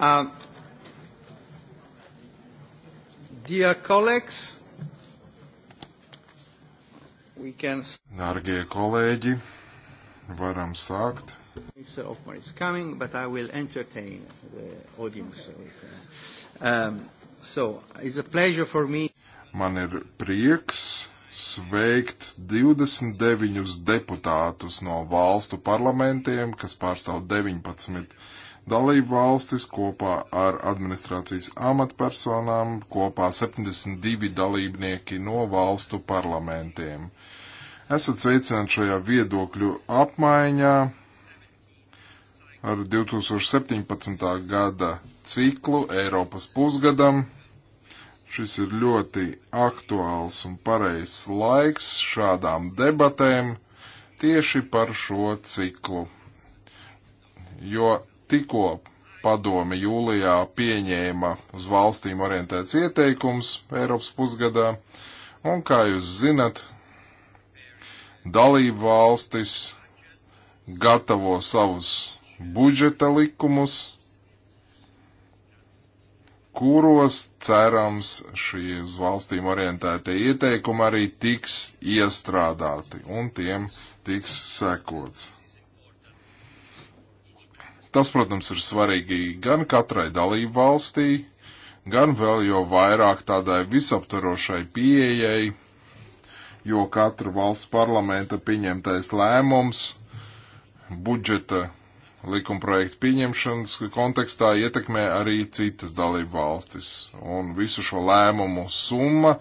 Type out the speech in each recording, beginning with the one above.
Uh, dear colleagues, we can... Dārgie kolēģi, varam sākt. Mr. Hoffman is coming, but I will entertain the audience. With, um, so, it's a pleasure for me. Man ir prieks sveikt 29 deputātus no valstu parlamentiem, kas pārstāv 19 Dalību valstis kopā ar administrācijas amatpersonām, kopā 72 dalībnieki no valstu parlamentiem. Esat sveicināti šajā viedokļu apmaiņā ar 2017. gada ciklu Eiropas pusgadam. Šis ir ļoti aktuāls un pareizs laiks šādām debatēm tieši par šo ciklu jo tikko padome jūlijā pieņēma uz valstīm orientēts ieteikums Eiropas pusgadā, un, kā jūs zinat, dalību valstis gatavo savus budžeta likumus, kuros, cerams, šie uz valstīm orientētie ieteikumi arī tiks iestrādāti un tiem tiks sekots. Tas, protams, ir svarīgi gan katrai dalību valstī, gan vēl jau vairāk tādai visaptvarošai pieejai, jo katra valsts parlamenta pieņemtais lēmums budžeta likumprojektu pieņemšanas kontekstā ietekmē arī citas dalību valstis. Un visu šo lēmumu summa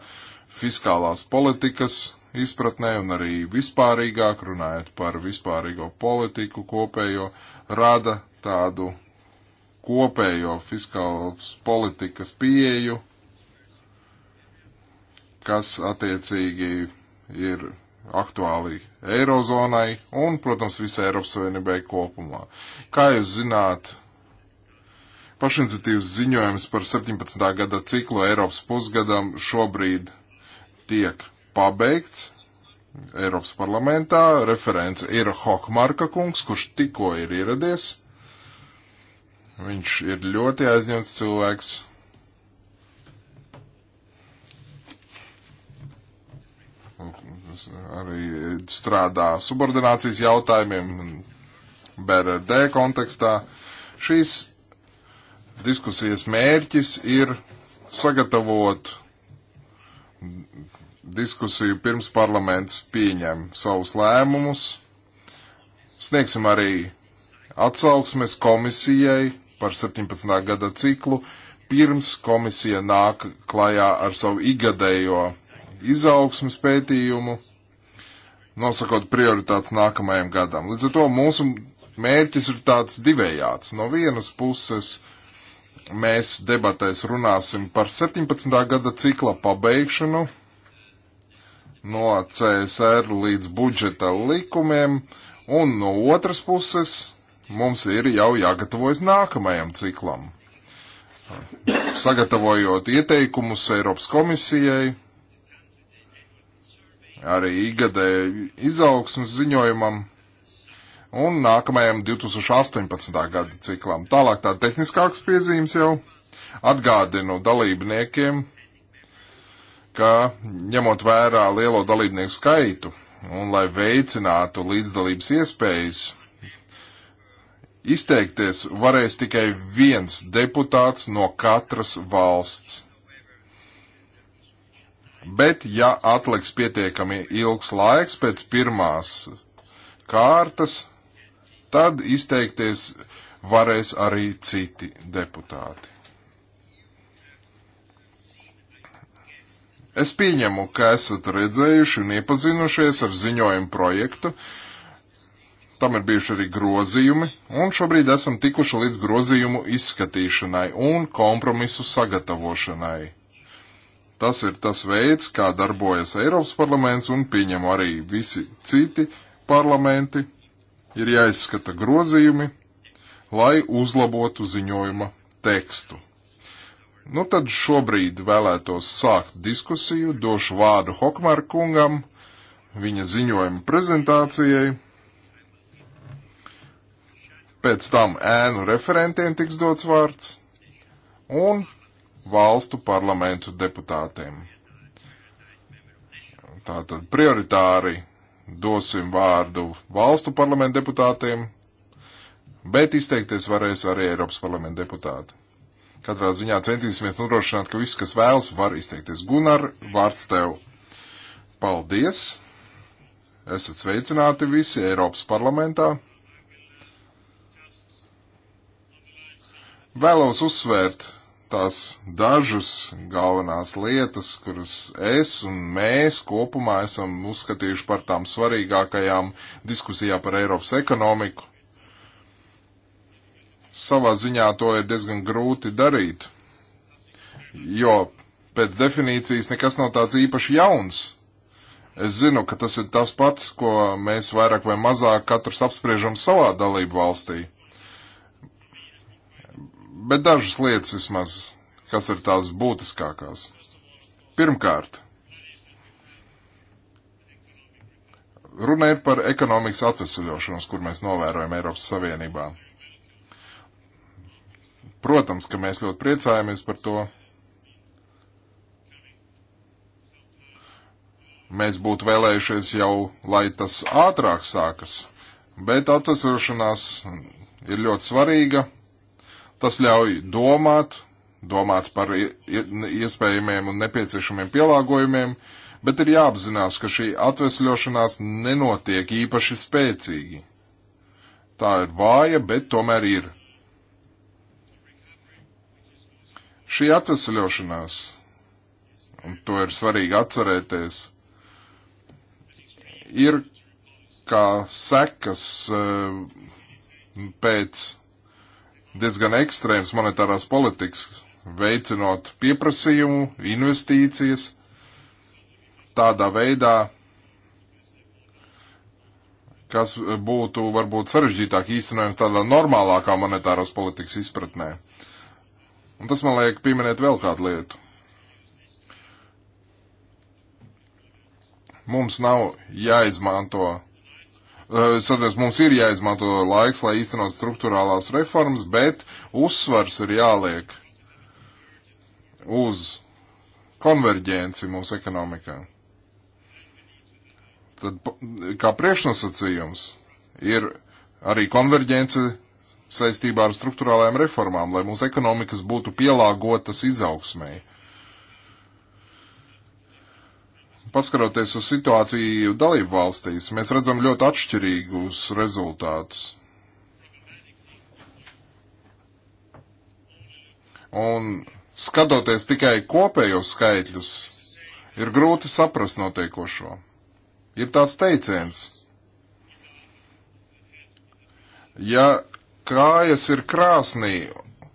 fiskālās politikas izpratnē un arī vispārīgāk runājot par vispārīgo politiku kopējo rada tādu kopējo fiskālas politikas pieeju, kas attiecīgi ir aktuāli Eirozonai un, protams, visai Eiropas Savienībai kopumā. Kā jūs zināt, pašiniciatīvas ziņojums par 17. gada ciklu Eiropas pusgadam šobrīd tiek pabeigts Eiropas parlamentā. Referents ir Hokmarka kungs, kurš tikko ir ieradies. Viņš ir ļoti aizņemts cilvēks. Tas arī strādā subordinācijas jautājumiem BRD kontekstā. Šīs diskusijas mērķis ir sagatavot diskusiju pirms parlaments pieņem savus lēmumus. Sniegsim arī atsauksmes komisijai par 17. gada ciklu, pirms komisija nāk klajā ar savu igadējo izaugsmas pētījumu, nosakot prioritātes nākamajam gadam. Līdz ar to mūsu mērķis ir tāds divējāds. No vienas puses mēs debatēs runāsim par 17. gada cikla pabeigšanu no CSR līdz budžeta likumiem, un no otras puses mums ir jau jāgatavojas nākamajam ciklam. Sagatavojot ieteikumus Eiropas komisijai, arī igadē izaugsmas ziņojumam un nākamajam 2018. gada ciklam. Tālāk tā tehniskāks piezīmes jau atgādinu dalībniekiem, ka ņemot vērā lielo dalībnieku skaitu un lai veicinātu līdzdalības iespējas, Izteikties varēs tikai viens deputāts no katras valsts. Bet, ja atliks pietiekami ilgs laiks pēc pirmās kārtas, tad izteikties varēs arī citi deputāti. Es pieņemu, ka esat redzējuši un iepazinušies ar ziņojumu projektu, uh, Tam ir bijuši arī grozījumi, un šobrīd esam tikuši līdz grozījumu izskatīšanai un kompromisu sagatavošanai. Tas ir tas veids, kā darbojas Eiropas parlaments un pieņem arī visi citi parlamenti. Ir jāizskata grozījumi, lai uzlabotu ziņojuma tekstu. Nu tad šobrīd vēlētos sākt diskusiju, došu vārdu Hokmar kungam, viņa ziņojuma prezentācijai pēc tam ēnu referentiem tiks dots vārds un valstu parlamentu deputātiem. Tātad prioritāri dosim vārdu valstu parlamentu deputātiem, bet izteikties varēs arī Eiropas parlamentu deputāti. Katrā ziņā centīsimies nodrošināt, ka viss, kas vēlas, var izteikties. Gunār, vārds tev. Paldies! Esat sveicināti visi Eiropas parlamentā. Vēlos uzsvērt tās dažas galvenās lietas, kuras es un mēs kopumā esam uzskatījuši par tām svarīgākajām diskusijā par Eiropas ekonomiku. Savā ziņā to ir diezgan grūti darīt, jo pēc definīcijas nekas nav tāds īpaši jauns. Es zinu, ka tas ir tas pats, ko mēs vairāk vai mazāk katrs apspriežam savā dalību valstī bet dažas lietas vismaz, kas ir tās būtiskākās. Pirmkārt, runa ir par ekonomikas atvesaļošanos, kur mēs novērojam Eiropas Savienībā. Protams, ka mēs ļoti priecājamies par to. Mēs būtu vēlējušies jau, lai tas ātrāk sākas, bet atvesaļošanās ir ļoti svarīga, Tas ļauj domāt, domāt par iespējamiem un nepieciešamiem pielāgojumiem, bet ir jāapzinās, ka šī atvesļošanās nenotiek īpaši spēcīgi. Tā ir vāja, bet tomēr ir. Šī atvesļošanās, un to ir svarīgi atcerēties, ir kā sekas eh, pēc diezgan ekstrēms monetārās politikas, veicinot pieprasījumu, investīcijas, tādā veidā, kas būtu varbūt sarežģītāk īstenojams tādā normālākā monetāros politikas izpratnē. Un tas man liek pieminēt vēl kādu lietu. Mums nav jāizmanto Eh, Sadarbs mums ir jāizmanto laiks, lai īstenot struktūrālās reformas, bet uzsvars ir jāliek uz konverģenci mūsu ekonomikā. Tad kā priekšnosacījums ir arī konverģence saistībā ar struktūrālajām reformām, lai mūsu ekonomikas būtu pielāgotas izaugsmēji. paskaroties uz situāciju dalību valstīs, mēs redzam ļoti atšķirīgus rezultātus. Un skatoties tikai kopējos skaitļus, ir grūti saprast notiekošo. Ir tāds teiciens. Ja kājas ir krāsnī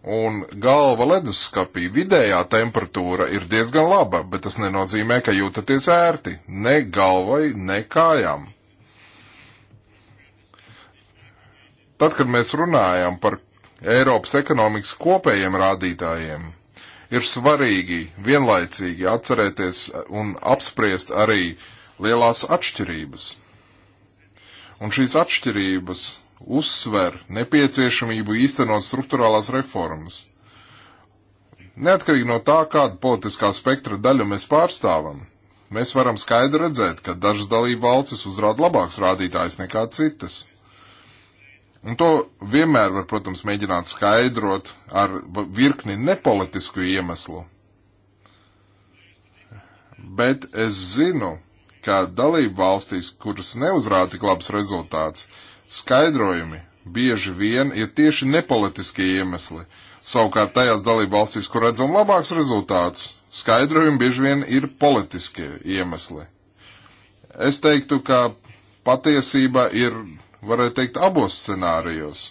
un galva leduskapī vidējā temperatūra ir diezgan laba, bet tas nenozīmē, ka jūtaties ērti ne galvai, ne kājām. Tad, kad mēs runājam par Eiropas ekonomikas kopējiem rādītājiem, ir svarīgi vienlaicīgi atcerēties un apspriest arī lielās atšķirības. Un šīs atšķirības uzsver nepieciešamību īstenot struktūrālās reformas. Neatkarīgi no tā, kādu politiskā spektra daļu mēs pārstāvam, mēs varam skaidri redzēt, ka dažas dalība valstis uzrāda labāks rādītājs nekā citas. Un to vienmēr var, protams, mēģināt skaidrot ar virkni nepolitisku iemeslu. Bet es zinu, ka dalība valstīs, kuras neuzrāda tik labs rezultāts, Skaidrojumi bieži vien ir tieši nepolitiskie iemesli. Savukārt tajās dalībvalstīs, kur redzam labāks rezultāts, skaidrojumi bieži vien ir politiskie iemesli. Es teiktu, ka patiesība ir, varētu teikt, abos scenārijos.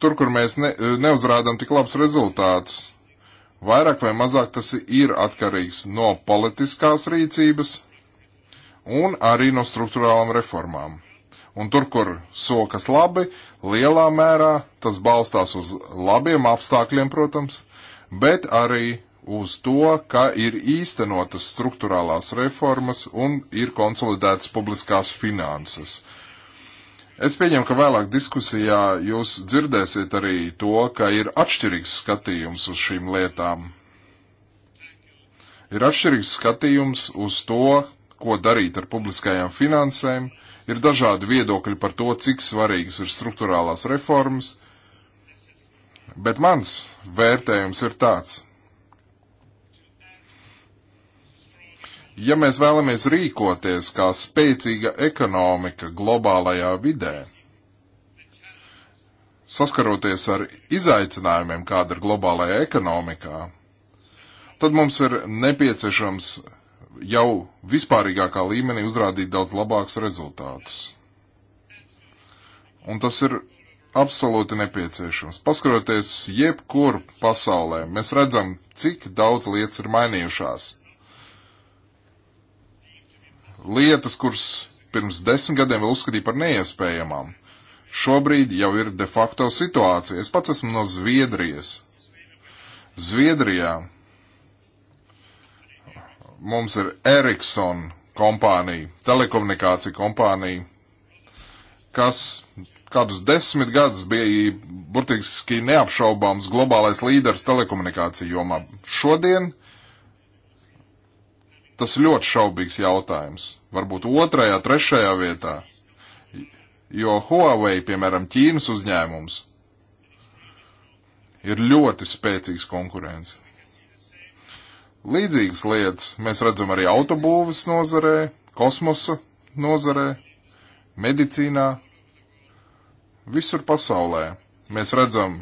Tur, kur mēs ne, neuzrādām tik labs rezultāts, vairāk vai mazāk tas ir atkarīgs no politiskās rīcības un arī no struktūrālām reformām. Un tur, kur sokas labi, lielā mērā tas balstās uz labiem apstākļiem, protams, bet arī uz to, ka ir īstenotas struktūrālās reformas un ir konsolidētas publiskās finanses. Es pieņemu, ka vēlāk diskusijā jūs dzirdēsiet arī to, ka ir atšķirīgs skatījums uz šīm lietām. Ir atšķirīgs skatījums uz to, ko darīt ar publiskajām finansēm, uh, Ir dažādi viedokļi par to, cik svarīgas ir struktūrālās reformas, bet mans vērtējums ir tāds. Ja mēs vēlamies rīkoties kā spēcīga ekonomika globālajā vidē, saskaroties ar izaicinājumiem, kāda ir globālajā ekonomikā, tad mums ir nepieciešams jau vispārīgākā līmenī uzrādīt daudz labākus rezultātus. Un tas ir absolūti nepieciešams. Paskaroties jebkur pasaulē, mēs redzam, cik daudz lietas ir mainījušās. Lietas, kuras pirms desmit gadiem vēl uzskatīja par neiespējamām, šobrīd jau ir de facto situācija. Es pats esmu no Zviedrijas. Zviedrijā mums ir Ericsson kompānija, telekomunikācija kompānija, kas kādus desmit gadus bija burtiski neapšaubāms globālais līderis telekomunikāciju jomā. Šodien tas ir ļoti šaubīgs jautājums. Varbūt otrajā, trešajā vietā. Jo Huawei, piemēram, Ķīnas uzņēmums, ir ļoti spēcīgs konkurence. Līdzīgas lietas mēs redzam arī autobūvas nozarē, kosmosa nozarē, medicīnā, visur pasaulē. Mēs redzam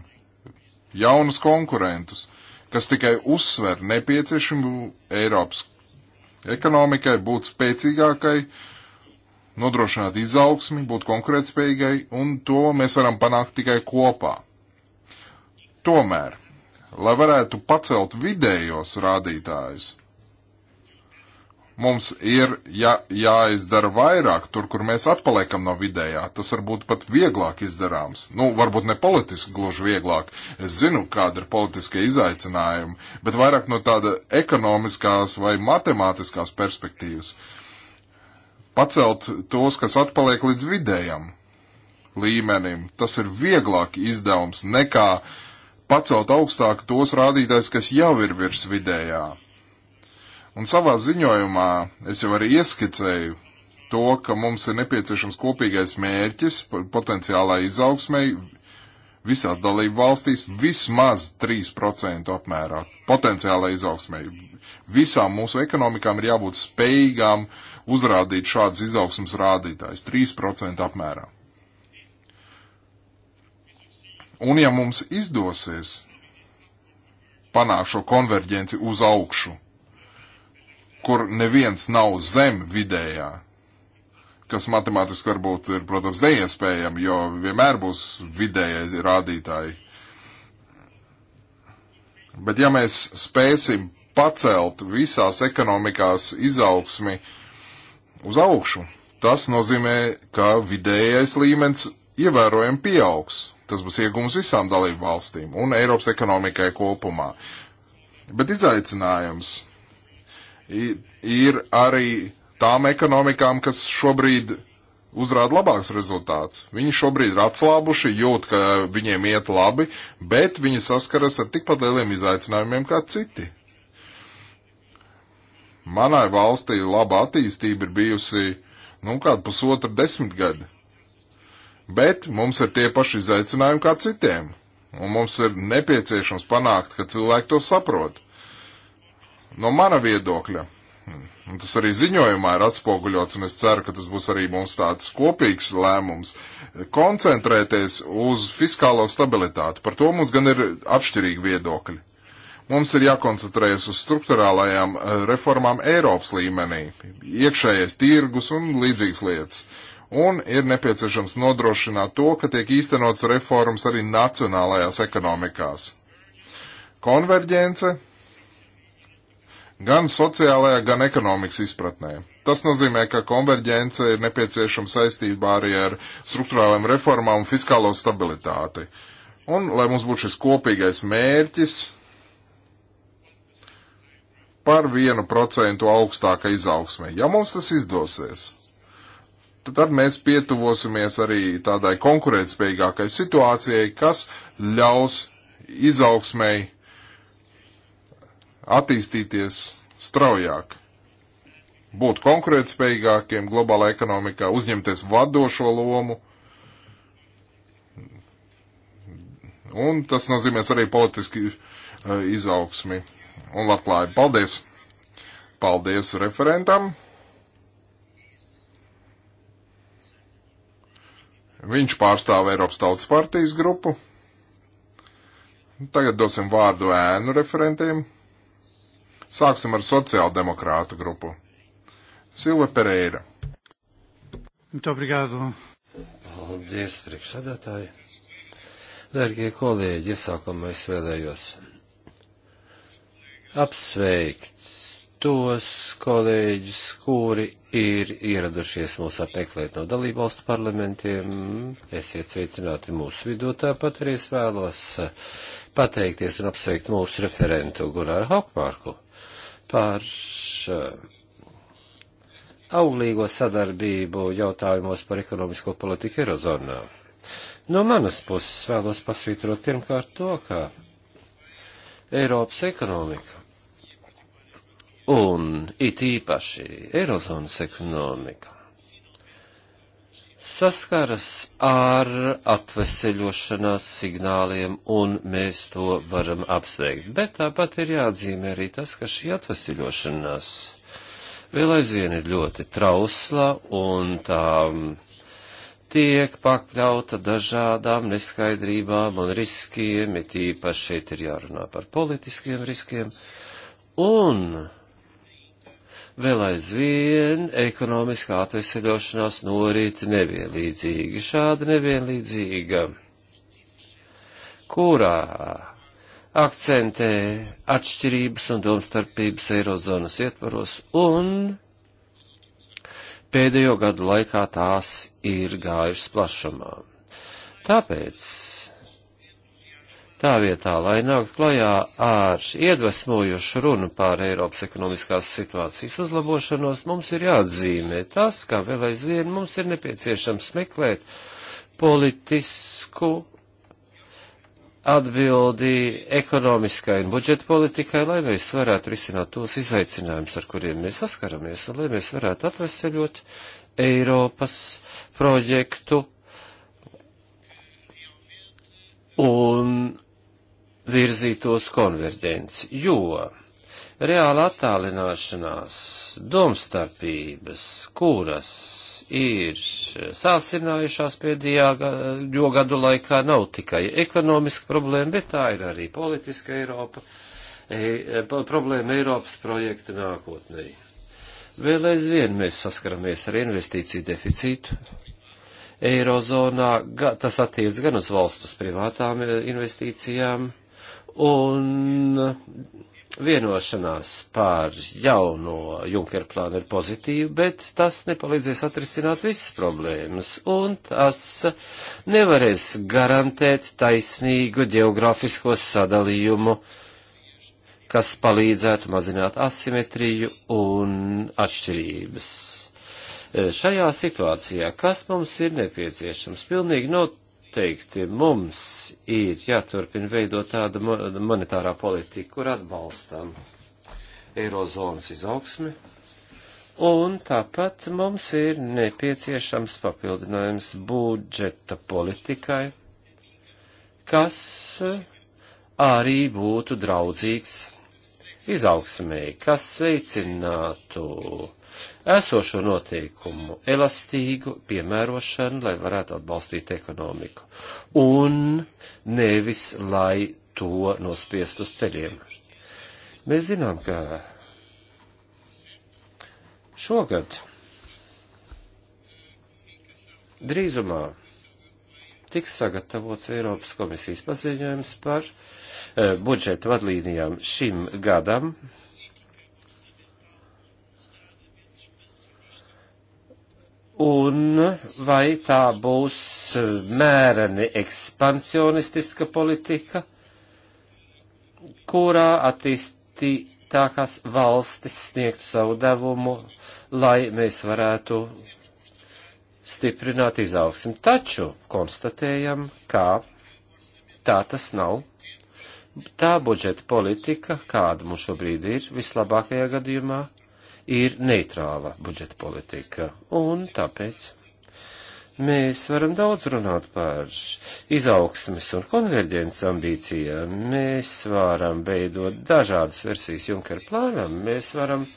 jaunus konkurentus, kas tikai uzsver nepieciešamību Eiropas ekonomikai būt spēcīgākai, nodrošināt izaugsmi, būt konkurētspējīgai, un to mēs varam panākt tikai kopā. Tomēr lai varētu pacelt vidējos rādītājus. Mums ir jā, jāizdara vairāk tur, kur mēs atpaliekam no vidējā. Tas varbūt pat vieglāk izdarāms. Nu, varbūt ne politiski gluži vieglāk. Es zinu, kāda ir politiskie izaicinājumi, bet vairāk no tāda ekonomiskās vai matemātiskās perspektīvas. Pacelt tos, kas atpaliek līdz vidējam līmenim, tas ir vieglāk izdevums nekā uh, pacelt augstāk tos rādītājs, kas jau ir virs vidējā. Un savā ziņojumā es jau arī ieskicēju to, ka mums ir nepieciešams kopīgais mērķis potenciālai izaugsmai visās dalību valstīs vismaz 3% apmērā potenciālai izaugsmai. Visām mūsu ekonomikām ir jābūt spējīgām uzrādīt šādas izaugsmas rādītājs 3% apmērā. Un ja mums izdosies panākt šo konverģenci uz augšu, kur neviens nav zem vidējā, kas matemātiski varbūt ir, protams, neiespējami, jo vienmēr būs vidējie rādītāji. Bet ja mēs spēsim pacelt visās ekonomikās izaugsmi uz augšu, tas nozīmē, ka vidējais līmenis ievērojami pieaugs. Tas būs iegums visām dalību valstīm un Eiropas ekonomikai kopumā. Bet izaicinājums ir arī tām ekonomikām, kas šobrīd uzrāda labāks rezultāts. Viņi šobrīd ir atslābuši, jūt, ka viņiem iet labi, bet viņi saskaras ar tikpat lieliem izaicinājumiem kā citi. Manai valstī laba attīstība ir bijusi, nu, kādu pusotru desmitgadi. Bet mums ir tie paši izaicinājumi kā citiem. Un mums ir nepieciešams panākt, ka cilvēki to saprot. No mana viedokļa. Un tas arī ziņojumā ir atspoguļots, un es ceru, ka tas būs arī mums tāds kopīgs lēmums. Koncentrēties uz fiskālo stabilitāti. Par to mums gan ir atšķirīgi viedokļi. Mums ir jākoncentrējas uz struktūrālajām eh, reformām Eiropas līmenī, iekšējais tirgus un līdzīgas lietas. Uh, un ir nepieciešams nodrošināt to, ka tiek īstenots reformas arī nacionālajās ekonomikās. Konverģence gan sociālajā, gan ekonomikas izpratnē. Tas nozīmē, ka konverģence ir nepieciešama saistībā arī ar struktūrālajām reformām un fiskālo stabilitāti. Un, lai mums būtu šis kopīgais mērķis par vienu procentu augstāka izaugsme, ja mums tas izdosies tad mēs pietuvosimies arī tādai konkurētspējīgākai situācijai, kas ļaus izaugsmēji attīstīties straujāk, būt konkurētspējīgākiem globālā ekonomikā, uzņemties vadošo lomu. Un tas nozīmēs arī politiski eh, izaugsmi un labklājību. Paldies! Paldies referentam! Viņš pārstāv Eiropas Tautas partijas grupu. Tagad dosim vārdu ēnu referentiem. Sāksim ar sociāldemokrātu grupu. Silva Pereira. Obrigado. Paldies, priekšsēdētāji. Dārgie kolēģi, iesākumā es vēlējos apsveikt tos kolēģus, kuri ir ieradušies mūs apmeklēt no dalībvalstu parlamentiem. Esiet sveicināti mūsu vidū. Tāpat arī es vēlos pateikties un apsveikt mūsu referentu Gunāru Haukmārku par eh, auglīgo sadarbību jautājumos par ekonomisko politiku Eirozonā. No manas puses vēlos pasvītrot pirmkārt to, ka Eiropas ekonomika un it īpaši Eirozonas ekonomika saskaras ar atveseļošanās signāliem, un mēs to varam apsveikt. Bet tāpat ir jāatzīmē arī tas, ka šī atveseļošanās vēl aizvien ir ļoti trausla, un tām tiek pakļauta dažādām neskaidrībām un riskiem, it īpaši šeit ir jārunā par politiskiem riskiem, un vēl aizvien ekonomiskā atveseļošanās norit nevienlīdzīgi. Šāda nevienlīdzīga, kurā akcentē atšķirības un domstarpības eirozonas ietvaros, un pēdējo gadu laikā tās ir gājušas plašumā. Tāpēc Tā vietā, lai nākt klajā ar iedvesmojušu runu pār Eiropas ekonomiskās situācijas uzlabošanos, mums ir jāatzīmē tas, kā vēl aizvien mums ir nepieciešams meklēt politisku atbildi ekonomiskai un budžeta politikai, lai mēs varētu risināt tos izaicinājumus, ar kuriem mēs saskaramies, un lai mēs varētu atveseļot Eiropas projektu. Un virzītos konverģenci, jo reāla attālināšanās, domstarpības, kuras ir sācinājušās pēdējā gadu laikā, nav tikai ekonomiska problēma, bet tā ir arī politiska Eiropa, e, problēma Eiropas projekta nākotnē. Vēl aizvien mēs saskaramies ar investīciju deficītu. Eirozonā tas attiec gan uz valstus privātām e, investīcijām, Un vienošanās pār jauno Junkera plānu ir pozitīva, bet tas nepalīdzēs atrisināt visas problēmas, un tas nevarēs garantēt taisnīgu geogrāfisko sadalījumu, kas palīdzētu mazināt asimetriju un atšķirības. Šajā situācijā, kas mums ir nepieciešams, pilnīgi nav noteikti mums ir jāturpina veidot tādu monetārā politika, kur atbalstam eirozonas izaugsmi, un tāpat mums ir nepieciešams papildinājums budžeta politikai, kas arī būtu draudzīgs izaugsmēji, kas veicinātu esošo noteikumu elastīgu piemērošanu, lai varētu atbalstīt ekonomiku, un nevis, lai to nospiest uz ceļiem. Mēs zinām, ka šogad drīzumā tiks sagatavots Eiropas komisijas paziņojums par eh, budžeta vadlīnijām šim gadam, un vai tā būs mēreni ekspansionistiska politika, kurā attīstītākās valstis sniegtu savu devumu, lai mēs varētu stiprināt izaugsmi. Taču konstatējam, ka tā tas nav. Tā budžeta politika, kāda mums šobrīd ir, vislabākajā gadījumā ir neitrāla budžeta politika. Un tāpēc mēs varam daudz runāt par izaugsmes un konverģences ambīcijām, mēs varam veidot dažādas versijas Junkera plānam, mēs varam uh,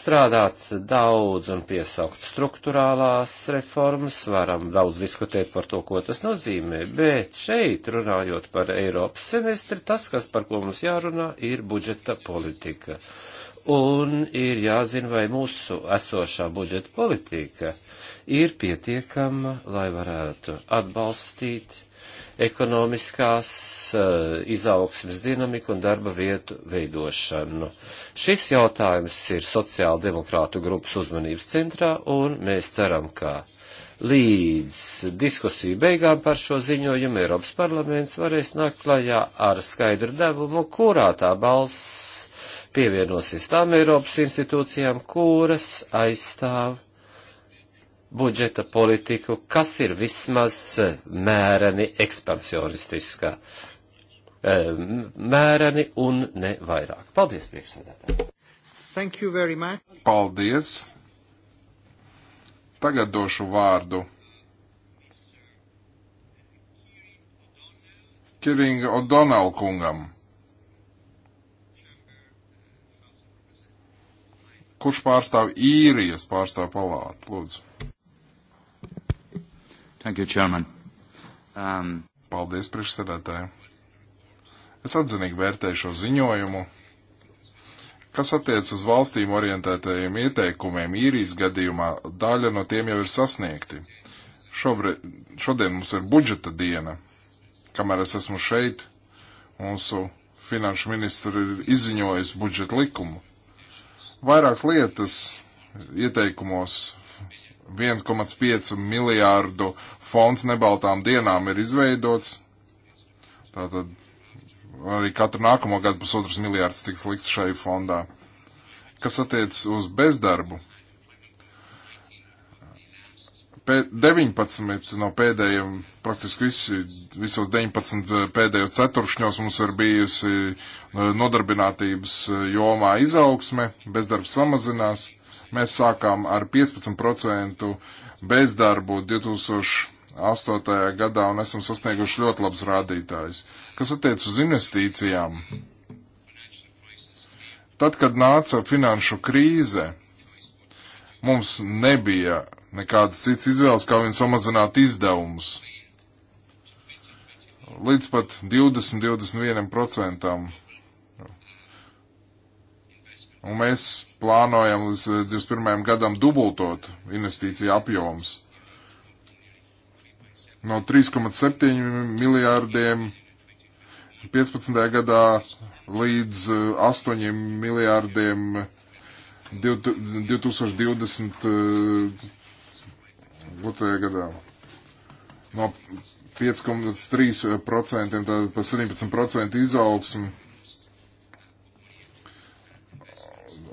strādāt daudz un piesaukt struktūrālās reformas, varam daudz diskutēt par to, ko tas nozīmē, bet šeit, runājot par Eiropas semestri, tas, kas par ko mums jārunā, ir budžeta politika. Un ir jāzina, vai mūsu esošā budžeta politika ir pietiekama, lai varētu atbalstīt ekonomiskās eh, izaugsmes dinamiku un darba vietu veidošanu. Šis jautājums ir sociāldemokrātu grupas uzmanības centrā, un mēs ceram, ka līdz diskusiju beigām par šo ziņojumu Eiropas parlaments varēs nākt klajā ar skaidru devumu, kurā tā balss pievienosies tām Eiropas institūcijām, kuras aizstāv budžeta politiku, kas ir vismaz eh, mēreni ekspansionistiskā. Eh, mēreni un ne vairāk. Paldies, priekšsēdētāji! Thank you very much. Paldies! Tagad došu vārdu Kiringa O'Donnell kungam. Kurš pārstāv īrijas pārstāv palātu, lūdzu? Thank you, Chairman. Um... Paldies, priekšsēdētāji. Es atzinīgi vērtēju šo ziņojumu, kas attiec uz valstīm orientētajiem ieteikumiem. Īrijas gadījumā daļa no tiem jau ir sasniegti. Šobrīd, šodien mums ir budžeta diena. Kamēr es esmu šeit, mūsu finanšu ministra ir izziņojusi budžeta likumu. Vairākas lietas ieteikumos 1,5 miljārdu fonds nebaltām dienām ir izveidots. Tātad arī katru nākamo gadu pusotras miljārds tiks likts šai fondā. Kas attiecas uz bezdarbu? Pē 19 no pēdējiem, praktiski visi, visos 19 eh, pēdējos ceturkšņos mums ir bijusi eh, nodarbinātības eh, jomā izaugsme, bezdarbs samazinās Mēs sākām ar 15% bezdarbu 2008. gadā un esam sasnieguši ļoti labs rādītājs. Kas attiec uz investīcijām? Tad, kad nāca finanšu krīze, mums nebija nekādas cits izvēles, kā vien samazināt izdevumus. Līdz pat 20-21% Un mēs plānojam līdz 21. Eh, gadam dubultot investīciju apjoms no 3,7 miljārdiem 15. gadā līdz 8 eh, miljārdiem 2020. Eh, gadā. No 5,3% tātad pa 17% izaugsmu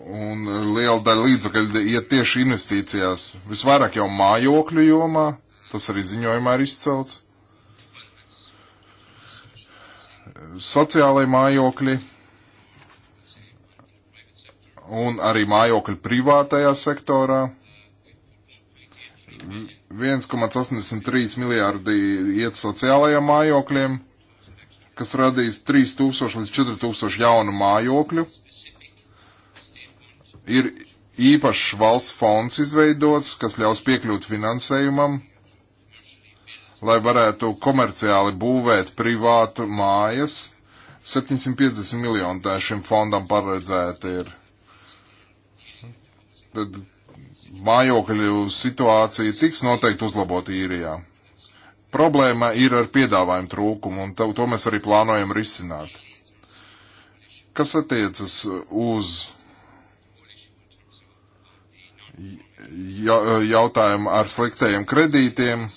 Un liela daļa līdzekļu iet tieši investīcijās. Visvairāk jau mājokļu jomā, tas arī ziņojumā ir izcelts. Sociālai mājokļi un arī mājokļi privātajā sektorā. 1,83 miljārdi iet sociālajiem mājokļiem, kas radīs 3000 līdz 4000 jaunu mājokļu Ir īpašs valsts fonds izveidots, kas ļaus piekļūt finansējumam, lai varētu komerciāli būvēt privātu mājas. 750 miljoni tā šim fondam paredzēta ir. Tad mājokļu situācija tiks noteikti uzlabota īrijā. Problēma ir ar piedāvājumu trūkumu, un to, to mēs arī plānojam risināt. Kas attiecas uz jautājumu ar sliktajiem kredītiem.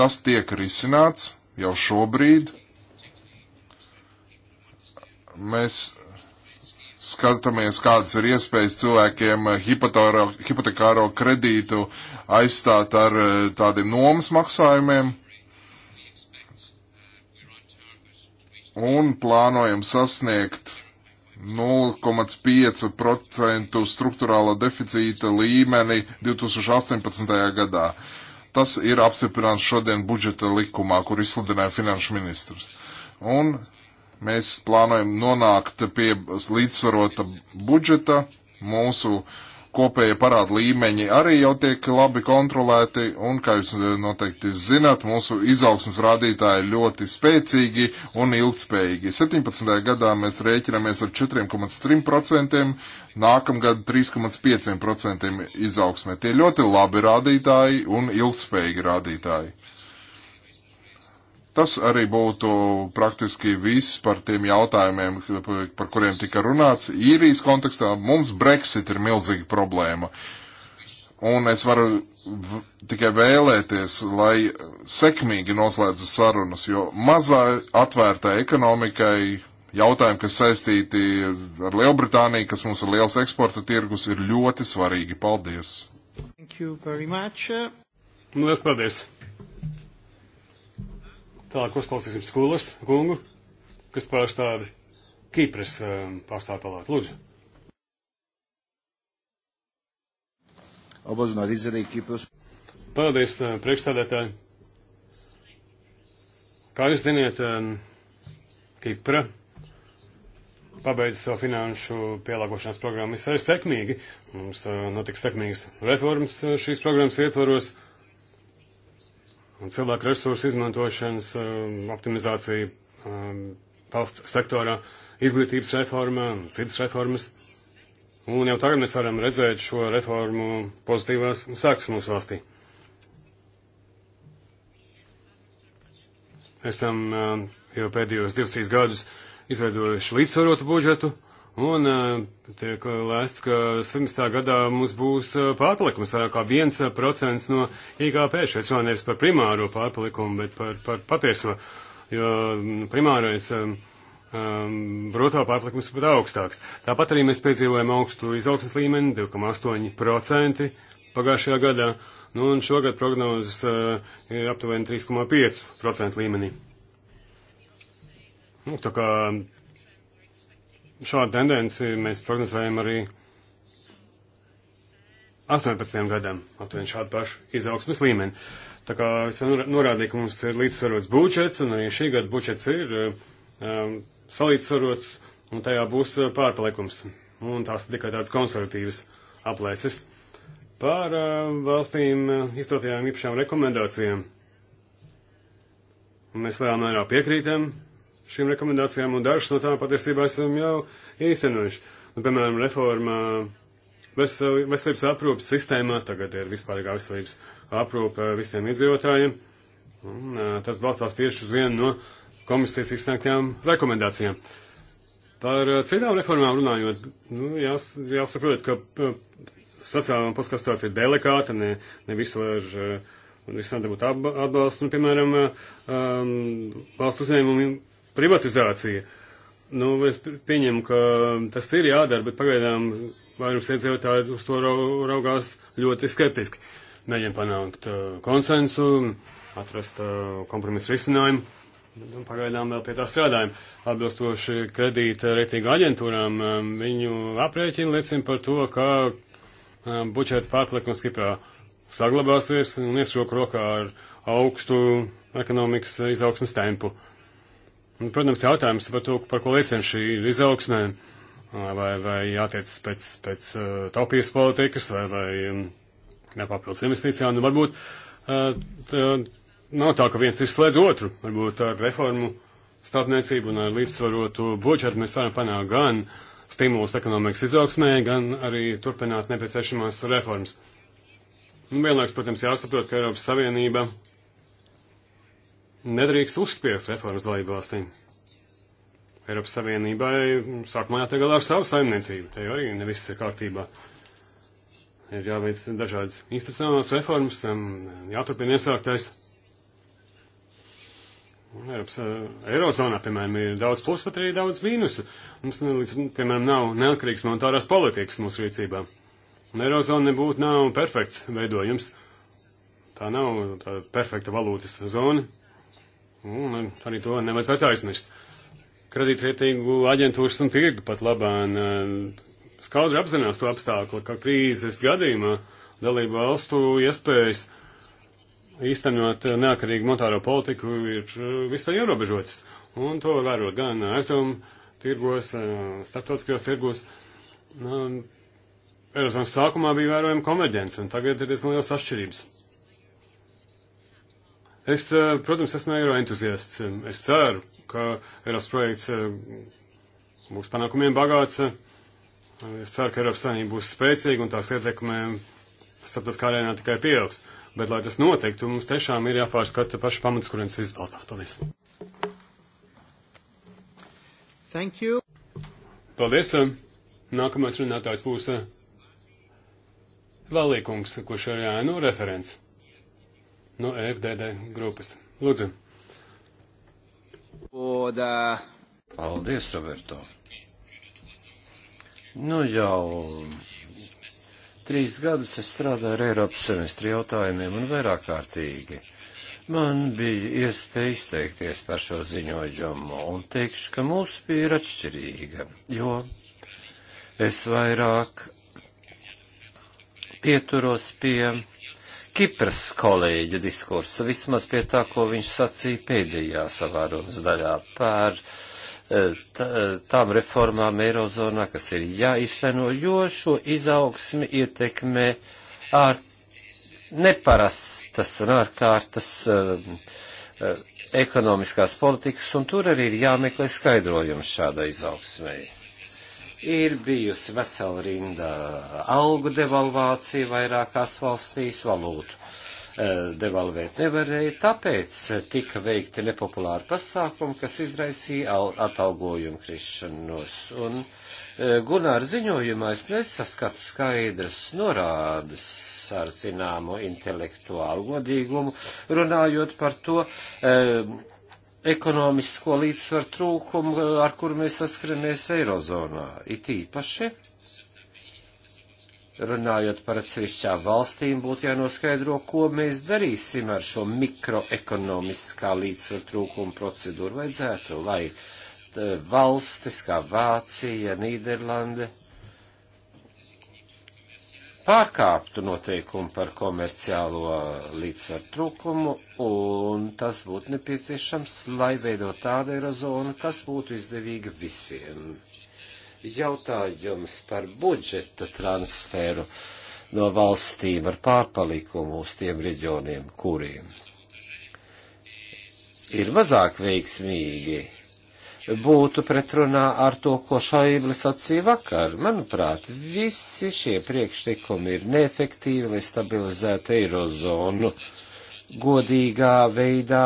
Tas tiek risināts jau šobrīd. Mēs skatāmies, kādas ir iespējas cilvēkiem hipotekāro kredītu aizstāt ar eh, tādiem nomas maksājumiem. Un plānojam sasniegt 0,5% struktūrāla deficīta līmeni 2018. gadā. Tas ir apstiprināts šodien budžeta likumā, kur izsludināja finanšu ministrs. Un mēs plānojam nonākt pie līdzsvarota budžeta. Mūsu uh, kopēja parāda līmeņi arī jau tiek labi kontrolēti, un, kā jūs eh, noteikti zināt, mūsu izaugsmas rādītāji ļoti spēcīgi un ilgspējīgi. 17. gadā mēs rēķinamies ar 4,3%, nākamgad 3,5% izaugsmē. Tie ļoti labi rādītāji un ilgspējīgi rādītāji. Tas arī būtu praktiski viss par tiem jautājumiem, par kuriem tika runāts. Īrijas kontekstā mums Brexit ir milzīga problēma. Un es varu tikai vēlēties, lai sekmīgi noslēdzas sarunas, jo mazā atvērtā ekonomikai jautājumi, kas saistīti ar Lielbritāniju, kas mums ir liels eksporta tirgus, ir ļoti svarīgi. Paldies! Lielas paldies! Tālāk uzklausīsim skolas kungu, kas pārstāvi Kīpras um, pārstāvi palātu. Lūdzu. Paldies, uh, priekšstādētāji. Kā jūs ziniet, um, Kipra pabeidza savu finanšu pielāgošanās programmu visai sekmīgi. Mums uh, notika sekmīgas reformas uh, šīs programmas ietvaros. Un cilvēku resursu izmantošanas um, optimizācija um, valsts sektorā, izglītības reforma, citas reformas. Un jau tagad mēs varam redzēt šo reformu pozitīvās sākas mūsu valstī. Esam um, jau pēdējos 23 gadus izveidojuši līdzsvarotu budžetu, Un eh, tiek lēsts, ka 17. gadā mums būs eh, pārpalikums, vairāk kā 1% eh, no IKP. Šeit runā nevis par primāro pārpalikumu, bet par, par patieso, jo mm, primārais um, brutā pārpalikums ir pat augstāks. Tāpat arī mēs piedzīvojam augstu izaugsmas līmeni, 2,8% pagājušajā gadā, nu un šogad prognozes uh, ir aptuveni 3,5% līmenī. Nu, tā kā šādu tendenci mēs prognozējam arī 18 gadam, aptuveni šādu pašu izaugsmas līmeni. Tā kā es norādīju, ka mums ir līdzsvarots budžets, un arī šī gada budžets ir um, salīdzsvarots, un tajā būs eh, pārpalikums. Un tās ir tikai tādas konservatīvas aplēses. Par uh, valstīm uh, izdotajām īpašām rekomendācijām. Un mēs lielā mērā piekrītam šīm rekomendācijām, un dažas no tām patiesībā esam jau īstenojuši. Nu, piemēram, reforma veselības aprūpas sistēmā, tagad ir vispārīgā veselības aprūpa visiem iedzīvotājiem. Un, tas balstās tieši uz vienu no komisijas izsniegtajām rekomendācijām. Par citām reformām runājot, nu, jās, jāsaprot, ka sociālā politiskā situācija ir delikāta, ne, ne visu var un visam dabūt atbalstu. Nu, piemēram, um, valsts uzņēmumi privatizācija. Nu, es pieņemu, ka tas ir jādara, bet pagaidām vairums iedzīvotāji uz to raugās ļoti skeptiski. Mēģina panākt uh, konsensu, atrast uh, kompromisu risinājumu. Un pagaidām vēl pie tā strādājam. Atbilstoši kredīta reitinga aģentūrām, um, viņu aprēķini liecina par to, ka um, budžeta pārplikums Kiprā saglabāsies un iesroku rokā ar augstu ekonomikas izaugsmas tempu. Uh, Un, protams, jautājums par to, par ko liecina šī izaugsmē, vai, vai jātiec pēc, pēc uh, taupības politikas, vai, vai um, nepapildus investīcijām. Nu, varbūt uh, tā, nav tā, ka viens izslēdz otru. Varbūt ar reformu starpniecību un ar līdzsvarotu budžetu mēs varam panākt gan stimulus ekonomikas izaugsmē, gan arī turpināt nepieciešamās reformas. Un vienlaiks, protams, jāsaprot, ka Eiropas Savienība nedrīkst uzspiest reformas dalību valstīm. Eiropas Savienībai sākumā jātiek galā ar savu saimniecību, te arī ne viss ir kārtībā. Ir jāveic dažādas institucionālās reformas, jāturpina iesāktais. Eiropas, eh, Eirozonā, piemēram, ir daudz plus, bet arī daudz mīnusu. Mums, piemēram, nav neatkarīgs monetārās politikas mūsu rīcībā. Un Eirozona nebūtu nav perfekts veidojums. Tā nav tā perfekta valūtas zona. Un nu, arī to nevajadzētu aizmirst. Kredītrietīgu aģentūras un tirgu pat labāk skaudri apzinās to apstākli, ka krīzes gadījumā dalību valstu iespējas īstenot neatkarīgu monetāro politiku ir eh, visai ierobežotas. Un to var vērot gan aizdomu tirgos, eh, starptautiskajos tirgos. Nu, Eirozonas sākumā bija vērojama konverģence, un tagad ir diezgan liels atšķirības. Es, eh, protams, esmu eiro entuziasts. Es ceru, ka Eiropas projekts eh, būs panākumiem bagāts. Es ceru, ka Eiropas saimnība būs spēcīga un tās ietekmē starptautiskā arēnā tikai pieaugs. Bet, lai tas notiktu, mums tiešām ir jāpārskata paši pamats, kurienes viss balstās. Paldies! Thank you. Paldies! Nākamais runātājs būs eh, Valīkungs, kurš ir ēnu referents no EFDD grupas. Lūdzu. Oda. Paldies, Roberto. Nu jau trīs gadus es strādāju ar Eiropas semestri jautājumiem un vairāk kārtīgi. Man bija iespēja izteikties par šo ziņojumu un teikšu, ka mūsu bija ir atšķirīga, jo es vairāk pieturos pie Kipras kolēģa diskursa, vismaz pie tā, ko viņš sacīja pēdējā savā runas daļā par eh, eh, tām reformām Eirozonā, kas ir jāizveno, jo šo izaugsmi ietekmē ar neparastas un ārkārtas eh, ekonomiskās politikas, un tur arī ir jāmeklē skaidrojums šādai izaugsmēji ir bijusi vesela rinda algu devalvācija vairākās valstīs valūtu. E, devalvēt nevarēja, tāpēc tika veikti nepopulāri pasākumi, kas izraisīja atalgojumu krišanos. Un e, Gunāra ziņojumā es nesaskatu skaidras norādes ar zināmu intelektuālu godīgumu, runājot par to, e, ekonomisko līdzsvaru trūkumu, ar kuru mēs saskaramies Eirozonā. It īpaši, runājot par atsevišķām valstīm, būtu jānoskaidro, ko mēs darīsim ar šo mikroekonomiskā līdzsvaru trūkumu procedūru. Vajadzētu, lai eh, valstis kā Vācija, Nīderlande, pārkāptu noteikumu par komerciālo līdzsvaru trūkumu, un tas būtu nepieciešams, lai veidot tādu eirozonu, kas būtu izdevīga visiem. Jautājums par budžeta transferu no valstīm ar pārpalikumu uz tiem reģioniem, kuriem ir mazāk veiksmīgi būtu pretrunā ar to, ko Šaiblis sacīja vakar. Manuprāt, visi šie priekšlikumi ir neefektīvi, lai stabilizētu eirozonu godīgā veidā,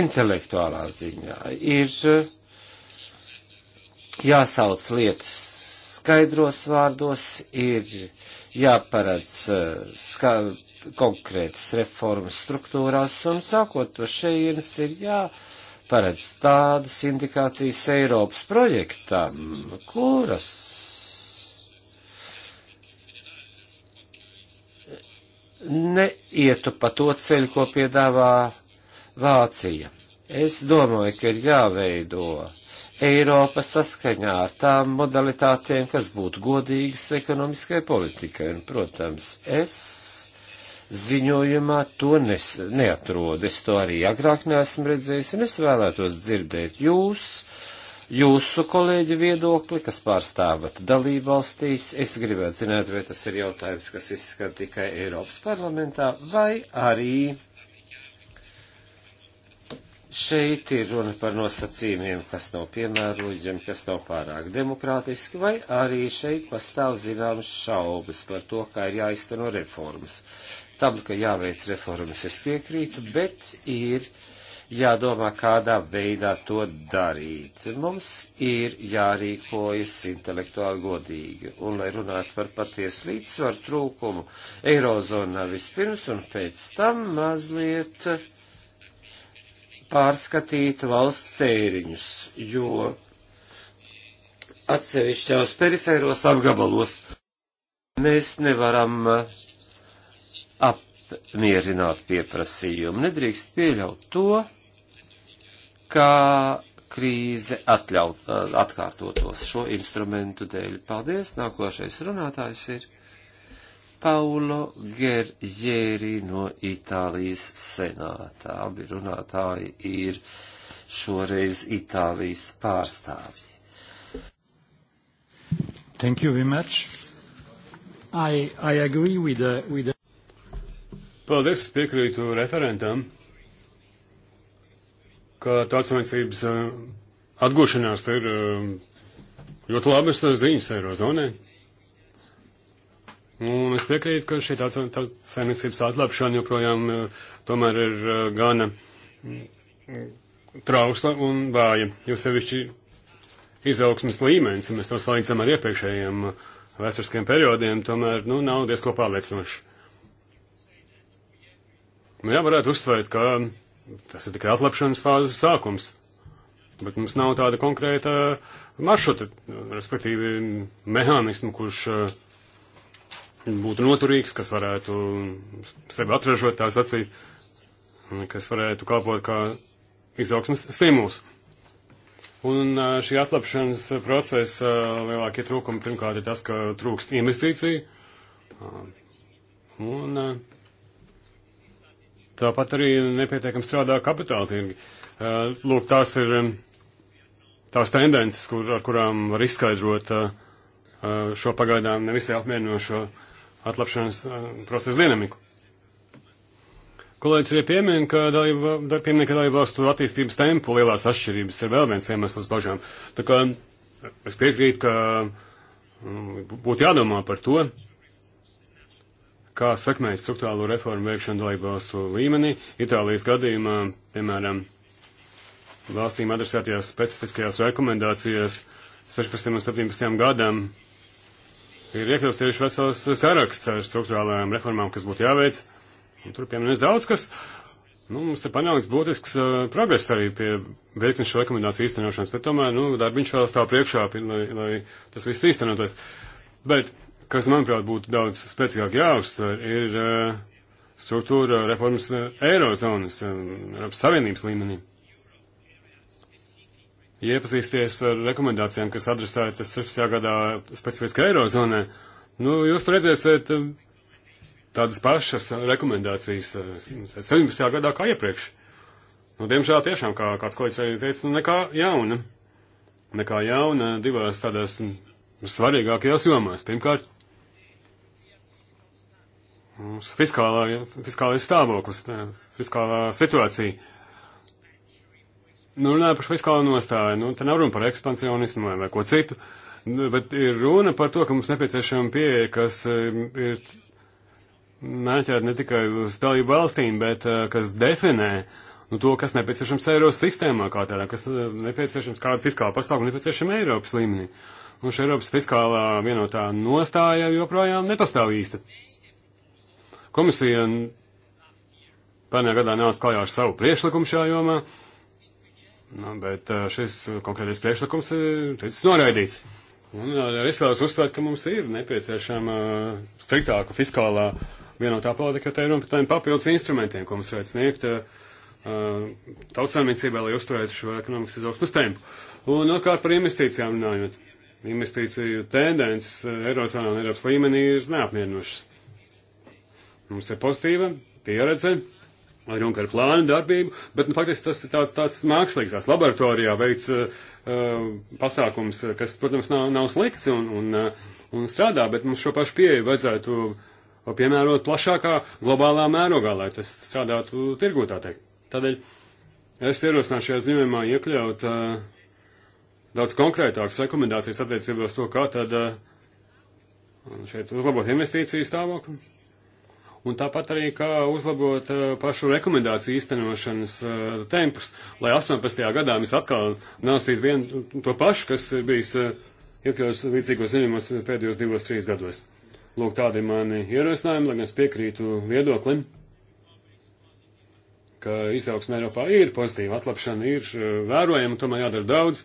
intelektuālā ziņā. Ir eh, jāsauc lietas skaidros vārdos, ir jāparedz eh, ska konkrētas reformas struktūrās un sākot to šeit ir jā. Ja, paredz tādas indikācijas Eiropas projektam, kuras neietu pa to ceļu, ko piedāvā Vācija. Es domāju, ka ir jāveido Eiropa saskaņā ar tām modalitātēm, kas būtu godīgas ekonomiskai politikai. Un, protams, es ziņojumā to nes, neatrod. Es to arī agrāk neesmu redzējis, un es vēlētos dzirdēt jūs, jūsu kolēģi viedokli, kas pārstāvat dalībvalstīs. Es gribētu zināt, vai tas ir jautājums, kas izskat tikai Eiropas parlamentā, vai arī šeit ir runa par nosacījumiem, kas nav piemērojami, kas nav pārāk demokrātiski, vai arī šeit pastāv zināmas šaubas par to, kā ir jāizteno reformas tam, ka jāveic reformas, es piekrītu, bet ir jādomā, kādā veidā to darīt. Mums ir jārīkojas intelektuāli godīgi, un, lai runātu par patiesu līdzsvaru trūkumu, Eirozonā vispirms un pēc tam mazliet pārskatīt valsts tēriņus, jo atsevišķos periferos apgabalos mēs nevaram uh, apmierināt pieprasījumu. Nedrīkst pieļaut to, kā krīze atļaut, eh, atkārtotos šo instrumentu dēļ. Paldies, nākošais runātājs ir Paulo Gerjeri no Itālijas senātā. Abi runātāji ir šoreiz Itālijas pārstāvji. Thank you very much. I, I agree with the, with the... Paldies, es piekrītu referentam, ka tautsvencības um, atgūšanās ir um, ļoti labas ziņas Eirozonai. Un es piekrītu, ka šī tāds saimniecības atlapšana joprojām uh, tomēr ir uh, gana mm, trausla un vāja, jo sevišķi izaugsmas līmenis, ja mēs to salīdzinām ar iepriekšējiem uh, vēsturiskiem periodiem, tomēr, nu, nav diezko pārliecinoši. Nu, jā, varētu uzsvērt, ka tas ir tikai atlepšanas fāzes sākums, bet mums nav tāda konkrēta maršruta, respektīvi mehānismu, kurš eh, būtu noturīgs, kas varētu sevi atražot, tā sacīt, kas varētu kalpot kā izaugsmas stimuls. Un eh, šī atlapšanas procesa lielākie trūkumi pirmkārt ir tas, ka trūkst investīciju. Un eh, Tāpat arī nepietiekam strādā kapitāla tirgi. Eh, lūk, tās ir tās tendences, kur, ar kurām var izskaidrot eh, eh, šo pagaidām nevisai apmierinošo atlapšanas procesu dinamiku. Kolēģis arī piemin, ka dalību valstu attīstības tempu lielās atšķirības ir vēl viens iemesls bažām. Tā kā es piekrītu, ka mm, būtu jādomā par to, kā sekmējas struktūrālo reformu veikšanu dalībvalstu līmenī. Itālijas gadījumā, piemēram, valstīm adresētajās specifiskajās rekomendācijās 16 un 17 gadam ir iekļauts tieši vesels saraksts ar struktūrālajām reformām, kas būtu jāveic. Un tur, piemēram, ir daudz, kas, nu, mums ir panākts būtisks uh, progress arī pie veiknes šo rekomendāciju īstenošanas, bet tomēr, nu, darbiņš vēl stāv priekšā, lai, lai tas viss īstenotos. Bet kas, manuprāt, būtu daudz spēcīgāk jāuzsver, ir eh, struktūra reformas eh, Eirozonas, eh, Eiropas Savienības līmenī. Iepazīsties ar rekomendācijām, kas adresētas 16. gadā specifiski Eirozonai, nu, jūs tur redzēsiet tādas pašas rekomendācijas 17. gadā kā iepriekš. Nu, diemžēl tiešām, kā kāds kolēģis arī teica, nu, nekā jauna. Nekā jauna divās tādās svarīgākajās jomās. Pirmkārt, mūsu fiskālā, fiskālais stāvoklis, fiskālā situācija. Nu, runāju par fiskālo nostāju, nu, te nav runa par ekspansionismu vai, vai ko citu, nu, bet ir runa par to, ka mums nepieciešama pieeja, kas eh, ir mērķēta ne tikai uz dalību valstīm, bet eh, kas definē nu, to, kas nepieciešams eiro sistēmā kā tādā, kas eh, nepieciešams kāda fiskāla pasākuma, nepieciešama Eiropas līmenī. Un šī Eiropas fiskālā vienotā nostāja joprojām nepastāv īsti. Komisija pērnajā gadā nāca klajā ar savu priekšlikumu šajā jomā, nu, bet eh, šis konkrētais priekšlikums ir ticis noraidīts. Un eh, es vēlos uzstāt, ka mums ir nepieciešama eh, striktāka fiskālā vienotā politika, jo te ir runa par tādiem papildus instrumentiem, ko mums vajag sniegt tautsēmniecībā, lai uzturētu šo ekonomikas izaugsmas tempu. Un atkārt par investīcijām runājot. Investīciju tendences Eirozonā un Eiropas līmenī ir neapmierinošas. Mums ir pozitīva pieredze ar Junkara plānu darbību, bet nu, faktiski tas ir tāds, tāds mākslīgs, tās laboratorijā veids uh, uh, pasākums, kas, protams, nav, nav slikts un, un, uh, un strādā, bet mums šo pašu pieeju vajadzētu uh, piemērot plašākā globālā mērogā, lai tas strādātu tirgū, tā teikt. Tādēļ es ierosināšu šajā ziņojumā iekļaut uh, daudz konkrētākas rekomendācijas attiecībā uz to, kā tad uh, šeit uzlabot investīciju stāvokli Un tāpat arī, kā uzlabot eh, pašu rekomendāciju īstenošanas eh, tempus, lai 18. gadā mēs atkal nāsītu vienu to pašu, kas bijis eh, iekļauts līdzīgos ziņojumos pēdējos divos, trīs gados. Lūk, tādi mani ierosinājumi, lai gan es piekrītu viedoklim, ka izaugsme Eiropā ir pozitīva, atlapšana ir vērojama, tomēr jādara daudz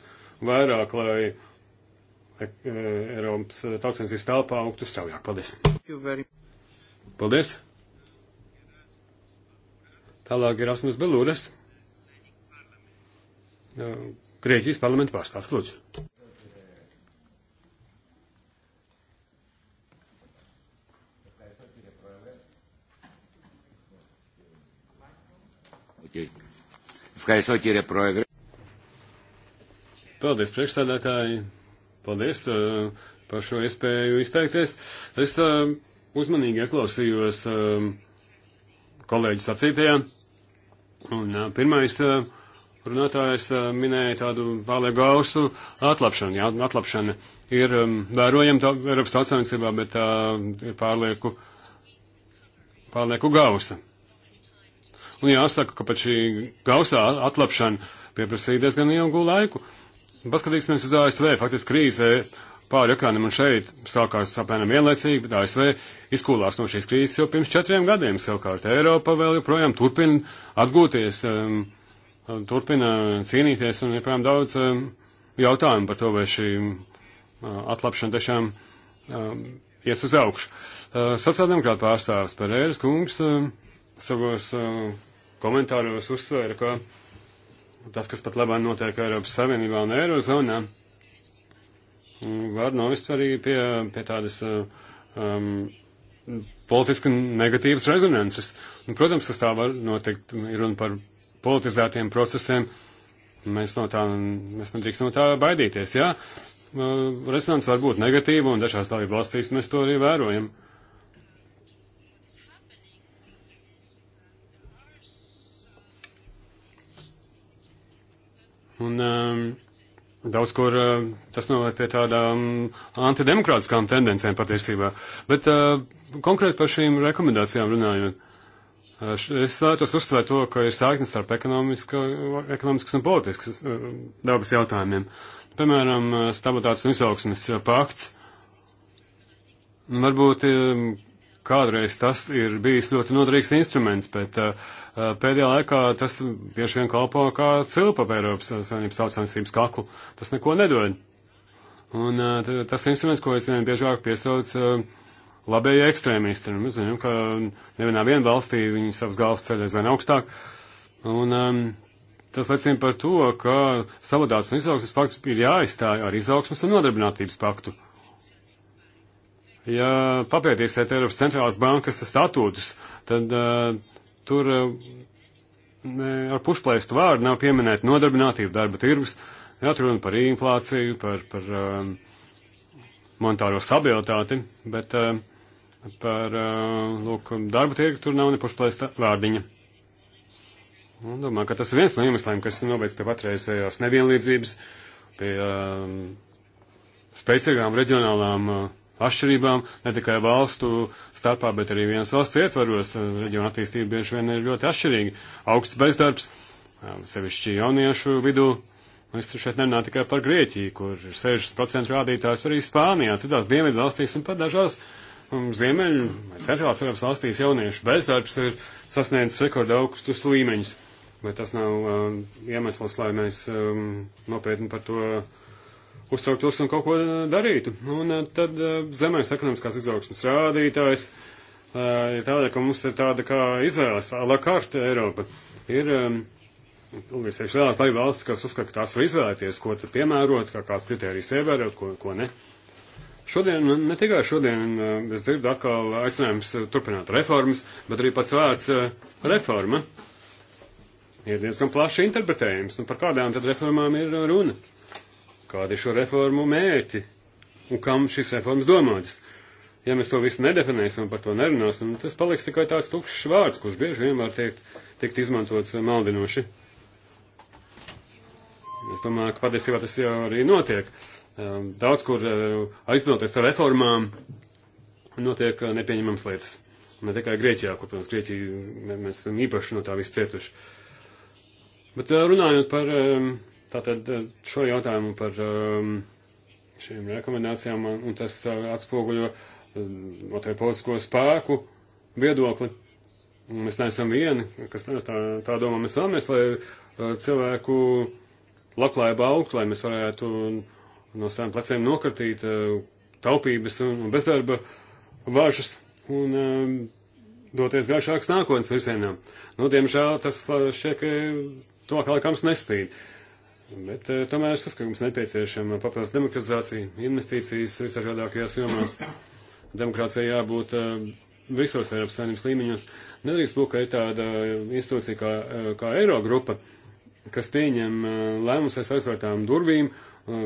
vairāk, lai Eiropas tautsensības telpā augtu straujāk. Paldies! Paldies! Tālāk ir Asmus Belūras, Grieķijas parlamenta pārstāvs. Lūdzu. Ευχαριστώ κύριε Πρόεδρε. Paldies, priekšstādātāji. Paldies uh, par šo iespēju izteikties. Es uh, uzmanīgi ieklausījos uh, kolēģi sacītajā. Un pirmais runātājs minēja tādu vālēgu austu atlapšanu. Jā, atlapšana ir vērojama tā, Eiropas tautsānicībā, bet tā ir pārlieku, pārlieku gausa. Un jāsaka, ka pat šī gausā atlapšana pieprasīja diezgan ilgu laiku. Paskatīsimies uz ASV. Faktiski krīze pāri ekranam un šeit sākās apmēram vienlaicīgi, bet ASV izkūlās no šīs krīzes jau pirms četriem gadiem. Savukārt Eiropa vēl joprojām turpina atgūties, um, turpina cīnīties un joprojām daudz um, jautājumu par to, vai šī um, atlapšana tiešām um, ies uz augšu. Uh, Sociāldemokrāta pārstāvis Pereiras kungs uh, savos uh, komentāros uzsvēra, ka tas, kas pat labāk notiek Eiropas Savienībā un Eirozonā, var novest arī pie, pie tādas uh, um, politiski negatīvas rezonances. Un, protams, tas tā var notikt, ir runa par politizētiem procesiem. Mēs no tā, mēs nedrīkst no tā baidīties, jā. Resonance var būt negatīva, un dažās dalību valstīs mēs to arī vērojam. Un um, Daudz kur eh, tas noved pie tādām antidemokrātiskām tendencēm patiesībā. Bet uh, konkrēti par šīm rekomendācijām runājot, eh, es vēlētos uzsvērt to, ka ir sāknes starp ekonomiskas un politiskas dabas jautājumiem. Piemēram, stabilitātes un izaugsmes pakts. Varbūt kādreiz tas ir bijis ļoti noderīgs instruments, bet uh, uh pēdējā laikā tas bieži vien kalpo kā cilpa ap Eiropas Savienības tautsānsības kaklu. Tas neko nedod. Un uh, tas instruments, ko es vien biežāk piesauc uh, labējie ekstrēmisti, un mēs zinām, ka nevienā vien valstī viņi savas galvas ceļ aizvien augstāk. Un um, tas liecina par to, ka savādāts un izaugsmes pakts ir jāaizstāja ar izaugsmes un nodarbinātības paktu ja papētīsiet Eiropas centrālās bankas statūtus, tad uh, tur uh, ar pušplēstu vārdu nav pieminēta nodarbinātība darba tirgus, jāatruna par inflāciju, par, par um, monetāro stabilitāti, bet uh, par uh, lūk, darba tirgu tur nav ne pušplēsta vārdiņa. Un domāju, ka tas ir viens no iemesliem, kas nobeidz pie patreizējās nevienlīdzības, pie um, spēcīgām reģionālām uh, atšķirībām, ne tikai valstu starpā, bet arī vienas valsts ietvaros. Eh, reģiona attīstība bieži vien ir ļoti atšķirīga. Augsts bezdarbs, eh, sevišķi jauniešu vidū. Es šeit nerunāju tikai par Grieķiju, kur ir 60% rādītājs, arī Spānijā, citās dienvidu valstīs un pat dažās um, ziemeļu vai centrālās Eiropas valstīs jauniešu bezdarbs ir sasniedzis rekorda augstus līmeņus. Vai tas nav um, iemesls, lai mēs um, nopietni par to uh, uztrauktos un kaut ko darītu. Un eh, tad eh, zemēs ekonomiskās izaugsmas rādītājs eh, ir tāda, ka mums ir tāda kā izvēles, la carte Eiropa. Ir ehm, visai šādās lai valsts, kas uzskata, ka tās var izvēlēties, ko tad piemērot, kā kāds kriterijs ievērot, ko, ko ne. Šodien, nu, ne tikai šodien, es dzirdu atkal aicinājums turpināt reformas, bet arī pats vārds reforma ir diezgan plaši interpretējums. Un par kādām tad reformām ir runa? kādi ir šo reformu mērķi un kam šis reformas domātas. Ja mēs to visu nedefinēsim un par to nerunāsim, tas paliks tikai tāds tukšs vārds, kurš bieži vien var tiekt, tikt izmantots maldinoši. Es domāju, ka patiesībā tas jau arī notiek. Ehm, daudz, kur eh, aizpildoties ar reformām, notiek eh, nepieņemams lietas. Ne tikai Grieķijā, kur, protams, Grieķija mēs esam īpaši no tā viss cietuši. Bet eh, runājot par ehm, Tātad eh, šo jautājumu par šīm ehm, rekomendācijām, un tas eh, atspoguļo eh, noteikti politisko spēku viedokli. Mēs neesam vieni, kas tā, tā domā. Mēs vēlamies, lai cilvēku labklājība augtu, lai mēs varētu no saviem pleciem nokartīt taupības un bezdarba vāršas un doties gaišāks nākotnes virzienā. Nu, diemžēl tas šķiet, ka to kā laikams nespīd. Uh, Bet eh, tomēr es uzskatu, ka mums nepieciešama papildus demokratizācija, investīcijas visāžādākajās jomās. Demokrātija jābūt eh, visos Eiropas saimnības līmeņos. Nedrīkst būt, ka ir tāda eh, institūcija kā, kā Eirogrupa, kas pieņem lēmumus aiz aizvērtām durvīm,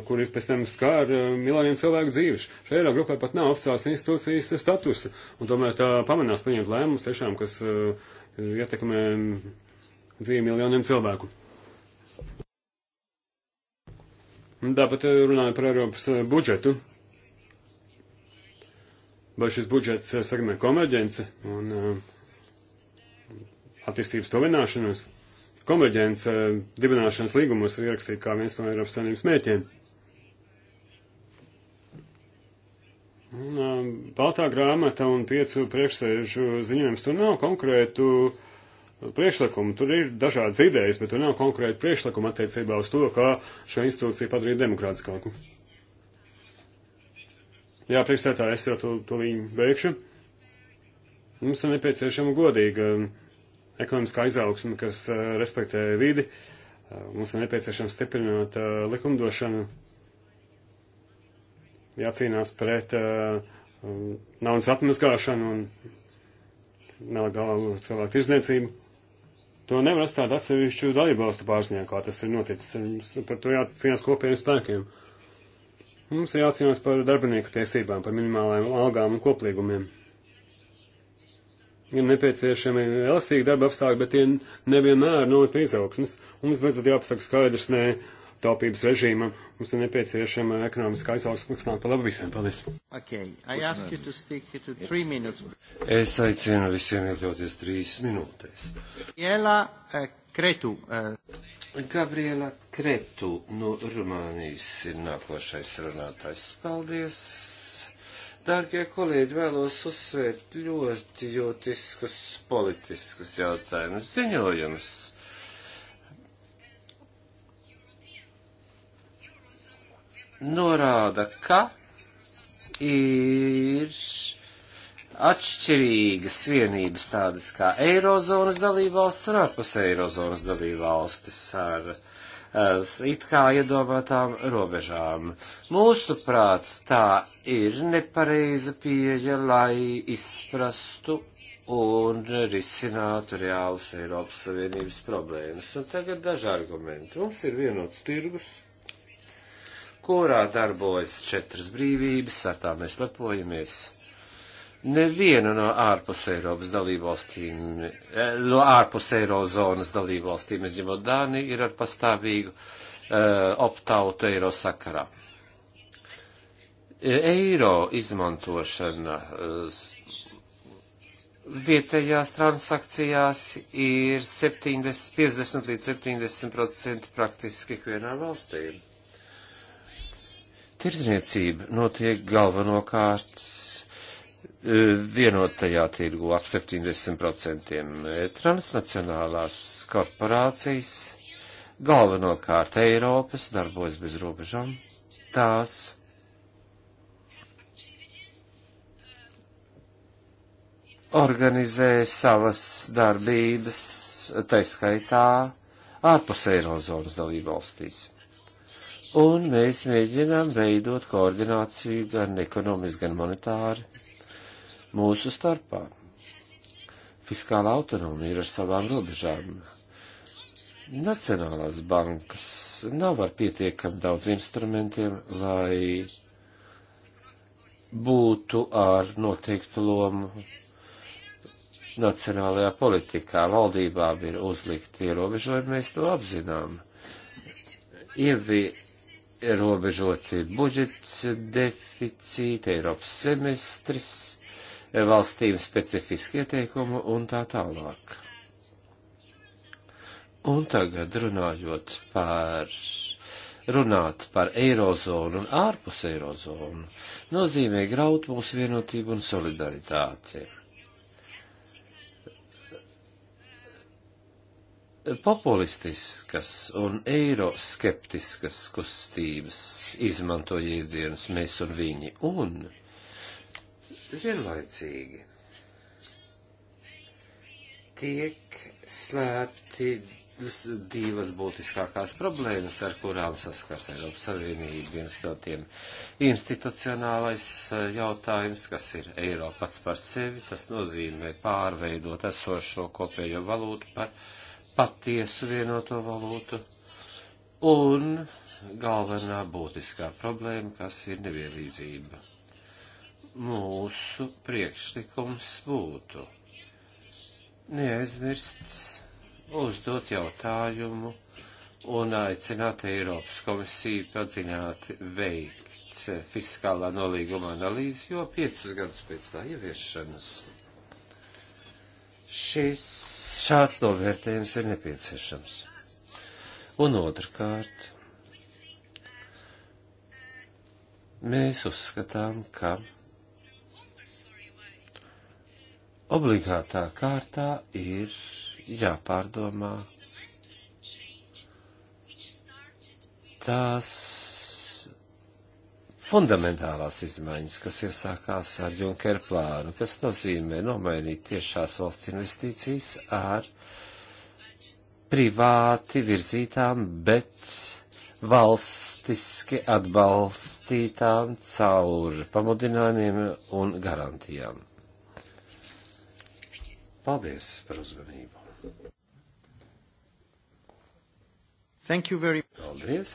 kuri pēc tam skār miljoniem cilvēku dzīves. Šai Eirogrupai pat nav oficiāls institūcijas statusa, un tomēr tā pamanās pieņemt lēmumus tiešām, kas ietekmē dzīvi miljoniem cilvēku. Tāpat eh, runājot par Eiropas eh, budžetu. Vai šis budžets eh, sagamē konverģence un attīstības tuvināšanos? Konverģence dibināšanas līgumos ir ierakstīta kā viens no Eiropas Savienības mērķiem. Un, baltā grāmata un piecu priekšsēžu ziņojums tur nav konkrētu uh, priekšlikumu. Tur ir dažādas idejas, bet tur nav konkrēti priekšlikumi attiecībā uz to, kā šo institūciju padarīt demokrātiskāku. Jā, priekšstādā es jau to, to viņu beigšu. Mums ir nepieciešama godīga um, ekonomiskā izaugsme, kas uh, respektē vidi. Uh, mums ir nepieciešams stiprināt uh, likumdošanu, jācīnās pret um, naudas atmazgāšanu un nelegālu cilvēku izniecību. To nevar atstāt atsevišķu dalībvalstu pārziņā, kā tas ir noticis. Mums par to jācīnās kopējiem spēkiem. Mums ir jācīnās par darbinieku tiesībām, par minimālajām algām un koplīgumiem. Ir nepieciešami elastīgi darba apstākļi, bet tie nevienmēr novad pie izaugsmas. Un mums beidzot jāpasaka skaidrs, nē, ne taupības režīmam. Mums ir nepieciešama ekonomiskā izaugsme, kas nāk par labu visiem. Paldies! Okay. To to es aicinu visiem iekļauties trīs minūtēs. Jēlā, uh, Kretu. Uh... Gabriela Kretu eh, eh. no Rumānijas ir nākošais runātājs. Paldies! Dārgie kolēģi, vēlos uzsvērt ļoti jūtiskus politiskus jautājumus ziņojumus norāda, ka ir atšķirīgas vienības tādas kā Eirozonas dalībvalsts un ārpus Eirozonas dalībvalstis ar eh, it kā iedomātām robežām. Mūsu prāts tā ir nepareiza pieeja, lai izprastu un risinātu reālas Eiropas Savienības problēmas. Un tagad daži argumenti. Mums ir vienots tirgus kurā darbojas četras brīvības, ar tām mēs lepojamies. Neviena no ārpus Eiropas dalībvalstīm, eh, no ārpus Eirozonas dalībvalstīm, es ņemot Dāniju, ir ar pastāvīgu uh, eh, optautu eiro sakarā. E, eiro izmantošana uh, vietējās transakcijās ir 70, 50 līdz 70 procenti praktiski ikvienā valstī. Tirzniecība notiek galvenokārt e, vienotajā tirgu ap 70%. E, transnacionālās korporācijas galvenokārt Eiropas darbojas bez robežām. Tās organizē savas darbības, taiskaitā ārpus Eirozonas dalību valstīs. Un mēs mēģinām veidot koordināciju gan ekonomiski, gan monetāri mūsu starpā. Fiskāla autonomija ir ar savām robežām. Nacionālās bankas nav ar pietiekam daudz instrumentiem, lai būtu ar noteiktu lomu nacionālajā politikā. Valdībām ir uzlikti ierobežojumi, mēs to apzinām. Ievi ierobežoti budžets deficīti, Eiropas semestris, valstīm specifiski ieteikumi un tā tālāk. Un tagad runājot par, runāt par eirozonu un ārpus eirozonu, nozīmē graut mūsu vienotību un solidaritāti. populistiskas un eiroskeptiskas kustības izmanto jēdzienus mēs un viņi, un vienlaicīgi tiek slēpti divas būtiskākās problēmas, ar kurām saskars Eiropas Savienība. Viens no tiem institucionālais eh, jautājums, kas ir Eiropa pats par sevi, tas nozīmē pārveidot esošo kopējo valūtu par patiesu vienoto valūtu un galvenā būtiskā problēma, kas ir nevienlīdzība. Mūsu priekšlikums būtu neaizmirst uzdot jautājumu un aicināt Eiropas komisiju padziļināti veikt fiskālā nolīguma analīzi, jo piecus gadus pēc tā ieviešanas šis Šāds novērtējums ir nepieciešams. Un otrkārt, mēs uzskatām, ka obligātā kārtā ir jāpārdomā tās fundamentālās izmaiņas, kas iesākās ar Junker plānu, kas nozīmē nomainīt tiešās valsts investīcijas ar privāti virzītām, bet valstiski atbalstītām caur pamudinājumiem un garantijām. Paldies par uzmanību! Thank you very much. Paldies.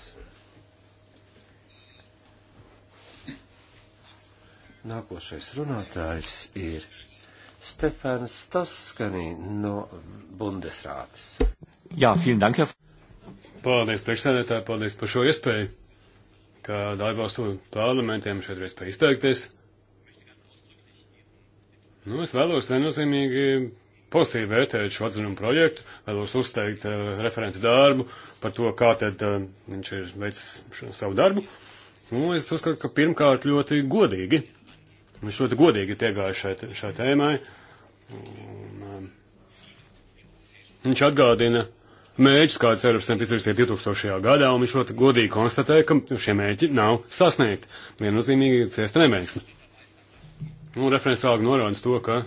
Nākošais runātājs ir Stefans Toskanī no Bundesrātas. Jā, vielen dank. Paldies priekšsēdētāji, paldies par šo iespēju, ka dalībvalstu parlamentiem šeit ir iespēja izteikties. Nu, es vēlos viennozīmīgi pozitīvi vērtēt šo atzinumu projektu, vēlos uzteikt uh, eh, referentu darbu par to, kā tad uh, viņš ir veicis šo, savu darbu. Nu, es uzskatu, ka pirmkārt ļoti godīgi Viņš ļoti godīgi piegāja šai, šai tēmai. Un, um, viņš atgādina mērķus, kāds Eiropas Savienība izvirzīja 2000. gadā, un viņš ļoti godīgi konstatēja, ka šie mērķi nav sasniegti. Viennozīmīgi ciesta neveiksme. Un referents tālāk norāda to, ka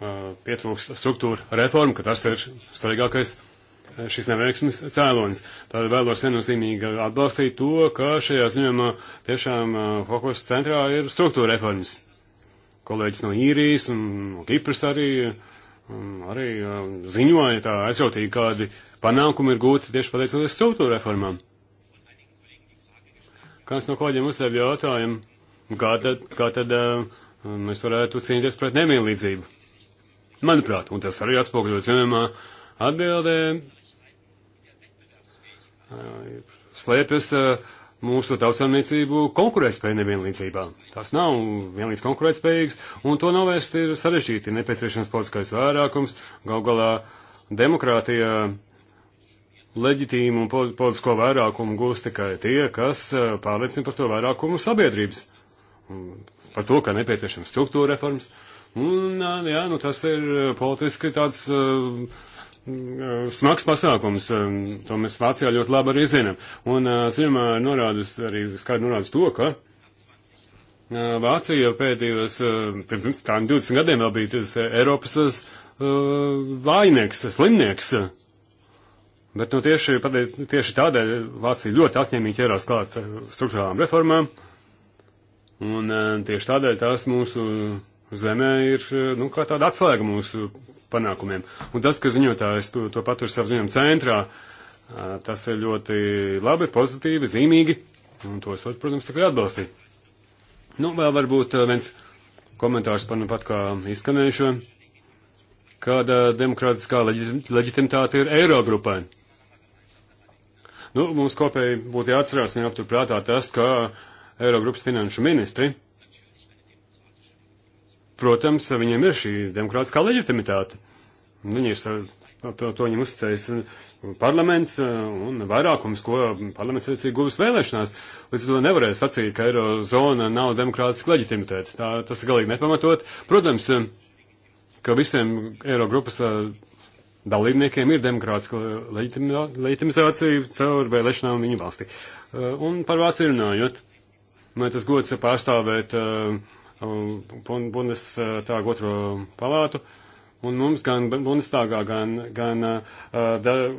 uh, pietrūks struktūra reforma, ka tas ir svarīgākais šis neveiksmes cēlonis. Tādēļ vēlos viennozīmīgi atbalstīt to, ka šajā ziņojumā tiešām fokus centrā ir struktūra reformas. Kolēģis no īrijas un no Kipras arī, arī ziņoja tā aizjautīgi, kādi panākumi ir gūti tieši pateicoties struktūra reformām. Kāds no kolēģiem uzdev jautājumu, kā tad, kā tad mēs varētu cīnīties pret nemienlīdzību? Manuprāt, un tas arī atspoguļots vienamā atbildē, slēpjas mūsu tautsāmniecību konkurētspēja nevienlīdzībā. Tas nav vienlīdz konkurētspējīgs, un to novērst ir sarežģīti. Ir nepieciešams politiskais vairākums, gal galā demokrātija leģitīmu un politisko vairākumu gūst tikai tie, kas pārliecina par to vairākumu sabiedrības. Par to, ka nepieciešams struktūra reformas. Un, jā, nu tas ir politiski tāds uh, Mm, eh, smags pasākums, eh, to mēs Vācijā ļoti labi arī zinām. Un eh, ziemā norādus arī skaidri norādus to, ka Vācija pēdējos, pirms tām 20 gadiem vēl bija tas Eiropas uh, vainieks, slimnieks. Bet nu, tieši, tieši tādēļ Vācija ļoti apņēmīgi ķērās klāt struktūrālām reformām. Un tieši tādēļ tās mūsu zemē ir e, nu, kā tāda atslēga mūsu panākumiem. Un tas, ka ziņotājs to, to patur savu ziņojumu centrā, tas ir ļoti labi, pozitīvi, zīmīgi, un tos, protams, tikai atbalstīt. Nu, vēl varbūt e, viens komentārs par nu pat kā izskanējušo, kāda demokrātiskā leģitimitāte ir Eirogrupai. Nu, mums kopēji būtu jāatcerās un jāaptur prātā tas, ka Eirogrupas finanšu ministri protams, viņiem ir šī demokrātiskā leģitimitāte. Viņi ir to, to viņam uzticējis uh, parlaments uh, un vairākums, ko parlaments ir guvis vēlēšanās. Līdz ar to nevarēja sacīt, ka Eirozona nav demokrātiska leģitimitāte. Tā, tas ir galīgi nepamatot. Protams, uh, ka visiem Eirogrupas dalībniekiem ir demokrātiska leģitimizācija caur vēlēšanām viņu valstī. Un par Vāciju runājot, man tas gods pārstāvēt uh, um, Bundestāga otro palātu. Un mums gan Bundestāgā, gan, gan uh,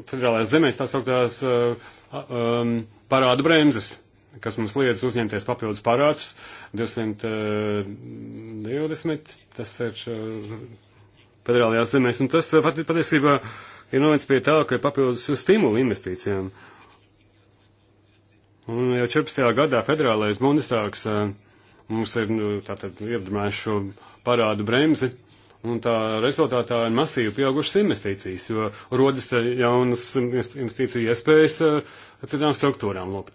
federālās zemēs tās sauktās uh, um, parādu bremzes, kas mums liedz uzņemties papildus parādus. 220, uh, tas ir uh, federālajās zemēs. Un tas uh, pat, patiesībā ir novic pie tā, ka ir papildus stimulu investīcijām. Un jau 14. gadā federālais Bundestāgs uh, Mums ir nu, tātad iedarbinājuši šo parādu bremzi, un tā rezultātā ir masīvi pieaugušas investīcijas, jo rodas eh, jaunas investīciju iespējas eh, citām struktūrām. Lūk,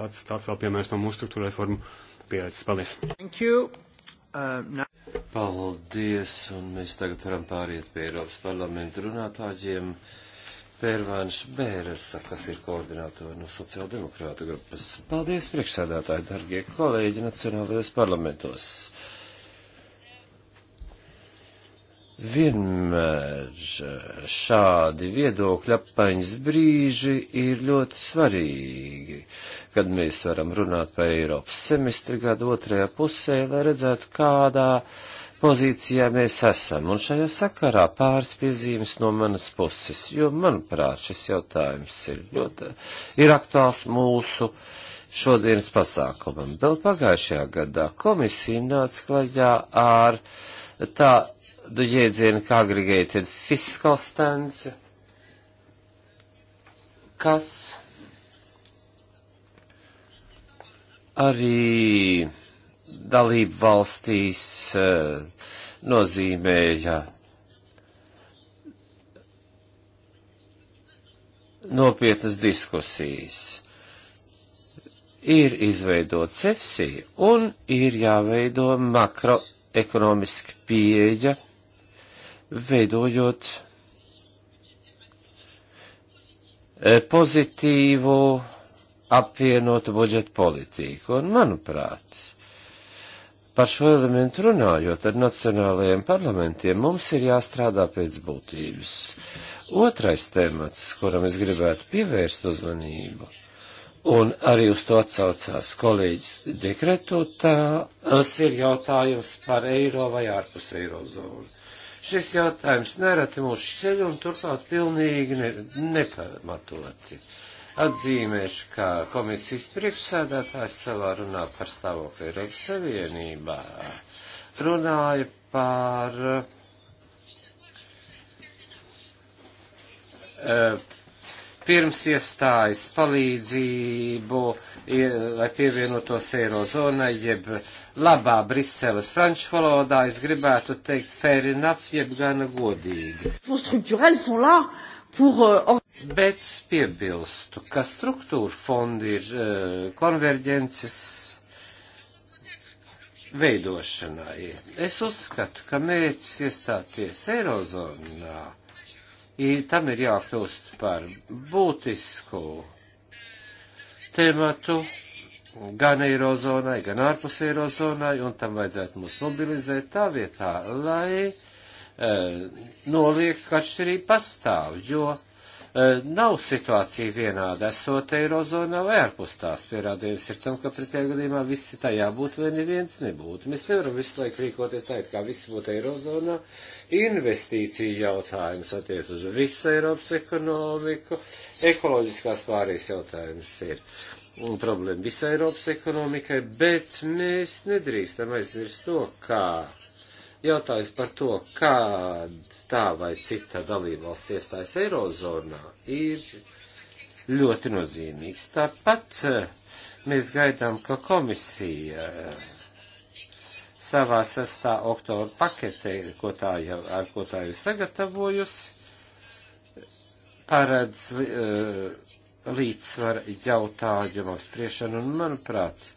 tāds, tāds vēl piemērs no mūsu struktūra reformu pieredzes. Paldies! Thank you. Uh, Paldies, un mēs tagad varam pāriet pie Eiropas parlamenta runātājiem. Pērvāns Bēresa, kas ir koordinātori no sociāldemokrāta grupas. Paldies, priekšsēdētāji, dargie kolēģi nacionālajos parlamentos. Vienmēr šādi viedokļa apaņas brīži ir ļoti svarīgi, kad mēs varam runāt par Eiropas semestri gadu otrajā pusē, lai redzētu, kādā uh, pozīcijā mēs esam, un šajā sakarā pāris piezīmes no manas puses, jo, manuprāt, šis jautājums ir ļoti, ir aktuāls mūsu šodienas pasākumam. Vēl pagājušajā gadā komisija nāca klajā ar tādu jēdzienu kā agregated fiscal stance, kas arī dalību valstīs eh, nozīmēja nopietnas diskusijas. Ir izveidot CEFSI un ir jāveido makroekonomiski pieeja, veidojot eh, pozitīvu apvienotu budžetu politiku. Un, manuprāt, Par šo elementu runājot ar nacionālajiem parlamentiem, mums ir jāstrādā pēc būtības. Otrais temats, kuram es gribētu pievērst uzmanību, un arī uz to atsaucās kolēģis dekretu, tas ir jautājums par eiro vai ārpus eirozonu. Šis jautājums nereti mūs ceļ un turklāt pilnīgi ne, nepamatoti. Uh, Atzīmēšu, ka komisijas priekšsēdētājs savā runā par stāvokli Eiropas Savienībā runāja par uh, pirms iestājas palīdzību, lai pievienotos Eirozonai, jeb labā Briseles franču valodā, es gribētu teikt fair enough, jeb gana godīgi. Pour, uh, Bet piebilstu, ka struktūra fondi ir uh, konverģences veidošanai. Es uzskatu, ka mērķis iestāties Eirozonā, ir, tam ir jākļūst par būtisku tematu gan Eirozonai, gan ārpus Eirozonai, un tam vajadzētu mūs mobilizēt tā vietā, lai uh, e, noliek, ka atšķirība pastāv, jo uh, Eh, nav situācija vienāda, esot eirozonā vai ārpus tās. Pierādījums ir tam, ka pretējā gadījumā visi tajā būtu vai neviens nebūtu. Mēs nevaram visu laiku rīkoties tā, it kā visi būtu eirozonā. Investīcija jautājums attiec uz visu Eiropas ekonomiku, ekoloģiskās pārējais jautājums ir. Un problēma visai Eiropas ekonomikai, bet mēs nedrīkstam aizmirst to, kā Jautājums par to, kāda tā vai cita dalībvalsts iestājas Eirozonā, ir ļoti nozīmīgs. Tāpat eh, mēs gaidām, ka komisija eh, savā 6. oktobra paketē, ko tā jau, ar ko tā jau sagatavojusi, paredz uh, līdzsvaru jautājumu apspriešanu, un manuprāt,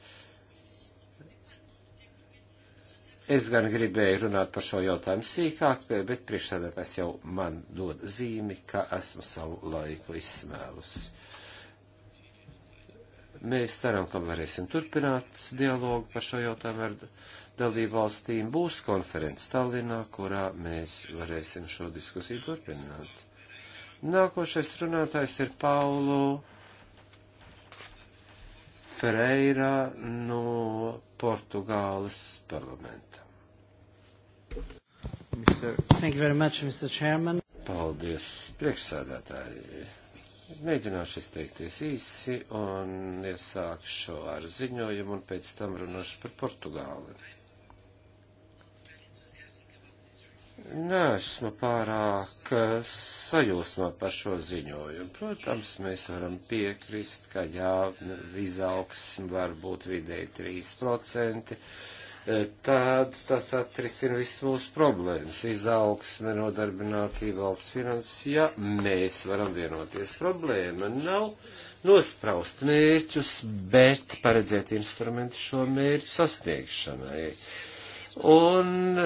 Es gan gribēju runāt par šo jautājumu sīkāk, bet priekšsēdētājs jau man dod zīmi, ka esmu savu laiku izsmēlus. Mēs ceram, ka varēsim turpināt dialogu par šo jautājumu ar dalību valstīm. Būs konferences Tallinā, kurā mēs varēsim šo diskusiju turpināt. Nākošais runātājs ir Paulo. Ferreira no Portugāles parlamenta. Thank you very much, Mr. Chairman. Paldies, priekšsādātāji. Mēģināšu izteikties īsi un iesākšu ar ziņojumu un pēc tam runāšu par Portugāli. neesmu pārāk eh, sajūsmā par šo ziņojumu. Protams, mēs varam piekrist, ka jā, izaugsme var būt vidēji 3%. Eh, Tad tas atrisina visas mūsu problēmas. Izaugsme, nodarbinātība, valsts finanses, ja mēs varam vienoties. Problēma nav nospraust mērķus, bet paredzēt instrumentu šo mērķu sasniegšanai. Un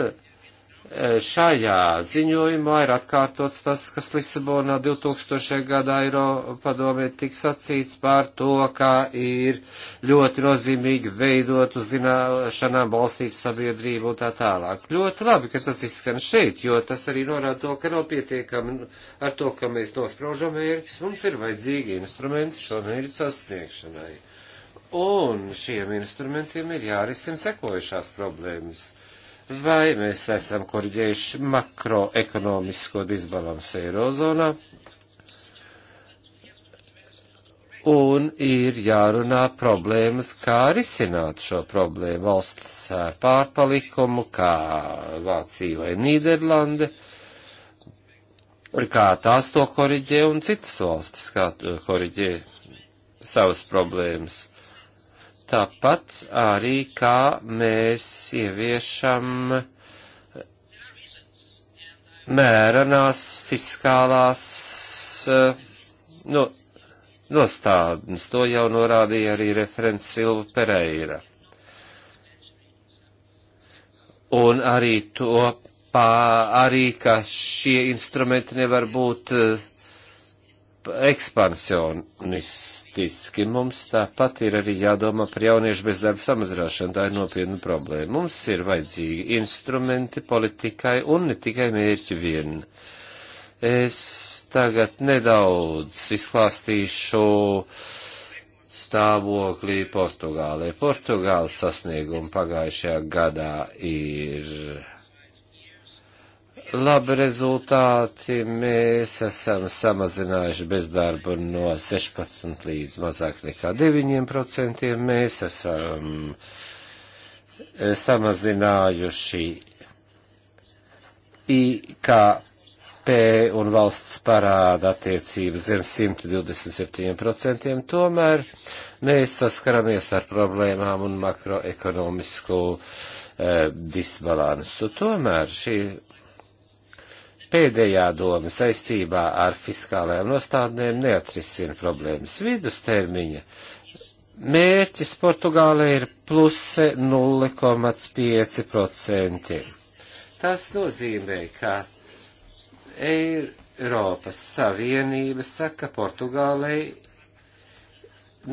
šajā ziņojumā ir atkārtots tas, kas Lisabonā 2000. gadā Eiro padomē tik sacīts par to, ka ir ļoti nozīmīgi veidot uz zināšanām balstītu sabiedrību un tā tālāk. Ļoti labi, ka tas izskan šeit, jo tas arī norāda to, ka nav pietiekami ar to, ka mēs nospraužam mērķis, mums ir vajadzīgi instrumenti šo mērķu sasniegšanai. Un šiem instrumentiem ir jārisina sekojušās problēmas vai mēs esam korģējuši makroekonomisko disbalansu Eirozonā. Un ir jārunā problēmas, kā risināt šo problēmu valsts pārpalikumu, kā Vācija vai Nīderlande, kā tās to koriģē un citas valstis, kā koriģē savas problēmas. Tāpat arī, kā mēs ieviešam mērenās fiskālās eh, no, nostādnes. To jau norādīja arī referents Silva Pereira. Un arī to, pā, arī, ka šie instrumenti nevar būt uh, ekspansionistiski. Mums tāpat ir arī jādomā par jauniešu bezdarba samazināšanu. Tā ir nopietna problēma. Mums ir vajadzīgi instrumenti politikai un ne tikai mērķi vien. Es tagad nedaudz izklāstīšu stāvoklī Portugālē. Portugāles sasniegumi pagājušajā gadā ir labi rezultāti. Mēs esam samazinājuši bezdarbu no 16 līdz mazāk nekā 9%. Mēs esam eh, samazinājuši IKP un valsts parāda attiecību zem 127%. Tomēr mēs saskaramies ar problēmām un makroekonomisku eh, disbalansu. Tomēr šī Pēdējā doma saistībā ar fiskālajām nostādnēm neatrisina problēmas vidustermiņa. Mērķis Portugālē ir pluse 0,5%. Tas nozīmē, ka Eiropas Savienība saka Portugālei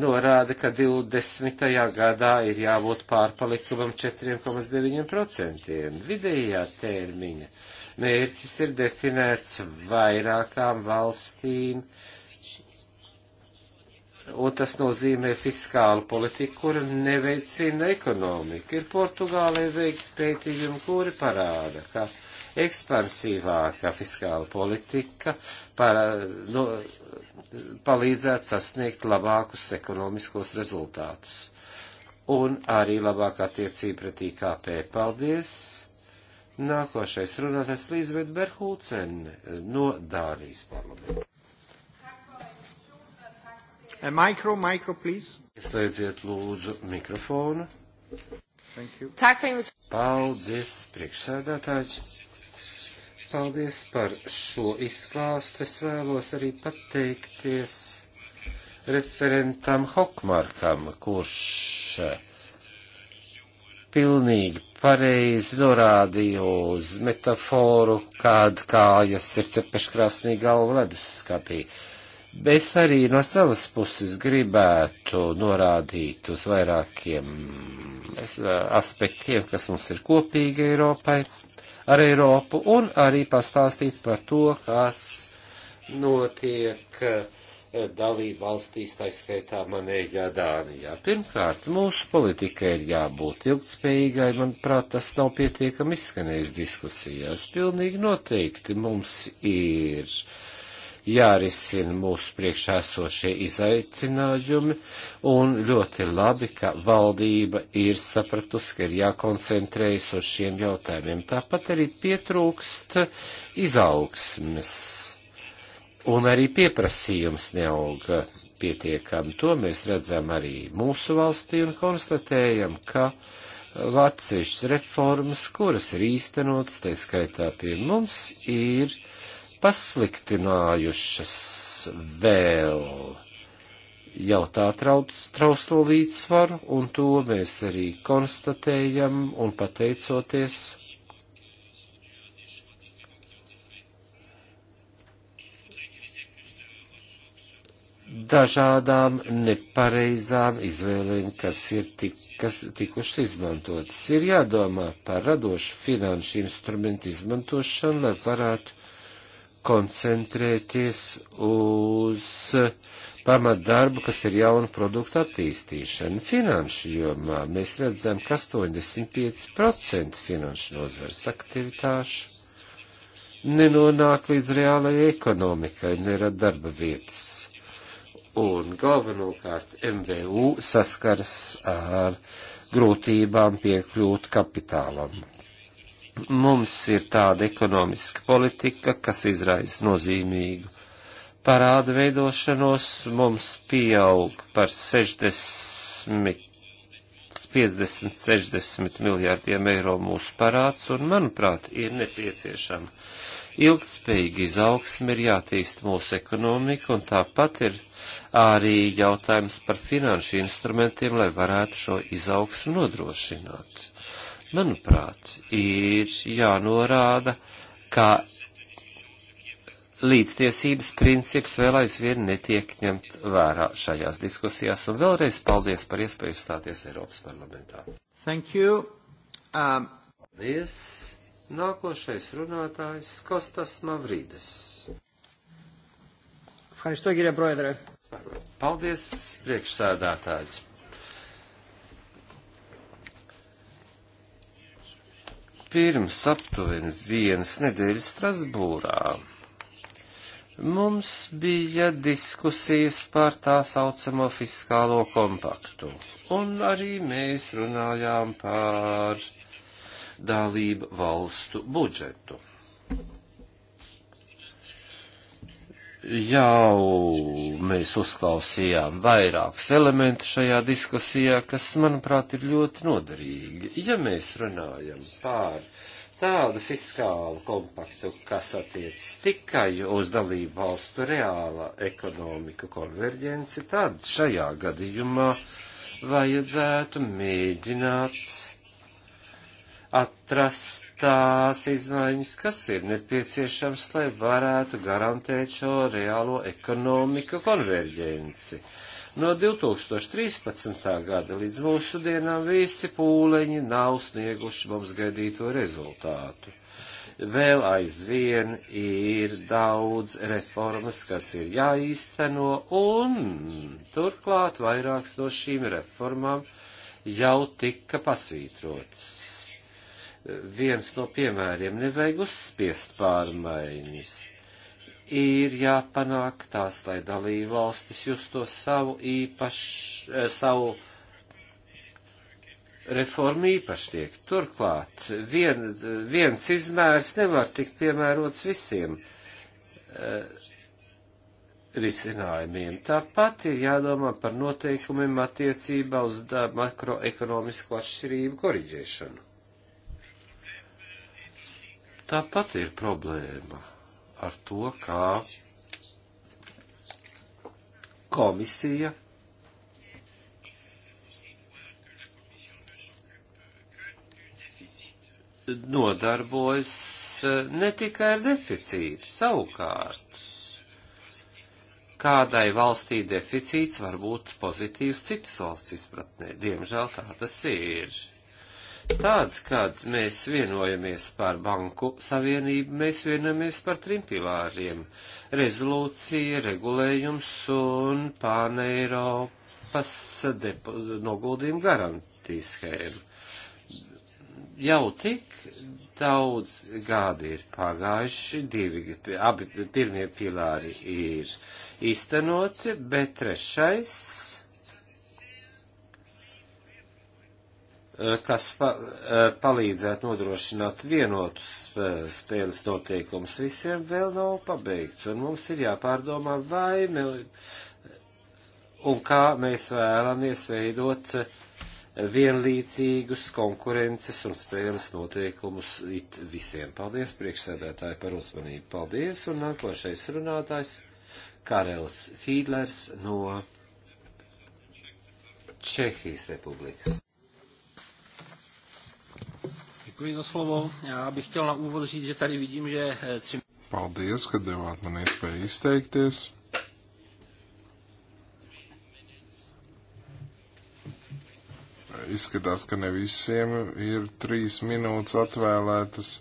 norāda, ka 20. gadā ir jābūt pārpalikumam 4,9%. Vidējā termiņa mērķis ir definēts vairākām valstīm, un tas nozīmē fiskālu politiku, kura neveicina ekonomiku. Ir Portugālē veikti pētījumi, kuri parāda, ka ekspansīvāka fiskāla politika para, no, palīdzētu sasniegt labākus ekonomiskos rezultātus un arī labāk attiecība pret IKP. Paldies! Nākošais runātājs Līzved Berhūcen eh, no Dānijas parlamenta. A eh, micro, micro, please. Ieslēdziet lūdzu mikrofonu. Thank you. Paldies, priekšsēdētāji. Paldies par šo izklāstu. Es vēlos arī pateikties referentam Hokmarkam, kurš eh, pilnīgi pareizi norādīja uz metaforu, kāda kājas ir cepeškrāsnī galva leduskapī. Es arī no savas puses gribētu norādīt uz vairākiem eh, aspektiem, kas mums ir kopīgi Eiropai, ar Eiropu, un arī pastāstīt par to, kas notiek uh, dalību valstīs, tā skaitā manējā Dānijā. Pirmkārt, mūsu politika ir jābūt ilgtspējīgai, manuprāt, tas nav pietiekami izskanējis diskusijās. Pilnīgi noteikti mums ir jārisina mūsu priekšā esošie izaicinājumi, un ļoti labi, ka valdība ir sapratusi, ka ir jākoncentrējas uz šiem jautājumiem. Tāpat arī pietrūkst izaugsmes un arī pieprasījums neauga pietiekami. To mēs redzam arī mūsu valstī un konstatējam, ka atsevišķas reformas, kuras ir īstenotas, tā skaitā pie mums, ir pasliktinājušas vēl jau tā trauslo līdzsvaru, un to mēs arī konstatējam, un pateicoties dažādām nepareizām izvēlēm, kas ir tik, kas tikušas izmantotas. Ir jādomā par radošu finanšu instrumentu izmantošanu, lai varētu koncentrēties uz pamatdarbu, kas ir jauna produkta attīstīšana. Finanšu jomā mēs redzam, ka 85% finanšu nozars aktivitāšu nenonāk līdz reālajai ekonomikai, nerada darba vietas un galvenokārt MVU saskaras ar grūtībām piekļūt kapitālam. Mums ir tāda ekonomiska politika, kas izraisa nozīmīgu parāda veidošanos, mums pieaug par 60, 50, 60 miljārdiem eiro mūsu parāds, un, manuprāt, ir nepieciešama Ilgtspējīgi izaugsmi ir jātīst mūsu ekonomika, un tāpat ir arī jautājums par finanšu instrumentiem, lai varētu šo izaugsmu nodrošināt. Manuprāt, ir jānorāda, ka līdztiesības princips vēl aizvien netiek ņemt vērā šajās diskusijās, un vēlreiz paldies par iespēju stāties Eiropas parlamentā. Thank you. Um... Paldies. Nākošais runātājs Kostas Mavrīdes. Paldies, priekšsēdētājs. Pirms aptuveni vienas nedēļas Strasbūrā mums bija diskusijas par tā saucamo fiskālo kompaktu, un arī mēs runājām par dalību valstu budžetu. Jau mēs uzklausījām vairākus elementus šajā diskusijā, kas, manuprāt, ir ļoti noderīgi. Ja mēs runājam pār tādu fiskālu kompaktu, kas attiec tikai uz dalību valstu reāla ekonomika konverģenci, tad šajā gadījumā vajadzētu mēģināt atrast tās izmaiņas, kas ir nepieciešams, lai varētu garantēt šo reālo ekonomiku konverģenci. No 2013. gada līdz mūsu dienām visi pūleņi nav snieguši mums gaidīto rezultātu. Vēl aizvien ir daudz reformas, kas ir jāīsteno, un turklāt vairākas no šīm reformām jau tika pasvītrotas viens no piemēriem. Nevajag uzspiest pārmaiņas. Ir jāpanāk tās, lai dalību valstis justos savu īpašu, eh, savu reformu īpašnieku. Turklāt vien, viens izmērs nevar tikt piemērots visiem eh, risinājumiem. Tāpat ir jādomā par noteikumiem attiecībā uz makroekonomisko atšķirību koriģēšanu. Tāpat ir problēma ar to, kā komisija nodarbojas e, ne tikai ar deficītu, savukārt kādai valstī deficīts var būt pozitīvs citas valsts izpratnē. Diemžēl tā tas ir. Tad, kad mēs vienojamies par banku savienību, mēs vienojamies par trim pilāriem - rezolūcija, regulējums un pāneiropas noguldījuma garantijas schēma. Jau tik daudz gadi ir pagājuši, divi, abi pirmie pilāri ir īstenoti, bet trešais Eh, kas pa, eh, palīdzētu nodrošināt vienotus eh, spēles noteikumus visiem, vēl nav pabeigts. Un mums ir jāpārdomā, vai me, un kā mēs vēlamies veidot vienlīdzīgus konkurences un spēles noteikumus it visiem. Paldies, priekšsēdētāji, par uzmanību. Paldies, un nākošais runātājs Karels Fīdlers no Čehijas Republikas. Děkuji za slovo. Já bych chtěl na úvod říct, že tady vidím, že eh, tři... Paldies, ka devāt man iespēju izteikties. Izskatās, ka ne visiem ir trīs minūtes atvēlētas.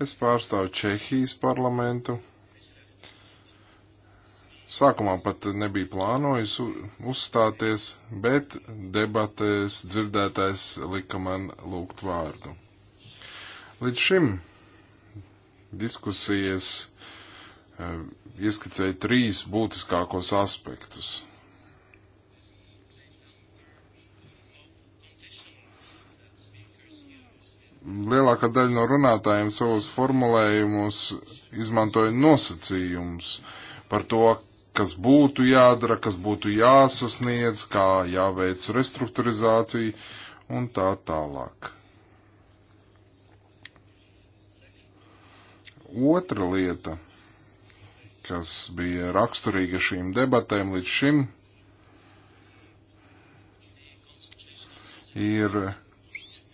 Es pārstāvu Čehijas parlamentu sākumā pat nebija plānojis uzstāties, bet debatēs dzirdētais lika man lūgt vārdu. Līdz šim diskusijas e, ieskicēja trīs būtiskākos aspektus. Lielākā daļa no runātājiem savos formulējumus izmantoja nosacījumus par to, kas būtu jādara, kas būtu jāsasniedz, kā jāveic restruktūrizācija un tā tālāk. Otra lieta, kas bija raksturīga šīm debatēm līdz šim, ir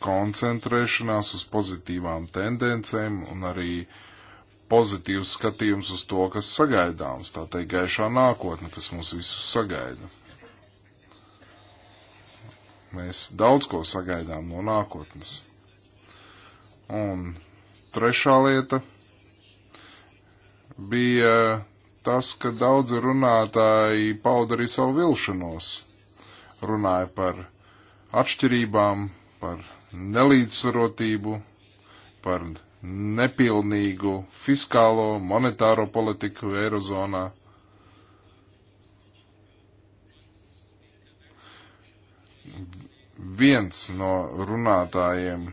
koncentrēšanās uz pozitīvām tendencēm un arī uh, pozitīvs skatījums uz to, kas sagaidāms, tā teikt, gaišā nākotne, kas mūs visus sagaida. Mēs daudz ko sagaidām no nākotnes. Un trešā lieta bija tas, ka daudzi runātāji pauda arī savu vilšanos. Runāja par atšķirībām, par nelīdzsvarotību, par nepilnīgu fiskālo, monetāro politiku Eirozonā. Viens no runātājiem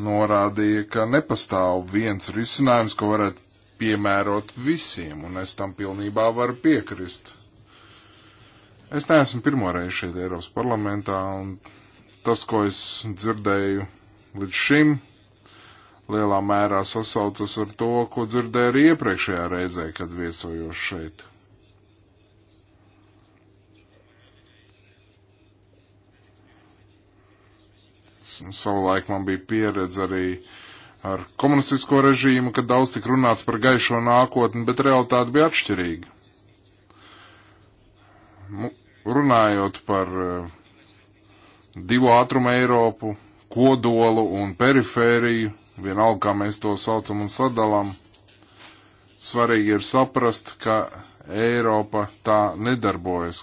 norādīja, ka nepastāv viens risinājums, ko varētu piemērot visiem, un es tam pilnībā varu piekrist. Es neesmu pirmoreiz šeit Eiropas parlamentā, un tas, ko es dzirdēju līdz šim, lielā mērā sasaucas ar to, ko dzirdēju arī iepriekšējā reizē, kad viesojos šeit. Savulaik man bija pieredze arī ar komunistisko režīmu, kad daudz tik runāts par gaišo nākotni, bet realitāte bija atšķirīga. Runājot par eh, divu ātrumu Eiropu, kodolu un perifēriju, Vienalga, kā mēs to saucam un sadalām, svarīgi ir saprast, ka Eiropa tā nedarbojas,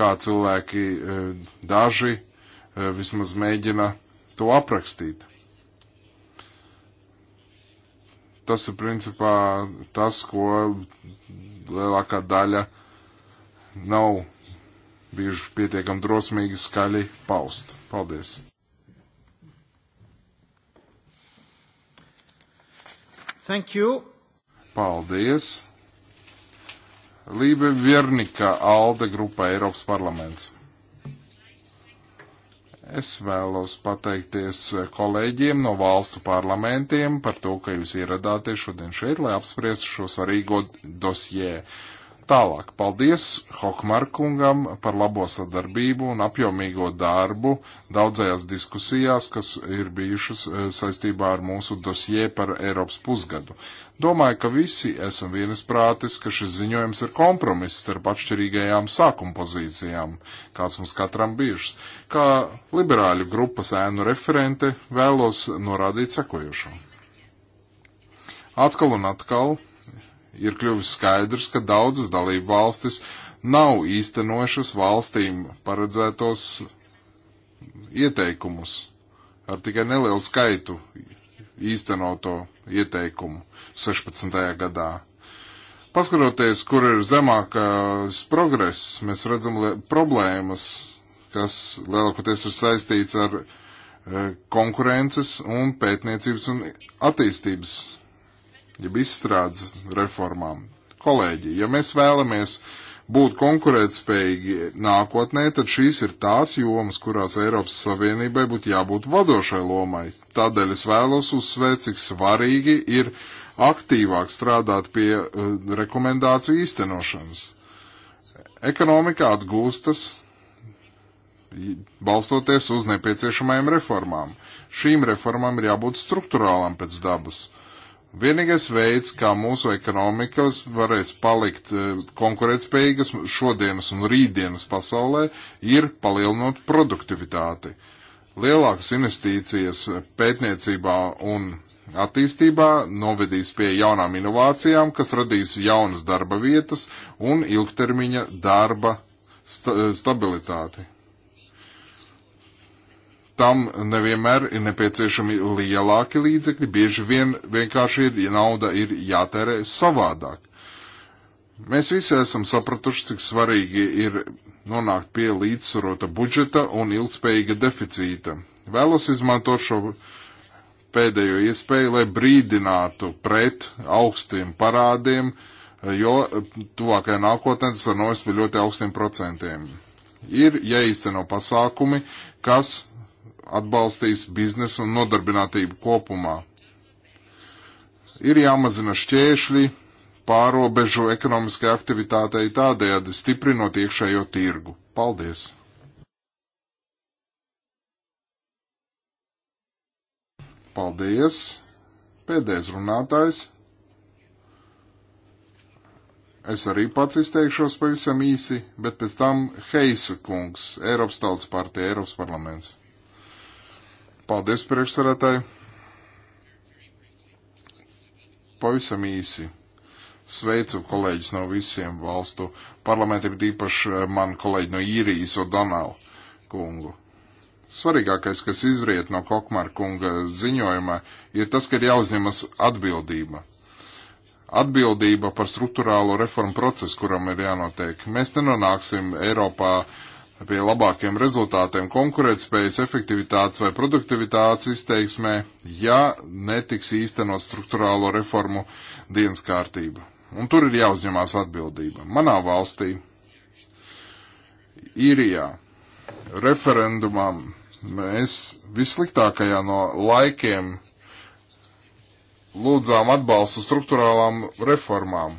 kā cilvēki e, daži e, vismaz mēģina to aprakstīt. Tas ir principā tas, ko lielākā daļa nav bijuši pietiekami drosmīgi skaļi paust. Paldies! Thank you. Paldies. Lībe Viernika, ALDE grupa Eiropas parlaments. Es vēlos pateikties kolēģiem no valstu parlamentiem par to, ka jūs ieradāties šodien šeit, lai apspriestu šo svarīgo dosjē. Tālāk, paldies Hokmarkungam par labo sadarbību un apjomīgo darbu daudzajās diskusijās, kas ir bijušas eh, saistībā ar mūsu dosie par Eiropas pusgadu. Domāju, ka visi esam vienisprātis, ka šis ziņojums ir kompromiss starp atšķirīgajām sākuma pozīcijām, kāds mums katram bijušas. Kā liberāļu grupas ēnu referente vēlos norādīt sekojušo. Atkal un atkal ir kļuvis skaidrs, ka daudzas dalību valstis nav īstenošas valstīm paredzētos ieteikumus ar tikai nelielu skaitu īstenoto ieteikumu 16. gadā. Paskatoties, kur ir zemākais progress, mēs redzam problēmas, kas lielākoties ir saistīts ar eh, konkurences un pētniecības un attīstības jeb izstrādes reformām. Kolēģi, ja mēs vēlamies būt konkurētspējīgi nākotnē, tad šīs ir tās jomas, kurās Eiropas Savienībai būtu jābūt vadošai lomai. Tādēļ es vēlos uzsvērt, cik svarīgi ir aktīvāk strādāt pie uh, rekomendāciju īstenošanas. Ekonomika atgūstas balstoties uz nepieciešamajām reformām. Šīm reformām ir jābūt struktūrālām pēc dabas. Uh, Vienīgais veids, kā mūsu ekonomikas varēs palikt eh, konkurētspējīgas šodienas un rītdienas pasaulē, ir palielinot produktivitāti. Lielākas investīcijas pētniecībā un attīstībā novedīs pie jaunām inovācijām, kas radīs jaunas darba vietas un ilgtermiņa darba sta stabilitāti tam nevienmēr ir nepieciešami lielāki līdzekļi, bieži vien vienkārši ir, nauda ir jātērē savādāk. Mēs visi esam sapratuši, cik svarīgi ir nonākt pie līdzsvarota budžeta un ilgspējīga deficīta. Vēlos izmantot šo pēdējo iespēju, lai brīdinātu pret augstiem parādiem, jo tuvākajā nākotnē tas var novest pie ļoti augstiem procentiem. Ir jāīsteno pasākumi, kas atbalstīs biznesu un nodarbinātību kopumā. Ir jāmazina šķēršļi pārobežu ekonomiskai aktivitātei tādējādi stiprinot iekšējo tirgu. Paldies! Paldies! Pēdējais runātājs. Es arī pats izteikšos pavisam īsi, bet pēc tam Heisa kungs, Eiropas tautas partija, Eiropas parlaments. Paldies, priekšsarētāji! Pavisam īsi. Sveicu kolēģis no visiem valstu parlamentiem, tīpaši eh, man kolēģi no īrijas O'Donnell kungu. Svarīgākais, kas izriet no Kokmāra kunga ziņojuma, ir tas, ka ir jāuzņemas atbildība atbildība par struktūrālo reformu procesu, kuram ir jānotiek. Mēs nenonāksim Eiropā pie labākiem rezultātiem konkurētspējas, efektivitātes vai produktivitātes izteiksmē, ja netiks īstenot struktūrālo reformu dienas kārtība. Un tur ir jāuzņemās atbildība. Manā valstī, īrijā, referendumā mēs vissliktākajā no laikiem lūdzām atbalstu struktūrālām reformām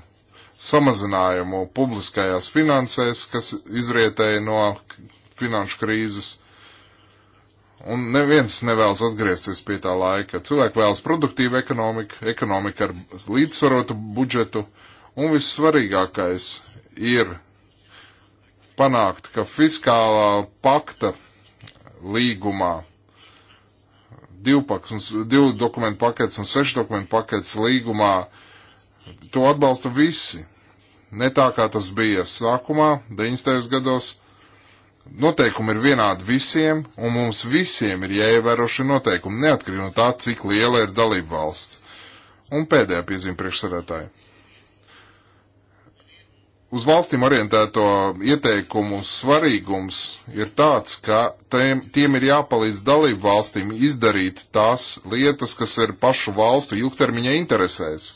samazinājumu publiskajās finansēs, kas izrietēja no finanšu krīzes. Un neviens nevēlas atgriezties pie tā laika. Cilvēki vēlas produktīvu ekonomiku, ekonomiku ar līdzsvarotu budžetu, un vissvarīgākais ir panākt, ka fiskālā pakta līgumā divpaks un divu dokumentu pakets un sešu dokumentu pakets līgumā uh, To atbalsta visi. Ne tā kā tas bija sākumā, 90. gados. Noteikumi ir vienādi visiem, un mums visiem ir jāievēro šie noteikumi, neatkarīgi no tā, cik liela ir dalība valsts. Un pēdējā piezīme priekšsēdētāji. Uz valstīm orientēto ieteikumu svarīgums ir tāds, ka tiem, tiem ir jāpalīdz dalību valstīm izdarīt tās lietas, kas ir pašu valstu ilgtermiņa interesēs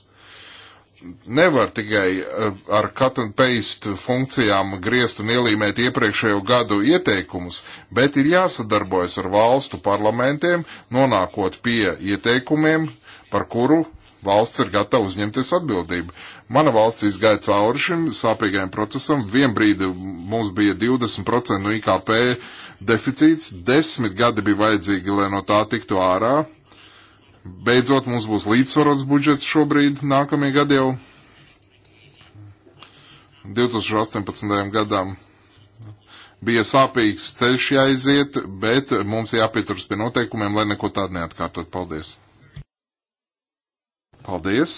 nevar tikai eh, ar cut and paste funkcijām griezt un ielīmēt iepriekšējo gadu ieteikumus, bet ir jāsadarbojas ar valstu parlamentiem, nonākot pie ieteikumiem, par kuru valsts ir gatava uzņemties atbildību. Mana valsts izgāja cauri šim sāpīgajam procesam. Vienbrīd mums bija 20% no IKP deficīts, desmit gadi bija vajadzīgi, lai no tā tiktu ārā Beidzot, mums būs līdzsvarots budžets šobrīd, nākamajā gadā jau 2018. gadam bija sāpīgs ceļš jāiziet, bet mums jāpieturas pie noteikumiem, lai neko tādu neatkārtot. Paldies! Paldies!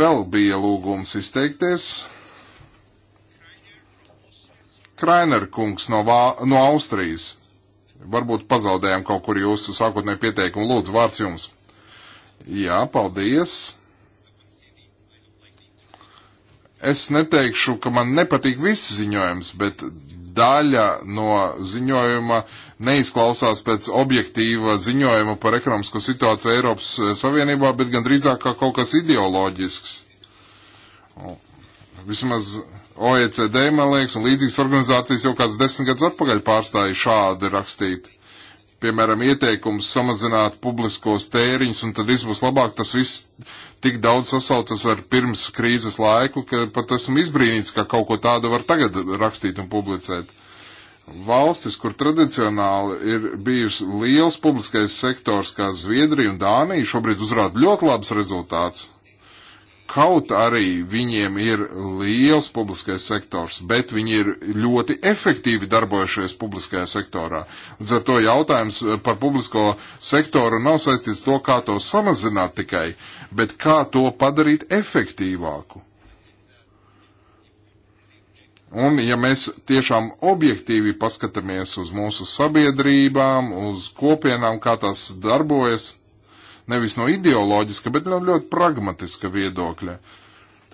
Vēl bija lūgums izteikties. Krainer kungs no, Vā, no Austrijas. Varbūt pazaudējām kaut kur jūsu sākotnēju pieteikumu. Lūdzu, vārds jums! Jā, paldies. Es neteikšu, ka man nepatīk viss ziņojums, bet daļa no ziņojuma neizklausās pēc objektīva ziņojuma par ekonomisko situāciju Eiropas Savienībā, bet gan drīzāk kā kaut kas ideoloģisks. Vismaz OECD, man liekas, un līdzīgas organizācijas jau kāds desmit gadus atpakaļ pārstāja šādi rakstīt piemēram, ieteikums samazināt publiskos tēriņus, un tad viss būs labāk, tas viss tik daudz sasaucas ar pirms krīzes laiku, ka pat esmu izbrīnīts, ka kaut ko tādu var tagad rakstīt un publicēt. Valstis, kur tradicionāli ir bijis liels publiskais sektors, kā Zviedrija un Dānija, šobrīd uzrāda ļoti labs rezultāts. Kaut arī viņiem ir liels publiskais sektors, bet viņi ir ļoti efektīvi darbojušies publiskajā sektorā. Līdz ar to jautājums eh, par publisko sektoru nav saistīts to, kā to samazināt tikai, bet kā to padarīt efektīvāku. Un, ja mēs tiešām objektīvi paskatāmies uz mūsu sabiedrībām, uz kopienām, kā tās darbojas, nevis no ideoloģiska, bet no ļoti pragmatiska viedokļa,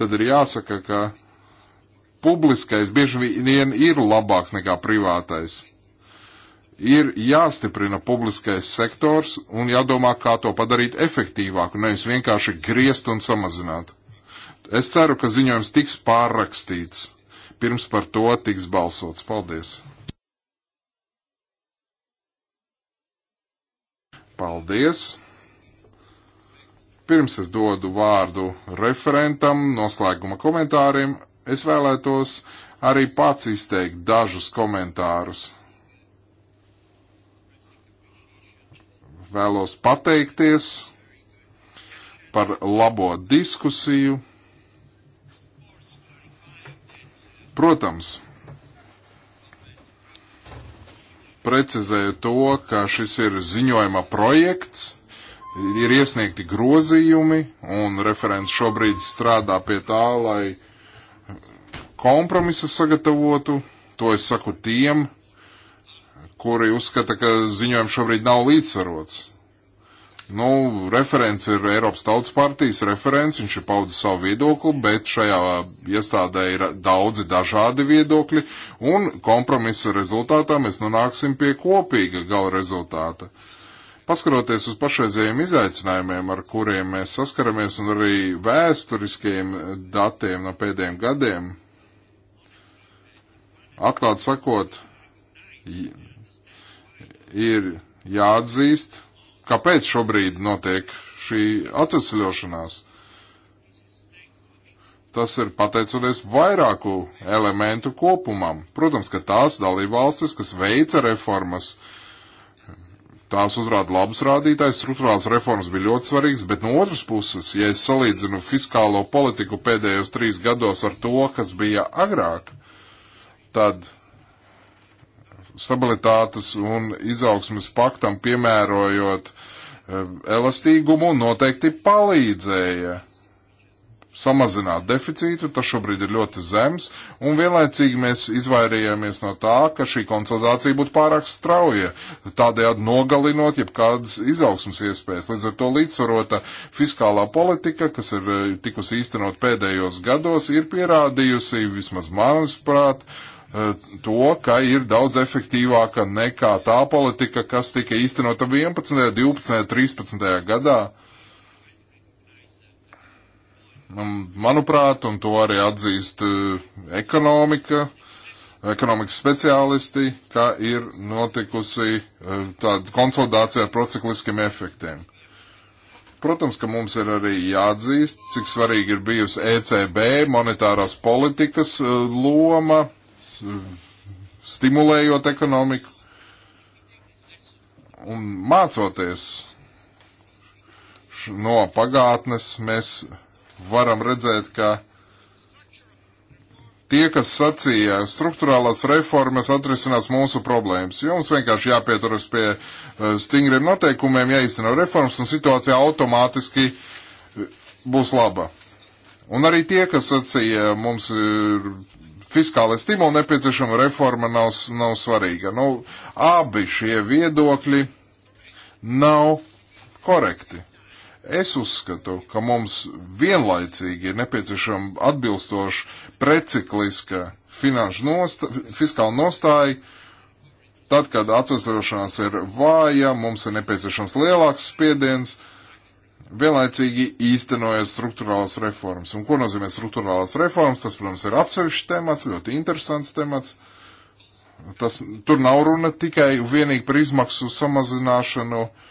tad ir jāsaka, ka publiskais bieži vien ir labāks nekā privātais. Ir jāstiprina publiskais sektors un jādomā, kā to padarīt efektīvāku, nevis vienkārši griezt un samazināt. Es ceru, ka ziņojums tiks pārrakstīts. Pirms par to tiks balsots. Paldies! Paldies! Pirms es dodu vārdu referentam, noslēguma komentāriem, es vēlētos arī pats izteikt dažus komentārus. Vēlos pateikties par labo diskusiju. Protams, precizēju to, ka šis ir ziņojuma projekts ir iesniegti grozījumi, un referents šobrīd strādā pie tā, lai kompromisu sagatavotu. To es saku tiem, kuri uzskata, ka ziņojums šobrīd nav līdzsvarots. Nu, referents ir Eiropas Tautas partijas referents, viņš ir paudis savu viedokli, bet šajā iestādē ir daudzi dažādi viedokļi, un kompromisa rezultātā mēs nonāksim pie kopīga gala rezultāta. Uh, Paskaroties uz pašreizējiem izaicinājumiem, ar kuriem mēs saskaramies, un arī vēsturiskiem datiem no pēdējiem gadiem, atklāt sakot, ir jāatzīst, kāpēc šobrīd notiek šī atvesļošanās. Tas ir pateicoties vairāku elementu kopumam. Protams, ka tās dalībvalstis, kas veica reformas, uh, Tās uzrāda labus rādītājus, struktūrāls reformas bija ļoti svarīgas, bet no otras puses, ja es salīdzinu fiskālo politiku pēdējos trīs gados ar to, kas bija agrāk, tad stabilitātes un izaugsmas paktam piemērojot eh, elastīgumu noteikti palīdzēja samazināt deficītu, tas šobrīd ir ļoti zems, un vienlaicīgi mēs izvairījāmies no tā, ka šī konsolidācija būtu pārāk strauja, tādējādi nogalinot jebkādas izaugsmas iespējas. Līdz ar to līdzsvarota fiskālā politika, kas ir eh, tikusi īstenot pēdējos gados, ir pierādījusi, vismaz manuprāt, eh, to, ka ir daudz efektīvāka nekā tā politika, kas tika īstenota 11., 12., 13. gadā Manuprāt, un to arī atzīst e, ekonomika, ekonomikas speciālisti, ka ir notikusi e, tāda konsolidācija ar procikliskiem efektiem. Protams, ka mums ir arī jāatzīst, cik svarīgi ir bijusi ECB, monetārās politikas e, loma, stimulējot ekonomiku un mācoties no pagātnes, mēs varam redzēt, ka tie, kas sacīja, struktūrālās reformas atrisinās mūsu problēmas. Jums vienkārši jāpieturas pie eh, stingriem noteikumiem, jāizteno reformas, un situācija automātiski eh, būs laba. Un arī tie, kas sacīja, mums ir fiskālai stimuli nepieciešama reforma, nav, nav svarīga. Nu, abi šie viedokļi nav korekti. Es uzskatu, ka mums vienlaicīgi ir nepieciešama atbilstoša precikliska finanšu nostā, fiskāla nostāja. Tad, kad atvesļošanās ir vāja, mums ir nepieciešams lielāks spiediens, vienlaicīgi īstenojas struktūrālās reformas. Un ko nozīmē struktūrālās reformas? Tas, protams, ir atsevišķs temats, ļoti interesants temats. Tas, tur nav runa tikai vienīgi par izmaksu samazināšanu uh,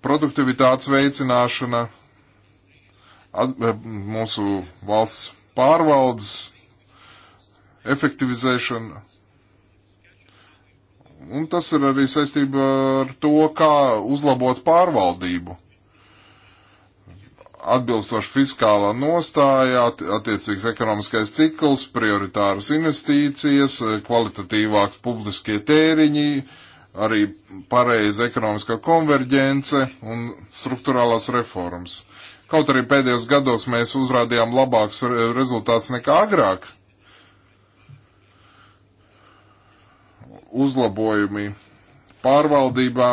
produktivitātes veicināšana, at, eh, mūsu valsts pārvaldes efektivizēšana. Un tas ir arī saistība ar to, kā uzlabot pārvaldību. Atbilstoši fiskālā nostājā, attiecīgs ekonomiskais cikls, prioritāras investīcijas, eh, kvalitatīvāks publiskie tēriņi, uh, arī pareiza ekonomiskā konverģence un struktūrālās reformas. Kaut arī pēdējos gados mēs uzrādījām labāks rezultāts nekā agrāk. Uzlabojumi pārvaldībā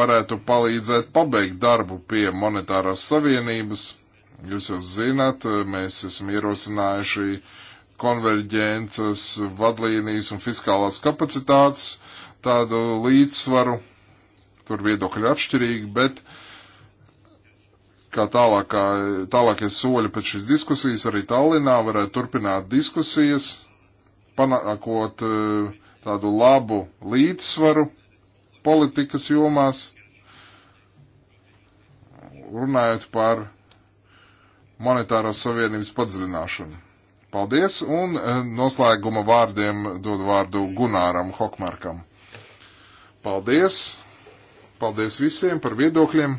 varētu palīdzēt pabeigt darbu pie monetārās savienības. Jūs jau zināt, mēs esam ierosinājuši konverģences vadlīnijas un fiskālās kapacitātes tādu līdzsvaru, tur viedokļi atšķirīgi, bet kā tālākā, tālākie soļi pēc šīs diskusijas arī Tallinā varētu turpināt diskusijas, panākot eh, tādu labu līdzsvaru politikas jomās, runājot par monetārās savienības padziļināšanu. Paldies, un eh, noslēguma vārdiem dod vārdu Gunāram Hokmarkam. Paldies! Paldies visiem par viedokļiem!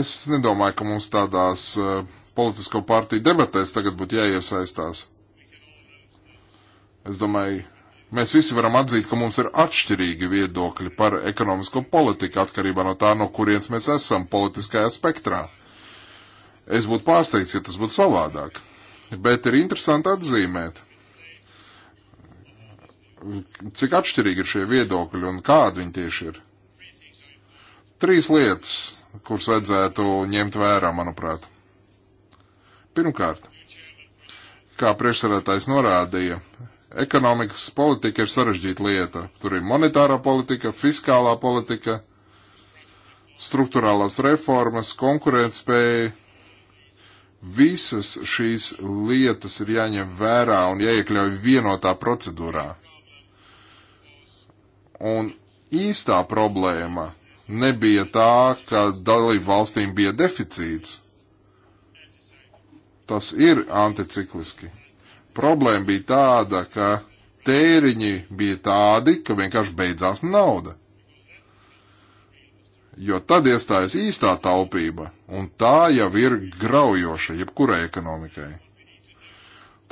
Es nedomāju, ka mums tādās eh, politisko partiju debatēs tagad būtu jāiesaistās. Es domāju, mēs visi varam atzīt, ka mums ir atšķirīgi viedokļi par ekonomisko politiku atkarībā no tā, no kurienes mēs esam politiskajā spektrā. Es būtu pārsteigts, ja tas būtu savādāk. Bet ir interesanti atzīmēt, cik atšķirīgi ir šie viedokļi un kādi viņi tieši ir. Trīs lietas, kuras vajadzētu ņemt vērā, manuprāt. Pirmkārt, kā priekšsarētājs norādīja, ekonomikas politika ir sarežģīta lieta. Tur ir monetārā politika, fiskālā politika, struktūrālās reformas, konkurētspēja visas šīs lietas ir jāņem vērā un jāiekļauj vienotā procedūrā. Un īstā problēma nebija tā, ka dalību valstīm bija deficīts. Tas ir anticikliski. Problēma bija tāda, ka tēriņi bija tādi, ka vienkārši beidzās nauda. Jo tad iestājas īstā taupība, un tā jau ir graujoša jebkurai ekonomikai.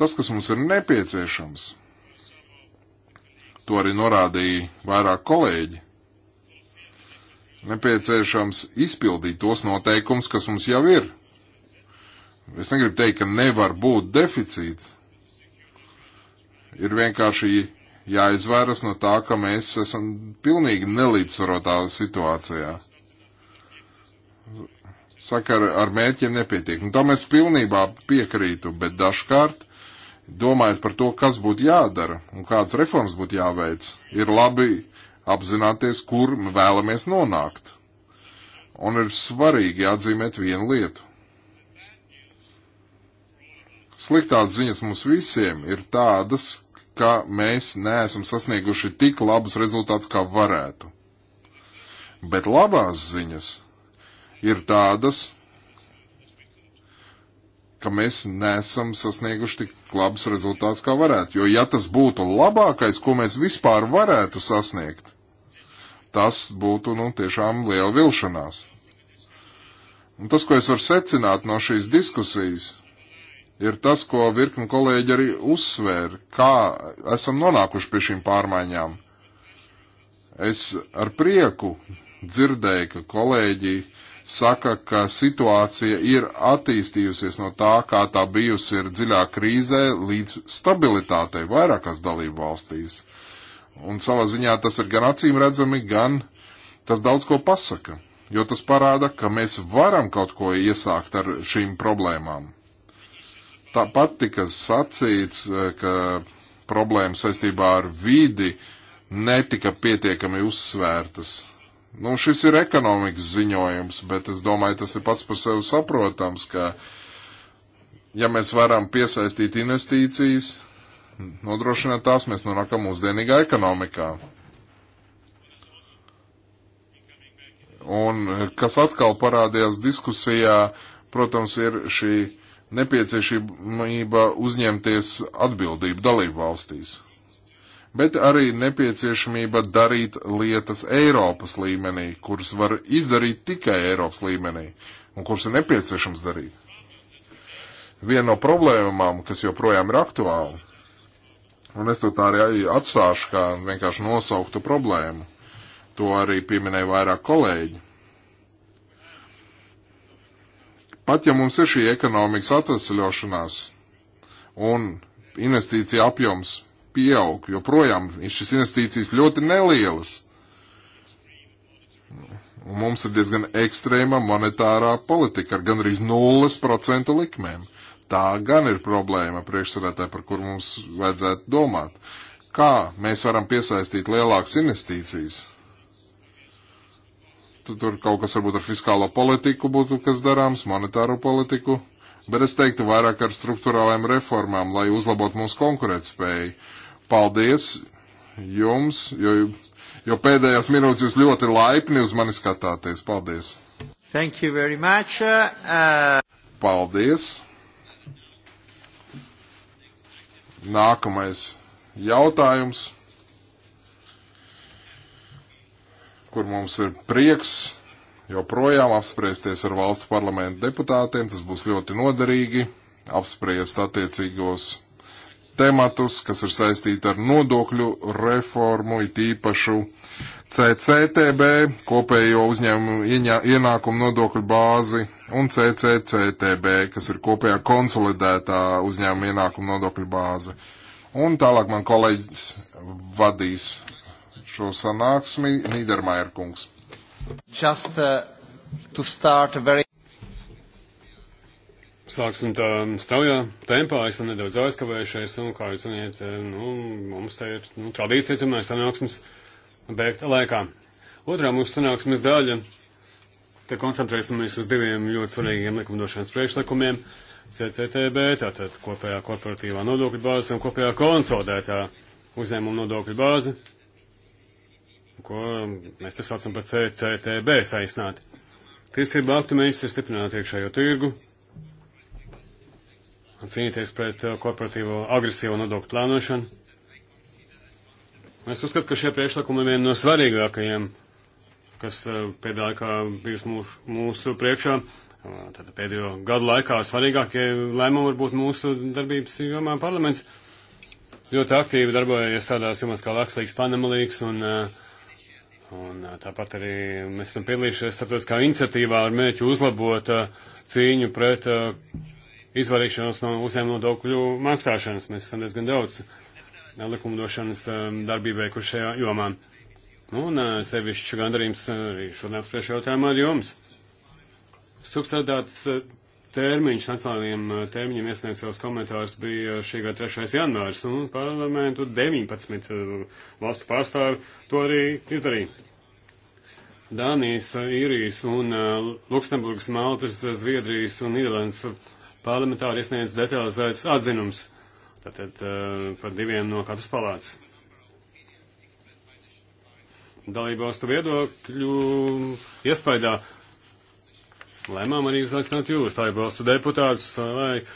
Tas, kas mums ir nepieciešams, to arī norādīja vairāk kolēģi. Nepieciešams izpildīt tos noteikums, kas mums jau ir. Es negribu teikt, ka nevar būt deficīts. Ir vienkārši jāizvairas no tā, ka mēs esam pilnīgi nelīdzsvarotā situācijā. Saka, ar, ar mērķiem nepietiek. Un tam es pilnībā piekrītu, bet dažkārt domājot par to, kas būtu jādara un kādas reformas būtu jāveic, ir labi apzināties, kur vēlamies nonākt. Un ir svarīgi atzīmēt vienu lietu. Sliktās ziņas mums visiem ir tādas, ka mēs neesam sasnieguši tik labus rezultātus, kā varētu. Bet labās ziņas ir tādas, ka mēs nesam sasnieguši tik labus rezultātus, kā varētu. Jo, ja tas būtu labākais, ko mēs vispār varētu sasniegt, tas būtu nu, tiešām liela vilšanās. Un tas, ko es varu secināt no šīs diskusijas, ir tas, ko virkni kolēģi arī uzsvēra, kā esam nonākuši pie šīm pārmaiņām. Es ar prieku dzirdēju, ka kolēģi uh, saka, ka situācija ir attīstījusies no tā, kā tā bijusi ir dziļā krīzē, līdz stabilitātei vairākās dalību valstīs. Un savā ziņā tas ir gan acīm redzami, gan tas daudz ko pasaka, jo tas parāda, ka mēs varam kaut ko iesākt ar šīm problēmām. Tāpat tika sacīts, e, ka problēmas saistībā ar vidi netika pietiekami uzsvērtas Nu, šis ir ekonomikas ziņojums, bet es domāju, tas ir pats par sevi saprotams, ka ja mēs varam piesaistīt investīcijas, nodrošināt tās, mēs nonākam mūsdienīgā ekonomikā. Un kas atkal parādījās diskusijā, protams, ir šī nepieciešamība uzņemties atbildību dalību valstīs bet arī nepieciešamība darīt lietas Eiropas līmenī, kuras var izdarīt tikai Eiropas līmenī un kuras ir nepieciešams darīt. Viena no problēmām, kas joprojām ir aktuāla, un es to tā arī atstāšu kā vienkārši nosauktu problēmu, to arī pieminēja vairāk kolēģi. Pat ja mums ir šī ekonomikas atvesļošanās un investīcija apjoms pieaug, jo projām šis investīcijas ļoti nelielas. Un mums ir diezgan ekstrēma monetārā politika ar gandrīz 0% likmēm. Tā gan ir problēma priekšsarētāji, par kur mums vajadzētu domāt. Kā mēs varam piesaistīt lielākas investīcijas? Tur, tur kaut kas varbūt ar fiskālo politiku būtu kas darāms, monetāro politiku, bet es teiktu vairāk ar struktūrālajām reformām, lai uzlabotu mūsu konkurētspēju paldies jums, jo, jo pēdējās minūtes jūs ļoti laipni uz mani skatāties. Paldies! Thank you very much. Uh, uh... Paldies! Nākamais jautājums, kur mums ir prieks joprojām apspriesties ar valstu parlamentu deputātiem. Tas būs ļoti noderīgi apspriest attiecīgos tematus, kas ir saistīti ar nodokļu reformu, it īpašu CCTB, kopējo uzņēmumu ienākumu nodokļu bāzi, un CCCTB, kas ir kopējā konsolidētā uzņēmuma ienākumu nodokļu bāze. Un tālāk man kolēģis vadīs šo sanāksmi Nīdermājer kungs. Just, uh, very... Sāksim tā straujā tempā, esam nedaudz aizkavējušies, un, kā jūs zināt, eh, nu, mums te ir nu, tradīcija, tomēr sanāksmes beigt laikā. Otrā mūsu sanāksmes daļa, te koncentrēsimies uz diviem ļoti svarīgiem likumdošanas priekšlikumiem - CCTB, tātad kopējā korporatīvā nodokļu bāze un kopējā konsolidētā uzņēmuma nodokļu bāze, ko mēs te saucam par CCTB saīsnāti. Tiesību aktu mērķis ir stiprināt iekšējo tirgu un cīnīties pret uh, korporatīvo agresīvo nodokļu plānošanu. Es uzskatu, ka šie priekšlikumi ir viena no svarīgākajiem, kas uh, pēdējā laikā bijusi mūsu, mūsu priekšā. Tātad uh, pēdējo gadu laikā svarīgākie lēmumi varbūt mūsu darbības jomā parlaments ļoti aktīvi darbojies tādās jomās kā Lakslīgs, Panemalīgs un, un tāpat arī mēs esam piedalījušies starptautiskā iniciatīvā ar mēķu uzlabot cīņu pret izvarīšanos no uzņēmuma nodokļu maksāšanas. Mēs esam diezgan daudz likumdošanas um, darbību veikuši šajā jomā. Un uh, sevišķi gandarījums uh, arī šodien apspriešu jautājumu ar jums. Subsidētāts uh, termiņš nacionālajiem termiņiem iesniedzējos komentārus bija šī gada 3. janvārs, un parlamentu 19 valstu pārstāvi to arī izdarīja. Dānijas, Īrijas un Luksemburgas, Maltas, Zviedrijas un Nīderlandes parlamentāri iesniedz detalizētus atzinums tātad, eh, par diviem no katras palātas. Dalībvalstu viedokļu iespaidā lēmām arī uzaicināt jūs, dalībvalstu deputātus, lai eh,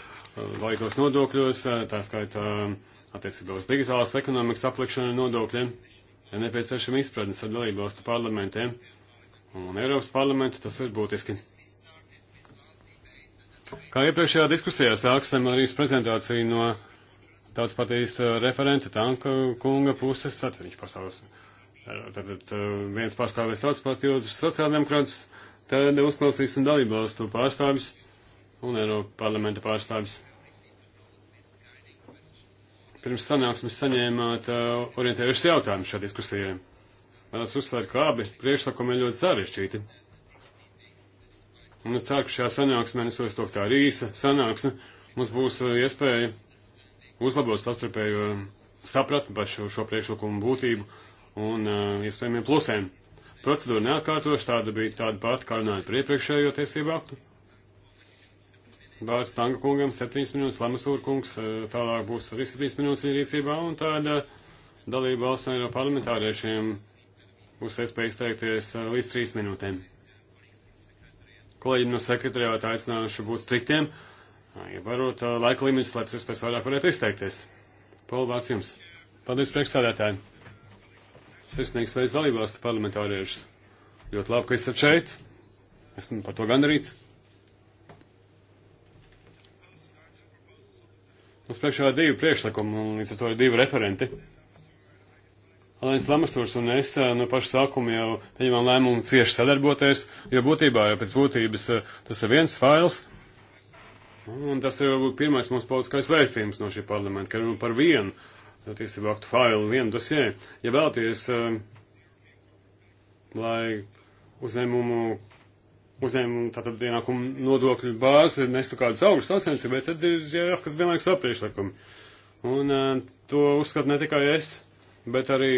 laikos nodokļos, eh, tā skaitā attiecībā uz digitālas ekonomikas aplikšanu nodokļiem, ir nepieciešama izpratnes ar dalībvalstu parlamentiem un Eiropas parlamentu, tas ir būtiski. Kā iepriekšējā diskusijā sāksim arī prezentāciju no tāds patīs uh, referenta tanka kunga puses, tad viņš pastāvs. Tad uh, viens pārstāvēs tāds patījus sociāldemokrātus, tad uzklausīsim dalībvalstu pārstāvis un Eiropa parlamenta pārstāvis. Pirms sanāksmes saņēmāt uh, orientējušas jautājumus šā diskusijai. Vēlos uzsvērt, ka abi priekšlikumi ir ļoti sarežģīti. Un es ceru, ka šajā sanāksmē, nesoties to tā rīsa sanāksme, mums būs uh, iespēja uzlabot sastarpējo um, sapratni par šo, šo priekšlikumu būtību un uh, iespējamiem plusēm. Procedūra neatkārtoša, tāda bija tāda pati, kā runāja par iepriekšējo tiesību aktu. Bārts Tanga kungam 7 minūtes, Lamasūra kungs, uh, tālāk būs arī 7 minūtes viņa rīcībā, un tāda dalība valsts no parlamentāriešiem būs iespēja izteikties uh, līdz 3 minūtēm kolēģiem no sekretariāta aicinājuši būt striktiem, ja varot laika līmeņus, lai pēc iespējas vairāk varētu izteikties. Paul, vārds jums. Paldies, priekšstādātāji. Sirsnīgs veids dalībvalstu parlamentāriešus. Ļoti labi, ka esat šeit. Esmu par to gandarīts. Mums priekšā divi priekšlikumi, un līdz ar to ir divi referenti. Alēns Lamastūrs un es eh, no paša sākuma jau pieņemām lēmumu cieši sadarboties, jo būtībā, ja pēc būtības eh, tas ir viens fails, un tas ir varbūt pirmais mūsu politiskais vēstījums no šī parlamenta, ka runa par vienu, eh, tiesību aktu failu, vienu dosē. Ja vēlties, lai uzņēmumu, uzņēmumu tātad ienākumu nodokļu bāzi nestu kādus augstus sasniedzības, bet tad ir jāskatās vienlaikus apriekšlikumi. Un to uzskatu ne tikai es bet arī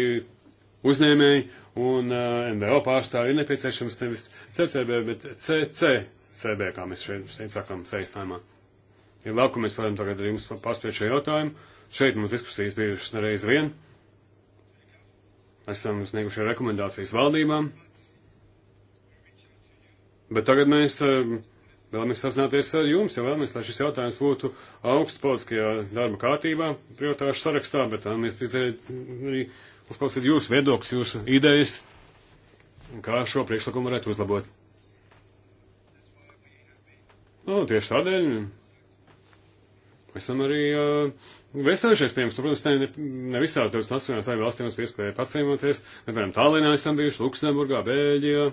uzņēmēji un uh, eh, NVO pārstāvji ir nepieciešams nevis CCB, bet CCCB, kā mēs šeit, šeit sakām, saistājumā. Ir labi, ka mēs varam tagad arī jums paspēt šo jautājumu. Šeit mums diskusijas bijušas nereiz vien. Esam snieguši rekomendācijas valdībām. Bet tagad mēs uh, vēlamies sazināties ar jums, jo vēlamies, lai šis jautājums būtu augstu politiskajā darba kārtībā, prioritāšu sarakstā, bet vēlamies izdarīt arī uzklausīt jūsu viedokļus, jūsu idejas, kā šo priekšlikumu varētu uzlabot. Nu, tieši tādēļ esam arī uh, veselīšies pie jums. Nu, protams, ne, ne visās 28 lai valstīm mums piespēja pacīmoties. Piemēram, Tallinā esam bijuši, Luksemburgā, Bēļģijā,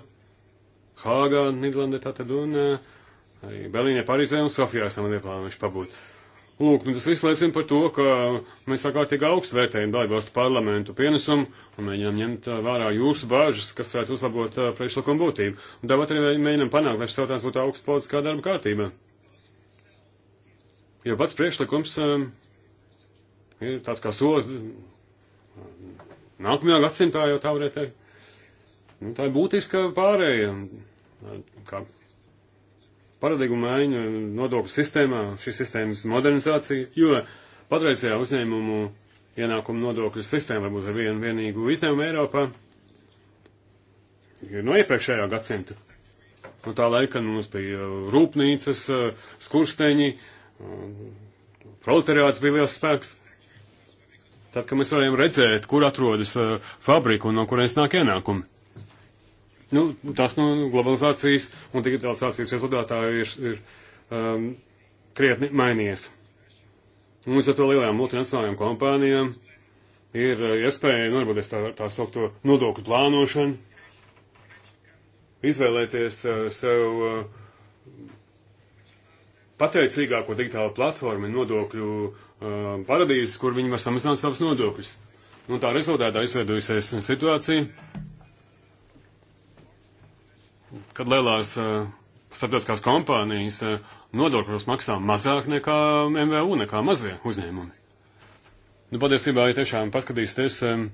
Hāgā, Nidlandē tātad un uh, Arī Berlīnē, Parīzē un Sofijā esam ieplānojuši pabūt. Lūk, nu tas viss liecina par to, ka mēs ārkārtīgi augstu vērtējam dalībvalstu parlamentu pienesumu un mēģinām ņemt uh, vērā jūsu bāžas, kas varētu uzlabot uh, priekšlikumu būtību. Un tāpat arī mēģinām panākt, lai šis jautājums būtu augsts politiskā darba kārtībā. Jo pats priekšlikums um, ir tāds kā solis uh, nākamajā gadsimtā, jau tā varētu teikt. Nu, tā ir būtiska pārēja, um, kā paradigmu maiņu nodokļu sistēmā, šīs sistēmas modernizāciju, jo patreizējā uzņēmumu ienākumu nodokļu sistēma varbūt ar vienu vienīgu izņēmumu Eiropā no iepriekšējā gadsimta. No tā laika, kad mums bija rūpnīcas, skursteņi, proletariāts bija liels spēks. Tad, kad mēs varējām redzēt, kur atrodas fabrika un no kurienes nāk ienākumi. Nu, tas no globalizācijas un digitalizācijas rezultātā ir, ir um, krietni mainījies. Un līdz ar to lielajām multinacionālajām kompānijām ir uh, iespēja nodarboties tā, tā saukto nodokļu plānošanu, izvēlēties uh, sev uh, pateicīgāko digitālo platformu, nodokļu uh, paradīzes, kur viņi var samazināt savus nodokļus. Un nu, tā rezultātā izveidojusies situācija, kad lielās uh, starptautiskās kompānijas uh, nodokļos maksā mazāk nekā MVU, nekā mazie uzņēmumi. Nu, patiesībā, ja tiešām paskatīsieties um,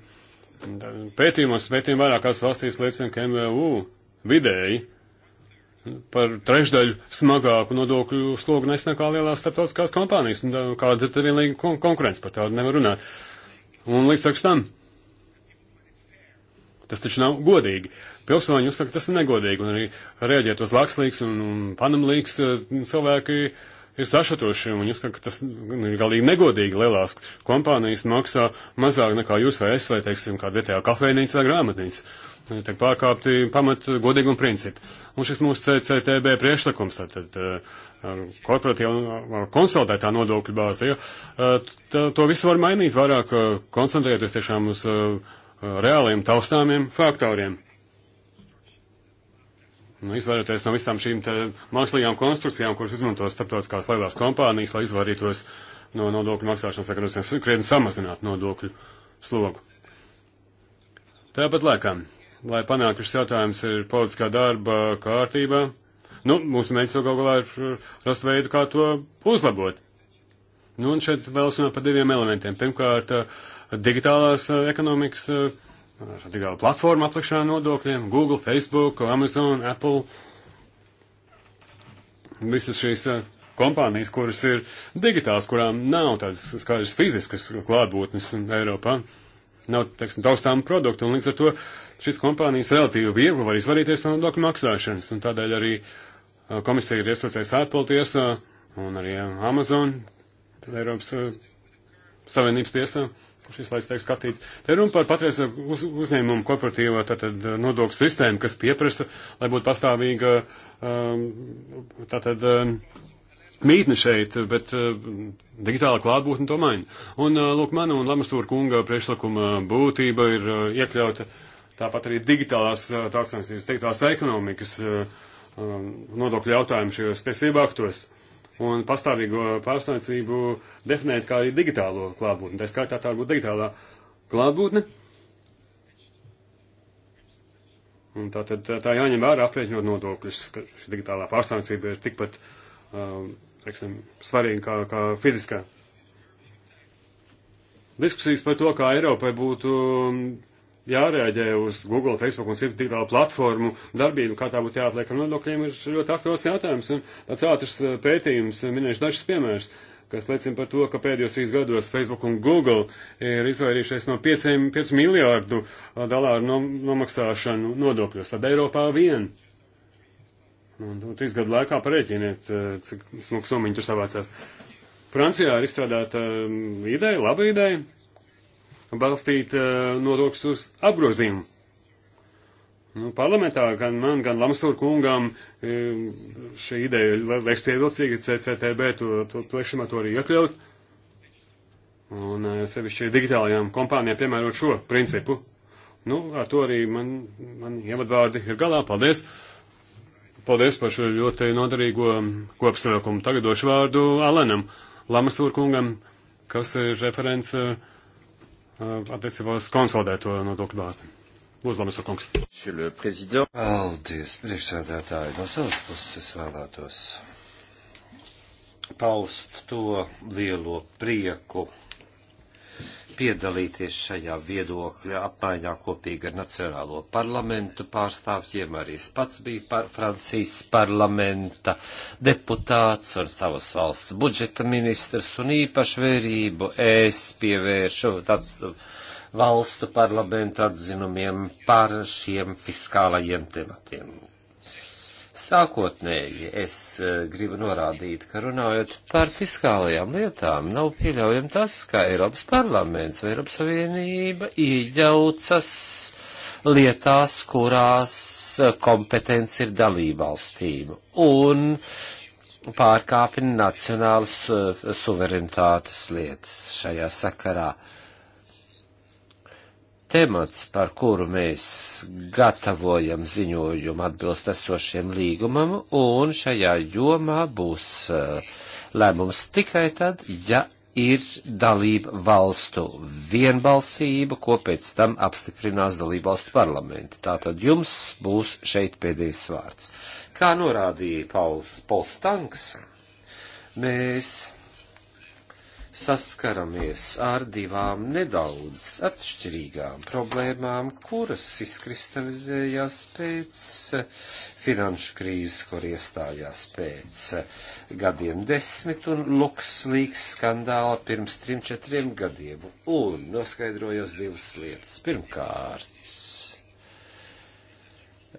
pētījumos, pētījumi vairākās valstīs liecina, ka MVU vidēji par trešdaļu smagāku nodokļu slogu nes nekā lielās starptautiskās kompānijas. Un, kāda ir vienlīga kon konkurence par tādu nevar runāt. Un līdz tam, tas taču nav godīgi pilsoņi uzskata, ka tas ir negodīgi, un arī rēģēt uz lakslīgs un, un panamlīgs eh, cilvēki ir sašutuši, un uzskata, ka tas ir galīgi negodīgi lielās kompānijas maksā mazāk nekā jūs vai es, vai, teiksim, kāda vietējā kafejnīca vai grāmatnīca. Tiek pārkāpti pamat godīguma principi. Un šis mūsu CCTB priekšlikums, tātad. Tā, eh, korporatīva konsolidētā nodokļu bāze. Ja, eh, to visu var mainīt, vairāk koncentrēties tiešām uz reāliem taustāmiem faktoriem. Nu, izvairoties no visām šīm mākslīgām konstrukcijām, kuras izmanto starptautiskās lielās kompānijas, lai izvairītos no nodokļu maksāšanas, vai grasinās krietni samazināt nodokļu slogu. Tāpat laikā, lai panāktu šis jautājums, ir politiskā darba kārtībā. Nu, mūsu mērķis jau gal galā ir uh, rast veidu, kā to uzlabot. Nu, un šeit vēlas runāt par diviem elementiem. Pirmkārt, uh, digitālās uh, ekonomikas. Uh, digitālu platformu aplikšanā nodokļiem, Google, Facebook, Amazon, Apple. Visas šīs eh, kompānijas, kuras ir digitāls, kurām nav tādas skaidras fiziskas klātbūtnes Eiropā, nav, teiksim, taustām produktu, un līdz ar to šīs kompānijas relatīvi viegli var izvarīties no nodokļu maksāšanas, un tādēļ arī eh, komisija ir iesaucējusi Apple tiesā un arī eh, Amazon, tad Eiropas Savienības tiesā šis laiks tiek skatīts. Te runa par patreiz uz, uzņēmumu korporatīvo tātad, eh, nodokļu sistēmu, kas pieprasa, lai būtu pastāvīga ehm, tātad, ehm, mītne šeit, bet eh, digitāla klātbūtne to maina. Un, eh, lūk, mana un Lamasūra kunga priekšlikuma būtība ir iekļauta tāpat arī digitālās tautsainsības teiktās ekonomikas ehm, nodokļu jautājumu šajos tiesību aktos. Uh, un pastāvīgo pārstāvniecību definēt kā arī digitālo klātbūtni. Tā skaitā tā būtu digitālā klātbūtne. Un tā tad tā, tā jāņem vērā aprēķinot nodokļus, ka šī digitālā pārstāvniecība ir tikpat, um, teiksim, svarīga kā, kā fiziskā. Diskusijas par to, kā Eiropai būtu jārēģē uz Google, Facebook un citu digitālu platformu darbību, kā tā būtu jāatliek ar nodokļiem, ir ļoti aktuāls jautājums. Un tāds ātrs eh, pētījums, eh, minēšu dažus piemērus, kas liecina par to, ka pēdējos trīs gados Facebook un Google ir izvairījušies no 5, 5 miljārdu eh, dolāru nomaksāšanu nodokļos. Tad Eiropā vien. Un, un trīs gadu laikā pareiķiniet, cik smags somiņi tur savācās. Francijā ir izstrādāta um, ideja, laba ideja balstīt uh, nodokļus uz apgrozījumu. Nu, parlamentā gan man, gan Lamstūra kungam eh, šī ideja liekas pievilcīga, CCTB to, to plešamā to arī iekļaut. Un eh, sevišķi digitālajām kompānijām piemērot šo principu. Nu, ar to arī man, man ievadvārdi ir galā. Paldies! Paldies par šo ļoti noderīgo mm, kopsavilkumu. Tagad došu vārdu Alenam Lamstūra kungam, kas ir referents. Uh, Uh, attiecībā uz konsolidēto nodokļu bāzi. Lūdzu, Lamas kungs. Paldies, priekšsēdētāji. No savas puses vēlētos paust to lielo prieku piedalīties šajā viedokļa apmaiņā kopīgi ar Nacionālo parlamentu pārstāvjiem. Arī es pats biju par Francijas parlamenta deputāts un savas valsts budžeta ministrs, un īpašu vērību es pievēršu tādu nu, valstu parlamentu atzinumiem par šiem fiskālajiem tematiem. Sākotnēji es eh, gribu norādīt, ka runājot par fiskālajām lietām, nav pieļaujami tas, ka Eiropas parlaments vai Eiropas Savienība iejaucas lietās, kurās eh, kompetence ir dalībvalstīm un pārkāpina nacionālas eh, suverenitātes lietas šajā sakarā. Uh, temats, par kuru mēs gatavojam ziņojumu atbilst esošiem līgumam, un šajā jomā būs eh, lēmums tikai tad, ja ir dalība valstu vienbalsība, ko pēc tam apstiprinās dalība valstu parlamenti. Tātad jums būs šeit pēdējais vārds. Kā norādīja Pauls Polstanks, mēs saskaramies ar divām nedaudz atšķirīgām problēmām, kuras izkristalizējās pēc eh, finanšu krīzes, kur iestājās pēc eh, gadiem desmit un lukslīgs skandāla pirms trim, četriem gadiem. Un noskaidrojos divas lietas. Pirmkārt,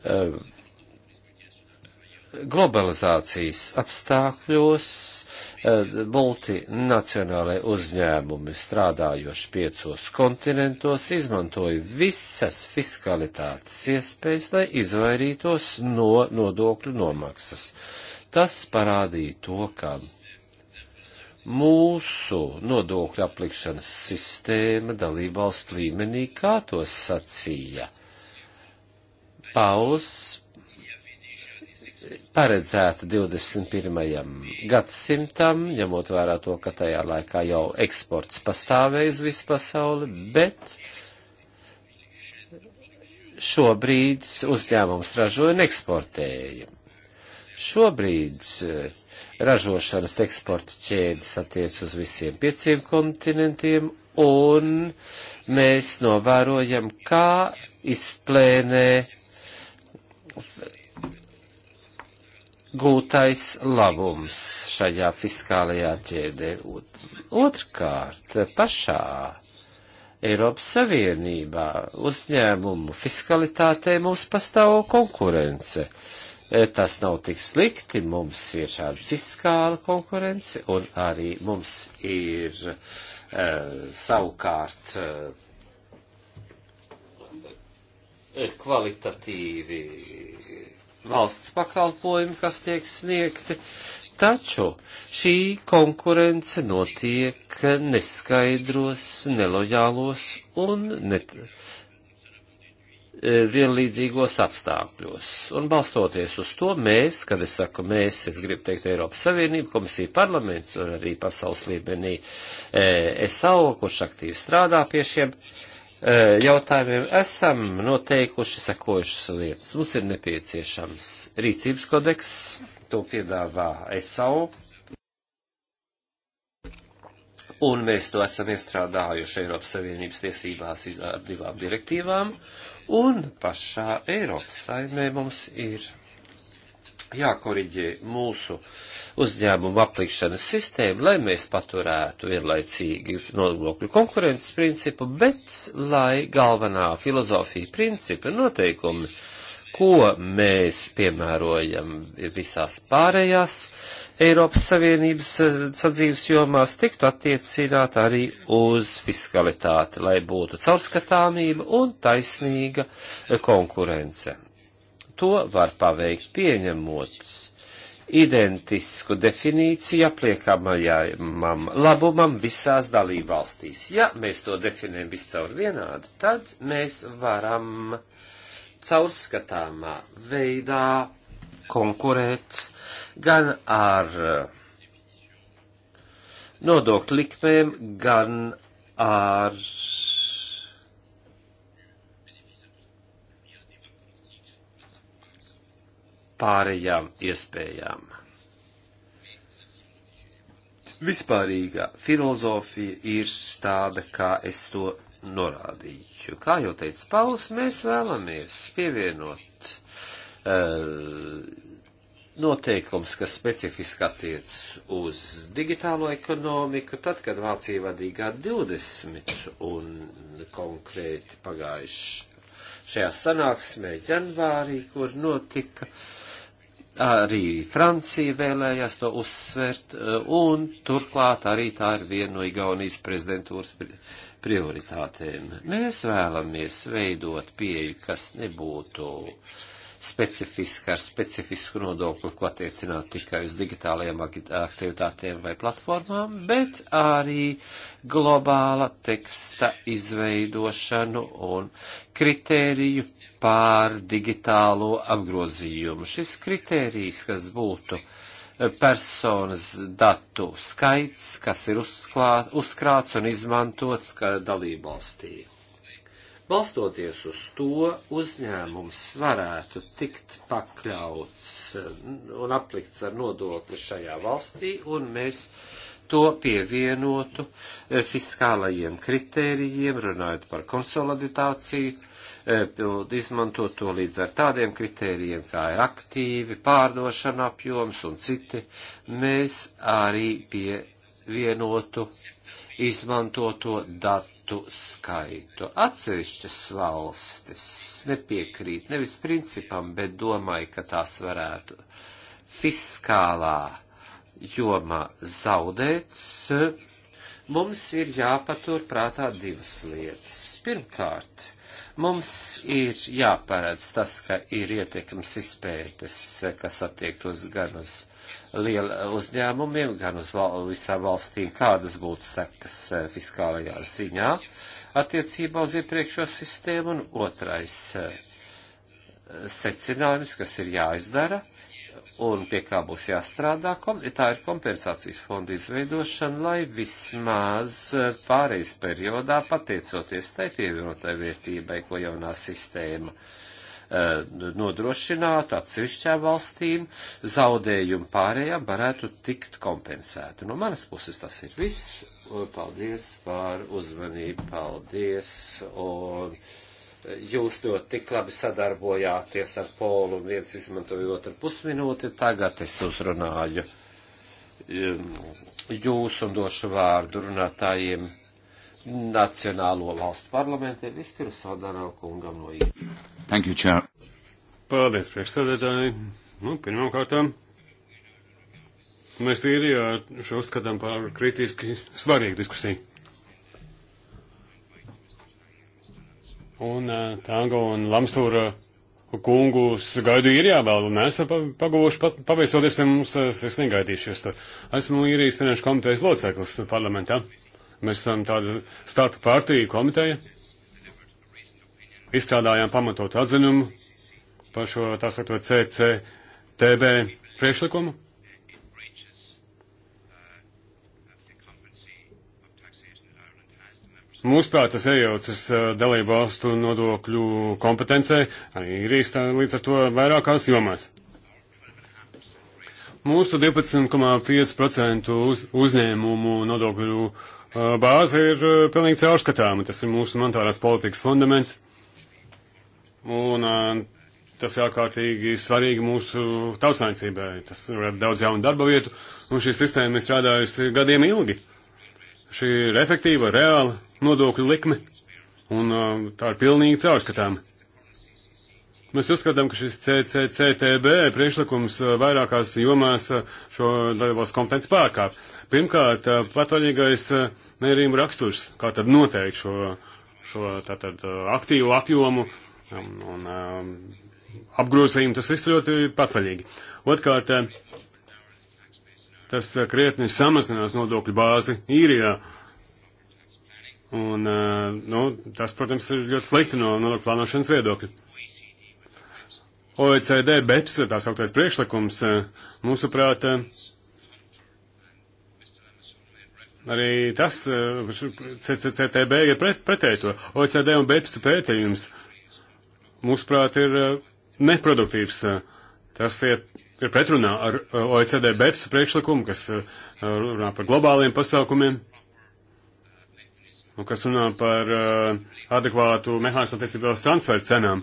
um, globalizācijas apstākļos eh, multinacionālai uzņēmumi strādājoši piecos kontinentos izmantoja visas fiskalitātes iespējas, lai izvairītos no nodokļu nomaksas. Tas parādīja to, ka mūsu nodokļu aplikšanas sistēma dalībvalstu līmenī, kā to sacīja Pauls paredzēta 21. gadsimtam, ņemot vērā to, ka tajā laikā jau eksports pastāvēja uz visu pasauli, bet šobrīd uzņēmums ražoja un eksportēja. Šobrīd eh, ražošanas eksporta ķēdes attiec uz visiem pieciem kontinentiem, un mēs novērojam, kā izplēnē gūtais labums šajā fiskālajā ķēdē. Otrkārt, pašā Eiropas Savienībā uzņēmumu fiskalitātē mums pastāv konkurence. E, tas nav tik slikti, mums ir šāda fiskāla konkurence un arī mums ir uh, savukārt uh, kvalitatīvi valsts pakalpojumi, kas tiek sniegti, taču šī konkurence notiek neskaidros, nelojālos un net e, vienlīdzīgos apstākļos. Un balstoties uz to, mēs, kad es saku mēs, es gribu teikt Eiropas Savienību, komisija parlaments un arī pasaules līmenī e, SAO, kurš aktīvi strādā pie šiem e, jautājumiem esam noteikuši sekojušas lietas. Mums ir nepieciešams rīcības kodeks, to piedāvā ESAU, un mēs to esam iestrādājuši Eiropas Savienības tiesībās ar divām direktīvām, un pašā Eiropas saimē mums ir jākoriģē mūsu uh, uzņēmumu aplikšanas sistēmu, lai mēs paturētu vienlaicīgi nodokļu konkurences principu, bet lai galvenā filozofija principa noteikumi, ko mēs piemērojam visās pārējās Eiropas Savienības eh, sadzīves jomās, tiktu attiecināt arī uz fiskalitāti, lai būtu caurskatāmība un taisnīga eh, konkurence. To var paveikt pieņemot identisku definīciju apliekamajam labumam visās dalībvalstīs. Ja mēs to definējam viscaur vienādi, tad mēs varam caurskatāmā veidā konkurēt gan ar nodokļu likmēm, gan ar pārējām iespējām. Vispārīgā filozofija ir tāda, kā es to norādīju. Kā jau teica Pauls, mēs vēlamies pievienot uh, noteikums, kas specifiski attiec uz digitālo ekonomiku, tad, kad Vācija vadīja G20 un konkrēti pagājuši šajā sanāksmē janvārī, kur notika uh, Arī Francija vēlējās to uzsvērt, eh, un turklāt arī tā ir viena no Igaunijas prezidentūras prioritātēm. Mēs vēlamies veidot pieeju, kas nebūtu specifiska ar specifisku nodokli, ko attiecināt tikai uz digitālajiem aktivitātēm vai platformām, bet arī globāla teksta izveidošanu un kritēriju pār digitālo apgrozījumu. Šis kritērijs, kas būtu eh, personas datu skaits, kas ir uzklāt, uzkrāts un izmantots dalībvalstī. Balstoties uz to, uzņēmums varētu tikt pakļauts eh, un aplikts ar nodokli šajā valstī, un mēs to pievienotu eh, fiskālajiem kritērijiem, runājot par konsoliditāciju, E, izmantot to līdz ar tādiem kritērijiem, kā ir aktīvi, pārdošana apjoms un citi, mēs arī pievienotu izmantoto datu skaitu. Atsevišķas valstis nepiekrīt nevis principam, bet domāju, ka tās varētu fiskālā jomā zaudēt. Mums ir jāpatur prātā divas lietas. Pirmkārt, Mums ir jāparedz tas, ka ir ietekmes izpētes, kas attiektos gan uz liela uzņēmumiem, gan uz val visām valstīm, kādas būtu sekas eh, fiskālajā ziņā attiecībā uz iepriekšējo sistēmu. Un otrais eh, secinājums, kas ir jāizdara, un pie kā būs jāstrādā, tā ir kompensācijas fonda izveidošana, lai vismaz eh, pārejas periodā, pateicoties tai pievienotai vērtībai, ko jaunā sistēma eh, nodrošinātu atsevišķām valstīm, zaudējumu pārējām varētu tikt kompensēti. No manas puses tas ir viss. Paldies par uzmanību, paldies. Un... Jūs ļoti tik labi sadarbojāties ar Polu, viens izmantoja otru pusminūti, tagad es uzrunāju um, jūs un došu vārdu runātājiem Nacionālo valstu parlamentiem. Vispirms Vadarau kungam no īra. Thank you, Chair. Paldies, priekšstādētāji. Nu, pirmām kārtām. Mēs īrijā šo uzskatām par kritiski svarīgu diskusiju. Un uh, tango un lamstūra kungus gaidu īrijā vēl, un esmu paguvuši paviesoties pie mums, es, es negaidīšos tur. Esmu īrijas finanšu komitejas loceklis parlamentā. Mēs esam tāda starp partiju komiteja. Izstrādājām pamatotu atzinumu par šo tā sakot CCTB priekšlikumu. Mūsuprāt, tas iejaucas dalību valstu nodokļu kompetencē, arī ir īstā līdz ar to vairākās jomās. Mūsu 12,5% uz, uzņēmumu nodokļu bāze ir pilnīgi caurskatāma. Tas ir mūsu monetārās politikas fundaments. Un tas ir ārkārtīgi svarīgi mūsu tautsainicībai. Tas rada daudz jaunu darba vietu, un šī sistēma ir strādājusi gadiem ilgi. Šī ir efektīva, reāla, nodokļu likme, un uh, tā ir pilnīgi caurskatāma. Mēs uzskatām, ka šis CCCTB priekšlikums uh, vairākās jomās uh, šo dalībās kompetenci pārkāp. Pirmkārt, patvaļīgais mērījuma raksturs, kā tad noteikt šo, šo tātad, aktīvu apjomu um, un, un um, apgrozījumu, tas viss ļoti patvaļīgi. Otkārt, tas krietni samazinās nodokļu bāzi īrijā. Ja Un, nu, tas, protams, ir ļoti slikti no nodokļu plānošanas viedokļa. OECD BEPS, tā sauktais priekšlikums, mūsuprāt, arī tas, CCCTB ir pret, pretēji to. OECD un BEPS pētījums, mūsuprāt, ir neproduktīvs. Tas ir, ir pretrunā ar OECD BEPS priekšlikumu, kas runā par globāliem pasākumiem un nu, kas runā par uh, adekvātu mehānismu attiecībā uz transferu cenām.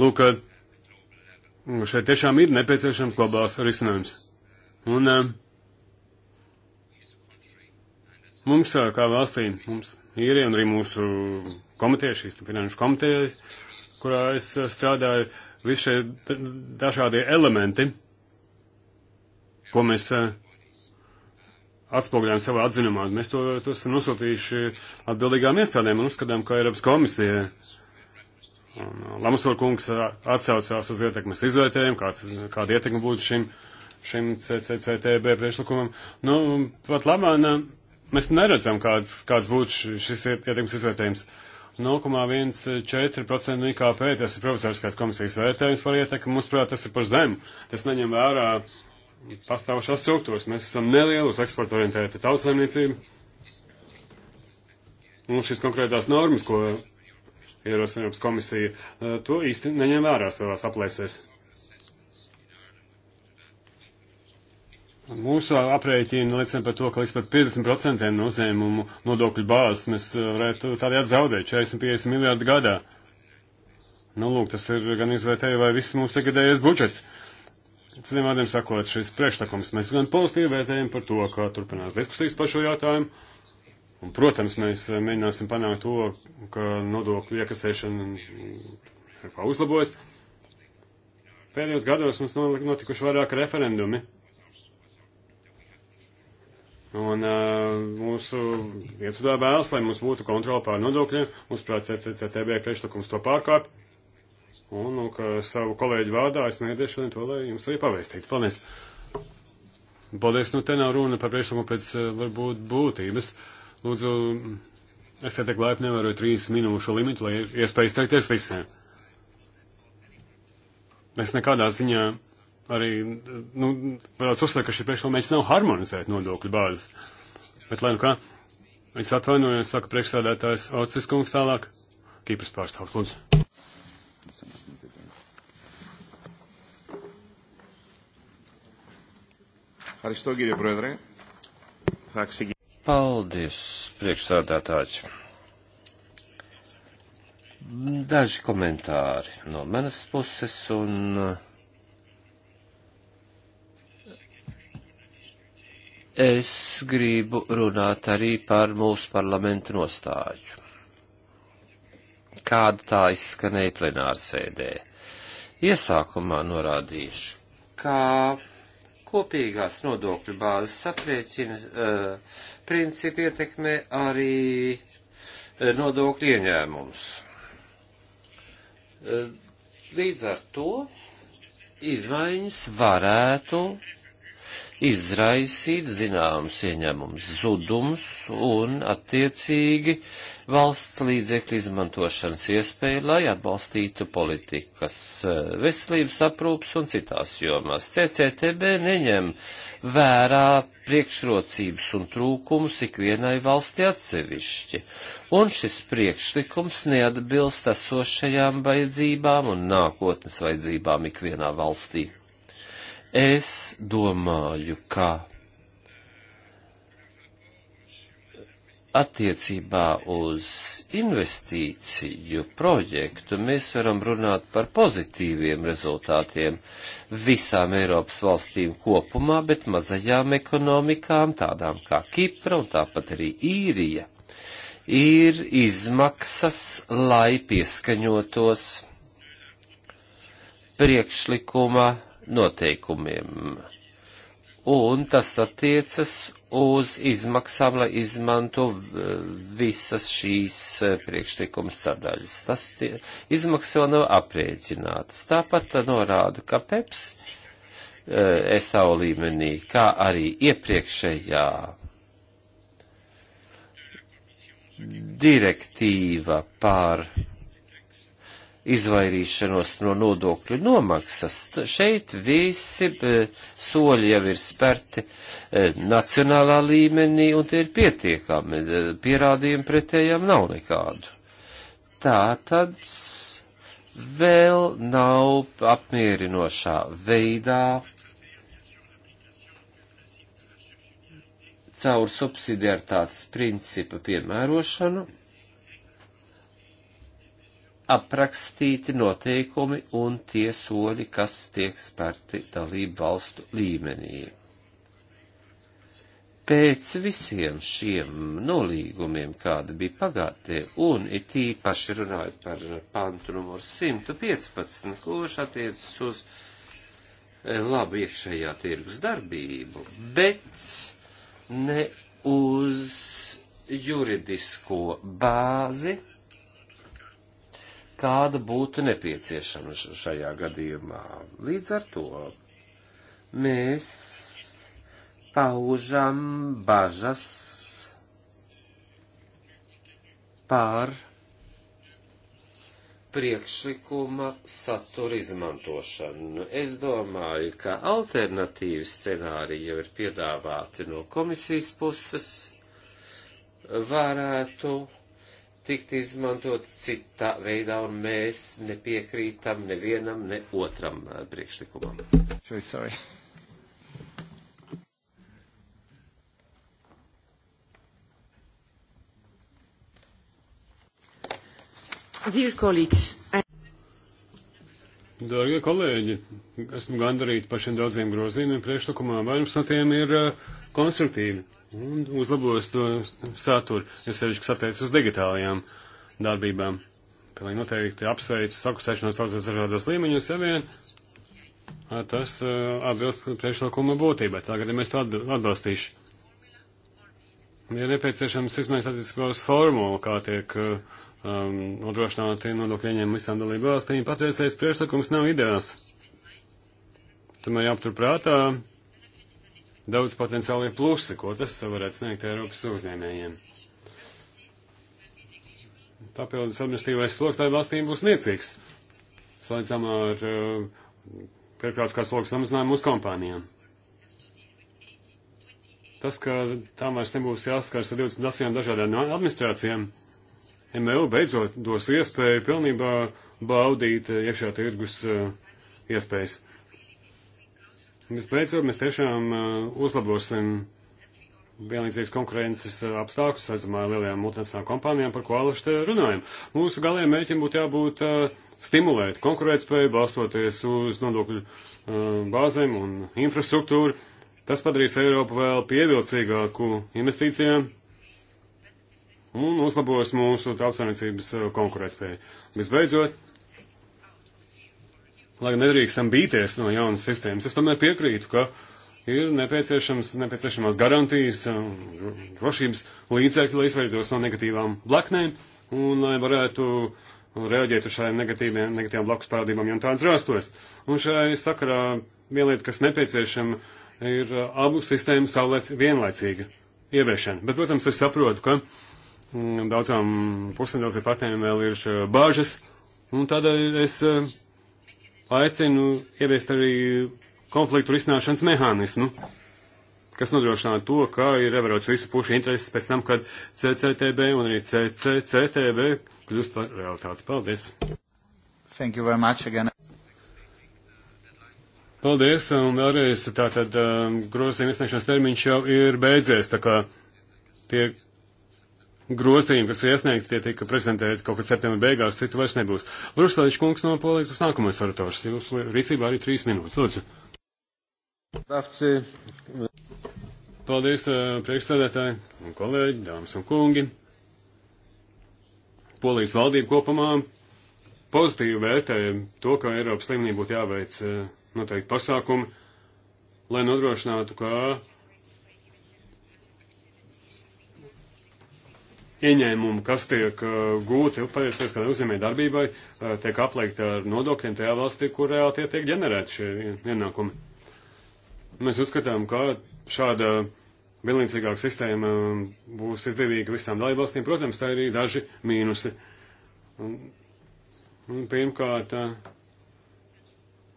Lūk, uh, šeit tiešām ir nepieciešams globāls risinājums. Un uh, mums, uh, kā valstī, mums ir un arī mūsu komiteja, šīs finanšu komiteja, kurā es uh, strādāju, visi šie dažādie elementi, ko mēs. Uh, atspoguļojam savā atzinumā. Mēs to, to esam nosūtījuši atbildīgām iestādēm un uzskatām, ka Eiropas komisija Lamasor kungs atsaucās uz ietekmes izvērtējumu, kāds, kāda ietekme būtu šim, šim CCCTB priekšlikumam. Nu, pat labāk mēs neredzam, kāds, kāds būtu šis ietekmes izvērtējums. 0,14% no IKP, tas ir profesoriskās komisijas vērtējums par ietekmi, mums prāt, tas ir par zemu. Tas neņem vērā uh, pastāvošās struktūras. Mēs esam nelieli uz eksporta orientēta tautsēmniecība. Un šīs konkrētās normas, ko ierosina Eiropas komisija, eh, to īsti neņem vērā savās aplēsēs. Mūsu aprēķini liecina par to, ka līdz pat 50% no uzņēmumu nodokļu bāzes mēs eh, varētu tādējādi zaudēt 40-50 miljārdu gadā. Nu, lūk, tas ir gan izvērtēju vai viss mūsu tagadējais budžets. Citiem vārdiem sakot, šis priekšlikums mēs gan pozitīvi vērtējam par to, kā turpinās diskusijas par šo jautājumu. Un, protams, mēs eh, mēģināsim panākt to, ka nodokļu iekasēšana mm, uzlabojas. Pēdējos gados mums notikuši vairāki referendumi. Un uh, mūsu iesūdā vēlas, lai mums būtu kontrola pār nodokļiem. Mūsuprāt, CCTB priekšlikums to pārkāpj. Un, nu, ka savu kolēģu vārdā es mēģināšu šodien to, lai jums arī pavēstītu. Paldies! Paldies, nu te nav runa par priekšlikumu pēc eh, varbūt būtības. Lūdzu, esiet tik laipni, nevaru trīs minūšu limitu, lai iespēju izteikties visiem. Es nekādā ziņā arī, nu, varētu uzsvērt, ka šī priekšlikuma mērķis nav harmonizēt nodokļu bāzes. Bet, lai nu kā, es atvainojos, saka priekšstādātājs Ocis Kungs tālāk, Kīpras pārstāvs, lūdzu. Ευχαριστώ κύριε Πρόεδρε. Θα ξεκινήσω. Paldies, priekšsādātāji. Daži komentāri no manas puses un eh, es gribu runāt arī par mūsu parlamentu nostāju. Kāda tā izskanēja plenārsēdē? Iesākumā norādīšu, kā ka Kopīgās nodokļu bāzes aprēķina uh, principi ietekmē arī eh, nodokļu ieņēmumus. Uh, līdz ar to izmaiņas varētu izraisīt zināmas ieņēmumus zudums un attiecīgi valsts līdzekļu izmantošanas iespēju, lai atbalstītu politikas e, veselības aprūpas un citās jomās. CCTB neņem vērā priekšrocības un trūkumus ikvienai valsti atsevišķi, un šis priekšlikums neatbilst esošajām vajadzībām un nākotnes vajadzībām ikvienā valstī. Es domāju, ka attiecībā uz investīciju projektu mēs varam runāt par pozitīviem rezultātiem visām Eiropas valstīm kopumā, bet mazajām ekonomikām, tādām kā Kipra un tāpat arī Īrija, ir izmaksas, lai pieskaņotos priekšlikuma noteikumiem. Un tas attiecas uz izmaksām, lai izmanto eh, visas šīs eh, priekšlikuma sadaļas. Tas tie, izmaksas vēl nav aprēķinātas. Tāpat norāda, ka PEPS e, eh, SAO līmenī, kā arī iepriekšējā direktīva par izvairīšanos no nodokļu nomaksas. Šeit visi e, soļi jau ir sperti e, nacionālā līmenī un tie ir pietiekami. E, pierādījumi pretējām nav nekādu. Tā tad vēl nav apmierinošā veidā caur subsidiartātes principa piemērošanu aprakstīti noteikumi un tie soļi, kas tiek spērti dalību valstu līmenī. Pēc visiem šiem nolīgumiem, kāda bija pagātnē, un it īpaši runājot par pantu numuru 115, kurš attiecas uz eh, labu iekšējā tirgus darbību, bet ne uz juridisko bāzi, kāda būtu nepieciešama šajā gadījumā. Līdz ar to mēs paužam bažas pār priekšlikuma satura izmantošanu. Es domāju, ka alternatīvi scenāriji jau ir piedāvāti no komisijas puses varētu tikt izmantot citā veidā, un mēs nepiekrītam nevienam, ne otram uh, priekšlikumam. Sorry, sorry. Dear colleagues, I... Dārgie kolēģi, esmu gandarīti par šiem daudziem grozījumiem priekšlikumā. Vairums no tiem ir uh, konstruktīvi un uzlabos to saturu, jo sevišķi satiec uz digitālajām darbībām. Pilnīgi noteikti apsveicu sakusēšanos saucos dažādos līmeņos, ja vien tas atbilst priekšlikuma būtībai. Tagad, ja mēs to atbalstīšu, ir nepieciešams izmaiņas attiecībā uz formulu, kā tiek um, nodrošināti nodokļiem visām dalību valstīm. Patreizējais priekšlikums nav ideāls. Tomēr jāpaturprātā. Ja daudz potenciālie plusi, ko tas varētu sniegt Eiropas uzņēmējiem. Papildus administratīvais sloks tādām valstīm būs niecīgs, salīdzinām ar uh, eh, pirkrātiskās sloks samazinājumu uz kompānijām. Tas, ka tām vairs nebūs jāskars ar 28 dažādām administrācijām, MVU beidzot dos iespēju pilnībā baudīt iekšā tirgus uh, iespējas. Visbeidzot, mēs tiešām uh, uzlabosim vienlīdzīgas konkurences uh, apstākļus, redzamā lielajām multinacionālām kompānijām, par ko alaši te runājam. Mūsu galējiem mēķim būtu jābūt uh, stimulēt konkurētspēju, balstoties uz nodokļu uh, bāzēm un infrastruktūru. Tas padarīs Eiropu vēl pievilcīgāku investīcijām un uzlabos mūsu tautsāniecības uh, konkurētspēju. Visbeidzot, lai nedrīkstam bīties no jaunas sistēmas. Es tomēr piekrītu, ka ir nepieciešams, nepieciešamās garantijas, um, drošības līdzekļi, lai izvairītos no negatīvām blaknēm un lai varētu reaģēt uz šādiem negatīviem, negatīvām blakus parādībām, ja tāds rastos. Un šai sakarā viena lieta, kas nepieciešama, ir uh, abu sistēmu saulēc vienlaicīga ieviešana. Bet, protams, es saprotu, ka mm, daudzām pusēm, daudziem partneriem vēl ir uh, bāžas, un tādēļ es. Uh, aicinu ieviest arī konfliktu risināšanas mehānismu, kas nodrošinātu to, ka ir ievērots visu pušu intereses pēc tam, kad CCTB un arī CCCTB kļūst par realitāti. Paldies! Thank you very much again. Paldies, un vēlreiz tātad um, grozījuma iesniegšanas termiņš jau ir beidzies, tā kā pie grozījumi, kas iesniegti, tie tika prezentēti kaut kad septembra beigās, citu vairs nebūs. Bruslēņš kungs no Polijas būs nākamais orators. Jūsu rīcībā arī trīs minūtes. Lūdzu. Paldies, eh, priekšstādētāji un kolēģi, dāmas un kungi. Polijas valdība kopumā pozitīvi vērtē to, ka Eiropas līmenī būtu jāveic eh, noteikti pasākumi, lai nodrošinātu, ka ieņēmumu, kas tiek uh, gūti pateicoties kādai uzņēmēji darbībai, uh, tiek aplikta ar nodokļiem tajā valstī, kur reāli tie tiek ģenerēti šie ienākumi. Mēs uzskatām, ka šāda vienlīdzīgāka sistēma um, būs izdevīga visām dalībvalstīm. Protams, tā ir arī daži mīnusi. Un, un pirmkārt, uh,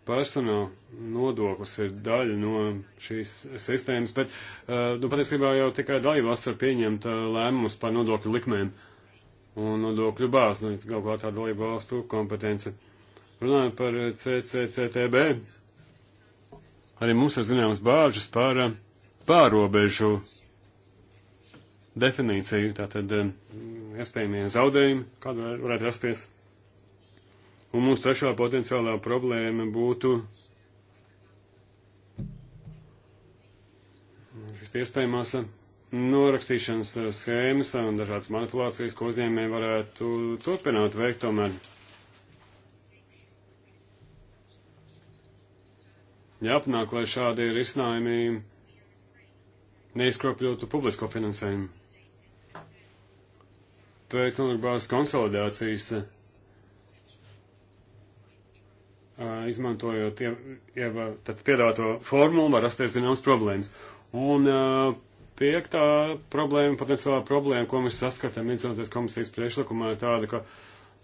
personāla nodoklis ir daļa no šīs sistēmas, bet, eh, nu, patiesībā jau tikai dalībvalsts var pieņemt eh, lēmumus par nodokļu likmēm un nodokļu bāzi, nu, galu galā tā dalībvalstu kompetence. Runājot par eh, CCCTB, arī mums ir zināmas bāžas par pārobežu definīciju, tātad iespējamie zaudējumi, kāda varētu rasties. Un mūsu trešā potenciālā problēma būtu iespējamās norakstīšanas schēmas un dažādas manipulācijas, ko uzņēmēji varētu turpināt veikt tomēr. Jāpanāk, lai šādi risinājumi neizkropļotu publisko finansējumu. Pēc nodarbās konsolidācijas. Uh, izmantojot jau tad piedāvāto formulu, var rasties zināmas problēmas. Un piektā problēma, potenciālā problēma, ko mēs saskatām, izmantojot komisijas priešlikumā, ir tāda, ka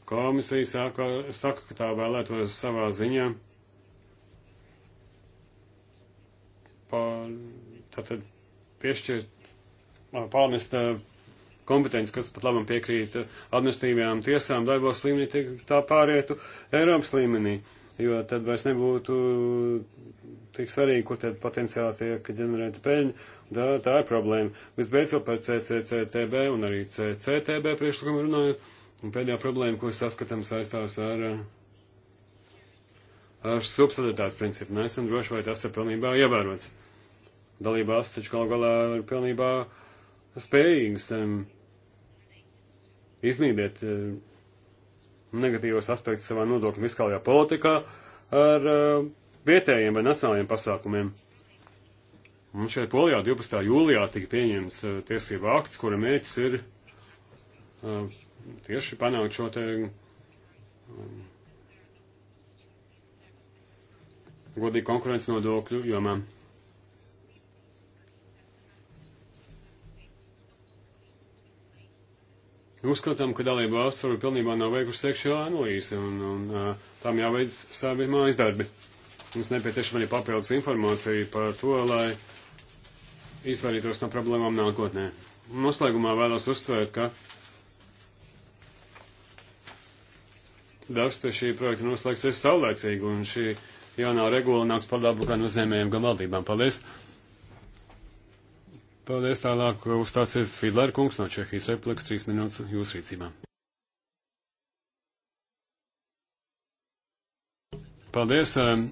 komisija saka, saka, ka tā vēlētos savā ziņā pār, tātad piešķirt, pārnest kompetences, kas pat labam piekrīt administratīvajām tiesām darbos līmenī, tā pārietu Eiropas līmenī. Uh, jo tad vairs nebūtu tik svarīgi, kur tad potenciāli tiek ģenerēta peļņa. Tā, tā ir problēma. Visbeidzot par CCCTB un arī CCTB priekšlikumu runājot. Un pēdējā problēma, ko saskatām, saistās ar, ar subsidētās principu. Nesam droši, vai tas ir pilnībā ievērots. Dalībās taču galu galā ir pilnībā spējīgas um, iznīdēt. Um, negatīvos aspektus savā nodokļu fiskālajā politikā ar uh, vietējiem vai nacionālajiem pasākumiem. Un šeit Polijā 12. jūlijā tika pieņemts uh, tiesība akts, kura mērķis ir uh, tieši panākt šo te um, godīgu konkurences nodokļu jomām. Uzskatām, ka dalība valsts varbūt pilnībā nav veikusi sekšu analīzi un, un uh, tam jāveic savi mājas darbi. Mums nepieciešama arī papildus informācija par to, lai izvairītos no problēmām nākotnē. Noslēgumā vēlos uzsvērt, ka darbs pie šī projekta noslēgsies saulēcīgi, un šī jaunā regula nāks par labu gan uzņēmējiem, gan valdībām. Paldies! Paldies tālāk, uzstāsies Fidlēra kungs no Čehijas Republikas, trīs minūtes jūsu rīcībā. Paldies, um,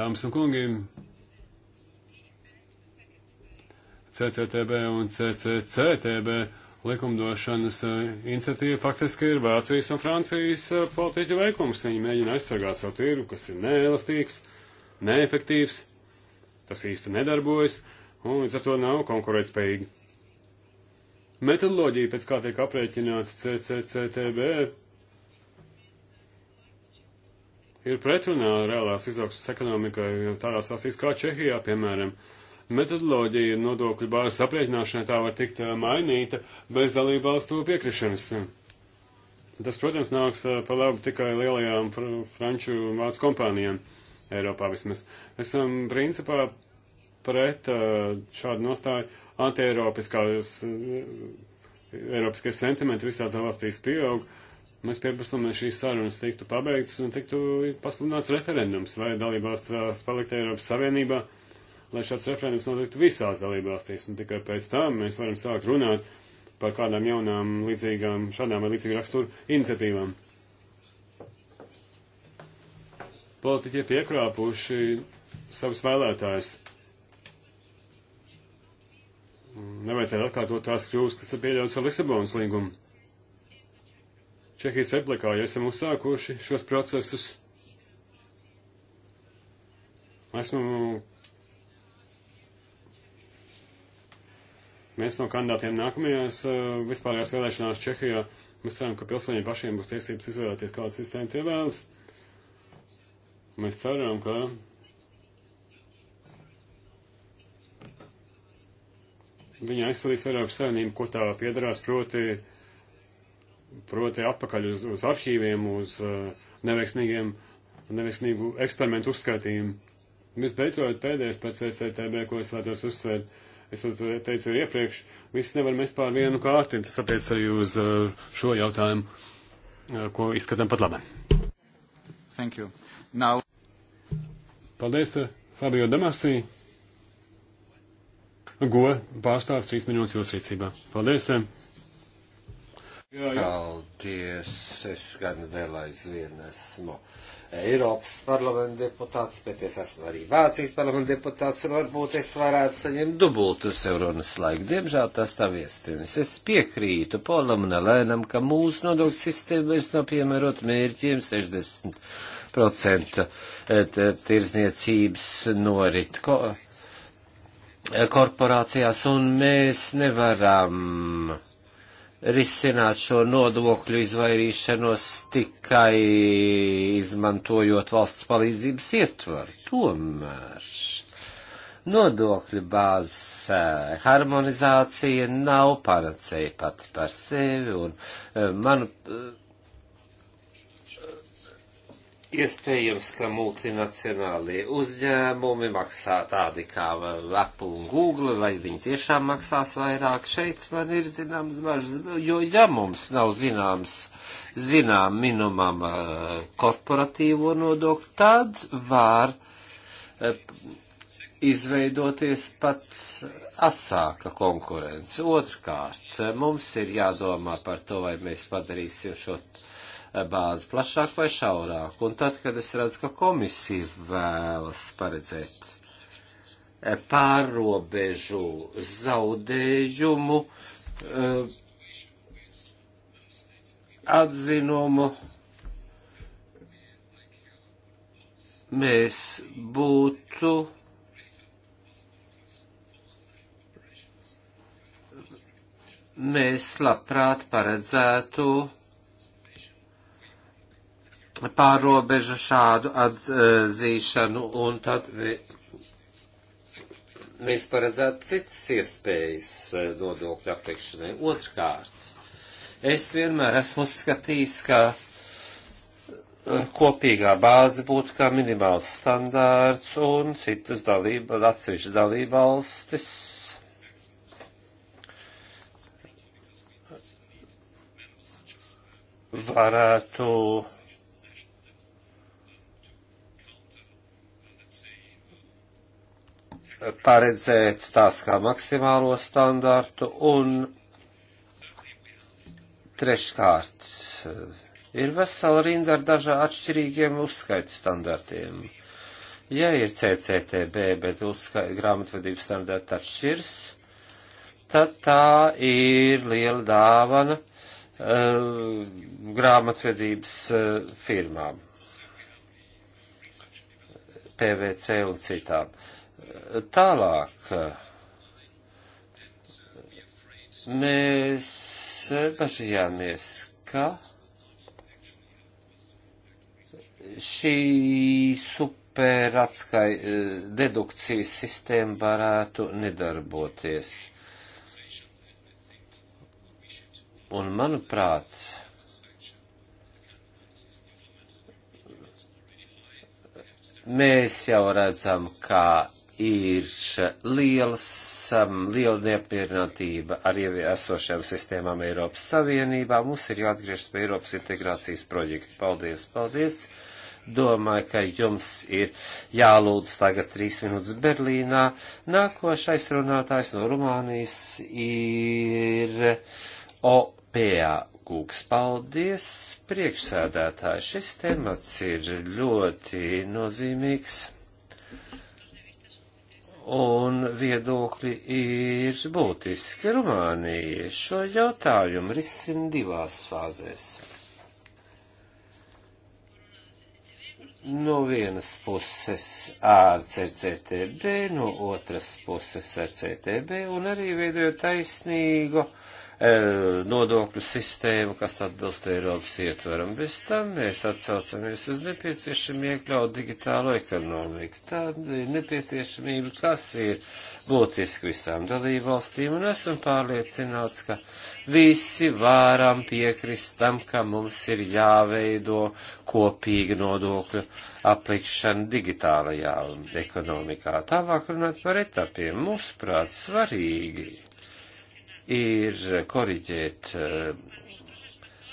dāmas un kungi. CCTB un CCCTB likumdošanas uh, iniciatīva faktiski ir Vācijas un Francijas uh, politiķu veikums. Viņi mēģina aizsargāt savu tirgu, kas ir neelastīgs, neefektīvs, tas īsti nedarbojas un līdz ar to nav konkurētspējīgi. Metodoloģija, pēc kā tiek aprēķināts CCCTB, ir pretrunā reālās izaugsmas ekonomikai tādās valstīs kā Čehijā, piemēram. Metodoloģija nodokļu bāzes aprēķināšanai tā var tikt mainīta bez dalību valstu piekrišanas. Tas, protams, nāks pa labu tikai lielajām fr franču vācu kompānijām Eiropā vismaz. Esam principā pret uh, šādu nostāju antieiropiskās, uh, eiropiskie sentimenti visās valstīs pieaug. Mēs pieprasām, lai šīs sarunas tiktu pabeigts un tiktu pasludināts referendums, vai dalībās vēlas palikt Eiropas Savienībā, lai šāds referendums notiktu visās dalībvalstīs, un tikai pēc tam mēs varam sākt runāt par kādām jaunām līdzīgām, šādām vai līdzīgu raksturu iniciatīvām. Politiķi piekrāpuši savus vēlētājus nevajadzētu atkārtot tās kļūdas, kas ir pieļautas ar Lisabonas līgumu. Čehijas replikā jau esam uzsākuši šos procesus. Esmu viens no kandidātiem nākamajās eh, vispārējās vēlēšanās Čehijā. Mēs ceram, ka pilsoņiem pašiem būs tiesības izvēlēties, kādu sistēmu tie vēlas. Mēs ceram, ka viņa aizsūtīs Eiropas Savienību, kur tā piedarās, proti, proti atpakaļ uz, uz arhīviem, uz uh, neveiksmīgiem, neveiksmīgu eksperimentu uzskaitījumu. Visbeidzot, pēdējais pēc e CCTB, ko es vēlētos uzsvērt, es to teicu jau iepriekš, viss nevar mest pār vienu kārti, tas attiec arī uz uh, šo jautājumu, uh, ko izskatām pat labi. Thank you. Now... Paldies, uh, Fabio Damasī go pārstāvs trīs minūtes jūsu rīcībā. Paldies! Jā, jā. Paldies! Es gan vēl aizvien esmu Eiropas parlamenta deputāts, bet es esmu arī Vācijas parlamenta deputāts, un varbūt es varētu saņemt dubultu sev runas laiku. Diemžēl tas tā iespējams. Es piekrītu Polam un Elēnam, ka mūsu nodokļu sistēma vairs nav piemērota mērķiem 60% eh, tirzniecības norit. Ko? korporācijās, un mēs nevaram risināt šo nodokļu izvairīšanos tikai izmantojot valsts palīdzības ietvaru. Tomēr nodokļu bāzes harmonizācija nav panacēja pati par sevi, un eh, man eh, Iespējams, ka multinacionālie uzņēmumi maksā tādi kā Apple un Google, vai viņi tiešām maksās vairāk. Šeit man ir zināms bažas, jo ja mums nav zināms, zinām minimam eh, korporatīvo nodokļu, tad var eh, izveidoties pat asāka konkurence. Otrkārt, mums ir jādomā par to, vai mēs padarīsim šo. Šot bāzi plašāk vai šaurāk. Un tad, kad es redzu, ka komisija vēlas paredzēt eh, pārrobežu zaudējumu, eh, atzinumu, mēs būtu mēs labprāt paredzētu pārobežu šādu atzīšanu, un tad mēs paredzētu citas iespējas e, nodokļu apteikšanai. Otrkārt, es vienmēr esmu uzskatījis, ka e, kopīgā bāze būtu kā minimāls standārts un citas dalība, atsevišķi dalībvalstis. varētu paredzēt tās kā maksimālo standartu un treškārt eh, ir vesela rinda ar dažā atšķirīgiem uzskaita standartiem. Ja ir CCTB, bet uzskaita grāmatvedības standarti atšķirs, tad tā ir liela dāvana uh, grāmatvedības uh, firmām, PVC un citām. Uh, Tālāk mēs bažījāmies, ka šī superatskai dedukcijas sistēma varētu nedarboties. Un manuprāt, mēs jau redzam, ka ir liels, um, liela neapmierinātība ar esošajām sistēmām Eiropas Savienībā. Mums ir jāatgriežas pie Eiropas integrācijas projekta. Paldies, paldies! Domāju, ka jums ir jālūdz tagad trīs minūtes Berlīnā. Nākošais runātājs no Rumānijas ir OPA Kūks, paldies, priekšsēdētāji. Šis temats ir ļoti nozīmīgs un viedokļi ir būtiski. Rumānija šo jautājumu risina divās fāzēs. No vienas puses ar CCTB, no otras puses ar CTB un arī veidojot taisnīgu uh, E, nodokļu sistēmu, kas atbilst Eiropas ietveram. Bez tam mēs atsaucamies uz nepieciešamību iekļaut digitālo ekonomiku. Tā ir nepieciešamība, kas ir būtiski visām dalībvalstīm, un esam pārliecināts, ka visi varam piekrist tam, ka mums ir jāveido kopīga nodokļu aplikšana digitālajā ekonomikā. Tālāk runāt par etapiem, mūsuprāt, svarīgi ir koriģēt eh,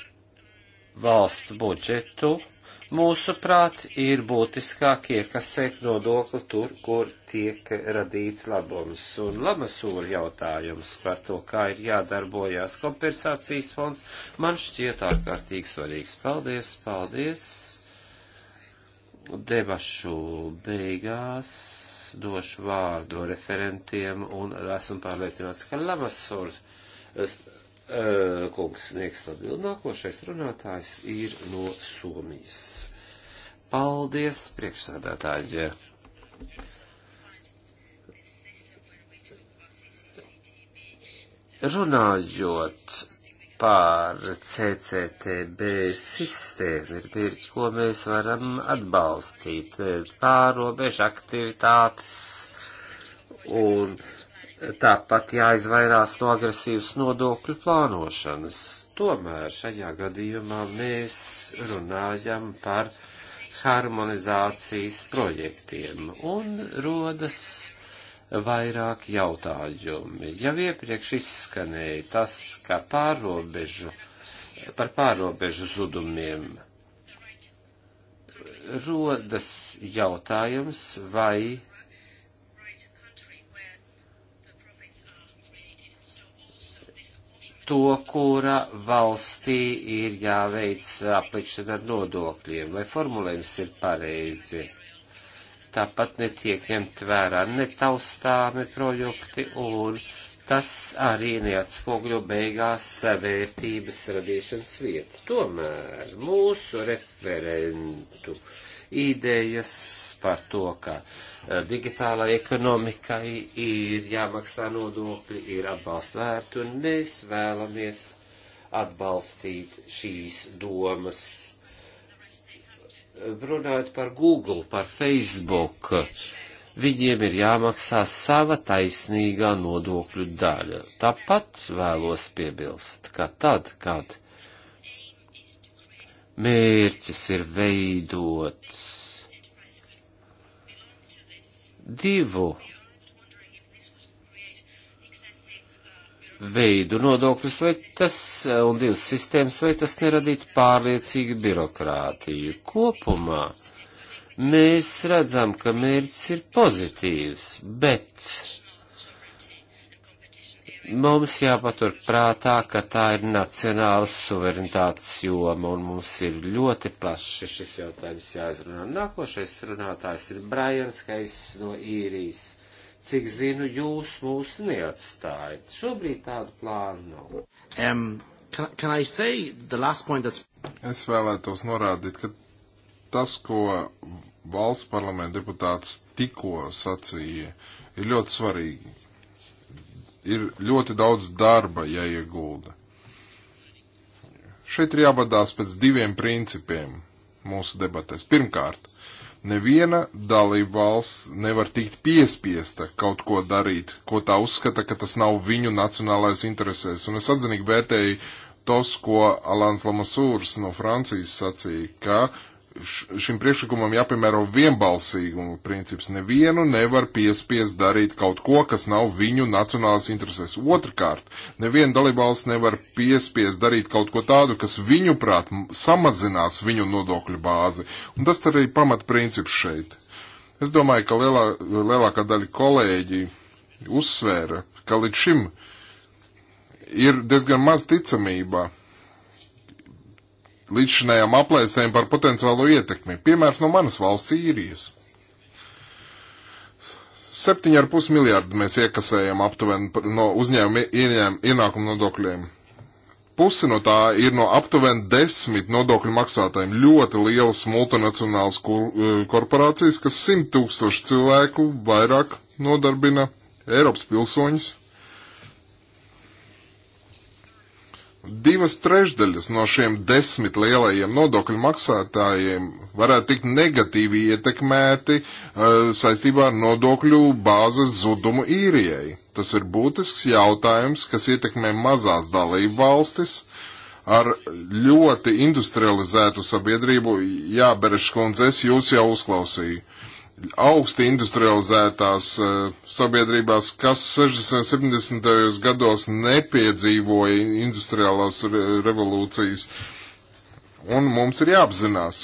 valsts budžetu, mūsuprāt, ir būtiskāk iekasēt nodokli tur, kur tiek radīts labums. Un Lamasūra jautājums par to, kā ir jādarbojās kompensācijas fonds, man šķiet ārkārtīgi svarīgs. Paldies, paldies! Debašu beigās došu vārdu referentiem un esmu pārliecināts, ka Lamasūra E, kungs sniegs atbildi. Nākošais runātājs ir no Somijas. Paldies, priekšsēdētāji! Runājot par CCTB sistēmu, ir birķi, ko mēs varam atbalstīt, pārobežu aktivitātes un uh, Tāpat jāizvairās no agresīvas nodokļu plānošanas. Tomēr šajā gadījumā mēs runājam par harmonizācijas projektiem un rodas vairāk jautājumi. Jau iepriekš izskanēja tas, ka pārobežu, par pārobežu zudumiem rodas jautājums, vai to, kura valstī ir jāveic aplikšana ar nodokļiem, lai formulējums ir pareizi. Tāpat netiek ņemt vērā netaustāmi projekti, un tas arī neatspogļo beigās savērtības radīšanas vietu. Tomēr mūsu referentu uh, idejas par to, ka eh, digitālai ekonomikai ir jāmaksā nodokļi, ir atbalsta vērti, un mēs vēlamies atbalstīt šīs domas. Runājot par Google, par Facebook, viņiem ir jāmaksā sava taisnīgā nodokļu daļa. Tāpat vēlos piebilst, ka tad, kad mērķis ir veidot divu veidu nodokļus, vai tas, un divas sistēmas, vai tas neradītu pārliecīgu birokrātiju. Kopumā mēs redzam, ka mērķis ir pozitīvs, bet Mums jāpatur prātā, ka tā ir nacionālas suverenitātes joma, un mums ir ļoti plaši šis jautājums jāizrunā. Nākošais runātājs ir Brians Kaiss no īrijas. Cik zinu, jūs mūs neatstājat. Šobrīd tādu plānu nav. Um, can, can I say the last point that's... Es vēlētos norādīt, ka tas, ko valsts parlamenta deputāts tikko sacīja, ir ļoti svarīgi ir ļoti daudz darba jāiegulda. Šeit ir jābadās pēc diviem principiem mūsu debatēs. Pirmkārt, neviena dalība valsts nevar tikt piespiesta kaut ko darīt, ko tā uzskata, ka tas nav viņu nacionālais interesēs. Un es atzinīgi vērtēju tos, ko Alans Lamasūrs no Francijas sacīja, ka šim priekšlikumam jāpiemēro vienbalsīguma princips. Nevienu nevar piespiest darīt kaut ko, kas nav viņu nacionālās interesēs. Otrakārt, nevienu dalībvalsts nevar piespiest darīt kaut ko tādu, kas viņuprāt samazinās viņu nodokļu bāzi. Un tas arī pamatprincips šeit. Es domāju, ka lielā, lielākā daļa kolēģi uzsvēra, ka līdz šim ir diezgan maz ticamība līdzšinējām aplēsēm par potenciālo ietekmi. Piemērs no manas valsts īrijas. 7,5 miljārdi mēs iekasējam aptuveni no uzņēmuma ienākuma nodokļiem. Pusi no tā ir no aptuveni desmit nodokļu maksātājiem ļoti lielas multinacionālas e, korporācijas, kas simt tūkstoši cilvēku vairāk nodarbina Eiropas pilsoņus. Divas trešdaļas no šiem desmit lielajiem nodokļu maksātājiem varētu tikt negatīvi ietekmēti uh, saistībā ar nodokļu bāzes zudumu īrijai. Tas ir būtisks jautājums, kas ietekmē mazās dalību valstis ar ļoti industrializētu sabiedrību. Jā, Bereškundze, es jūs jau uzklausīju augsti industrializētās eh, sabiedrībās, kas 60. un 70. gados nepiedzīvoja industriālās revolūcijas. Un mums ir jāapzinās.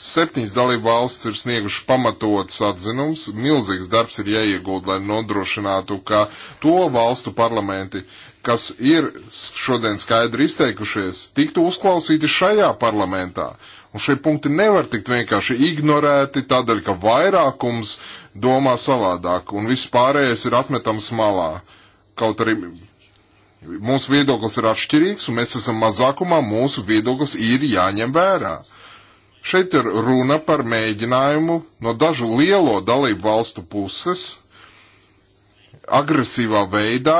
Septiņas dalību valsts ir snieguši pamatots atzinums, milzīgs darbs ir jāieguld, lai nodrošinātu, ka to valstu parlamenti, kas ir šodien skaidri izteikušies, tiktu uzklausīti šajā parlamentā. Uh, Un šie punkti nevar tikt vienkārši ignorēti, tādēļ, ka vairākums domā savādāk, un viss pārējais ir atmetams malā. Kaut arī mūsu viedoklis ir atšķirīgs, un mēs esam mazākumā, mūsu viedoklis ir jāņem vērā. Šeit ir runa par mēģinājumu no dažu lielo dalību valstu puses agresīvā veidā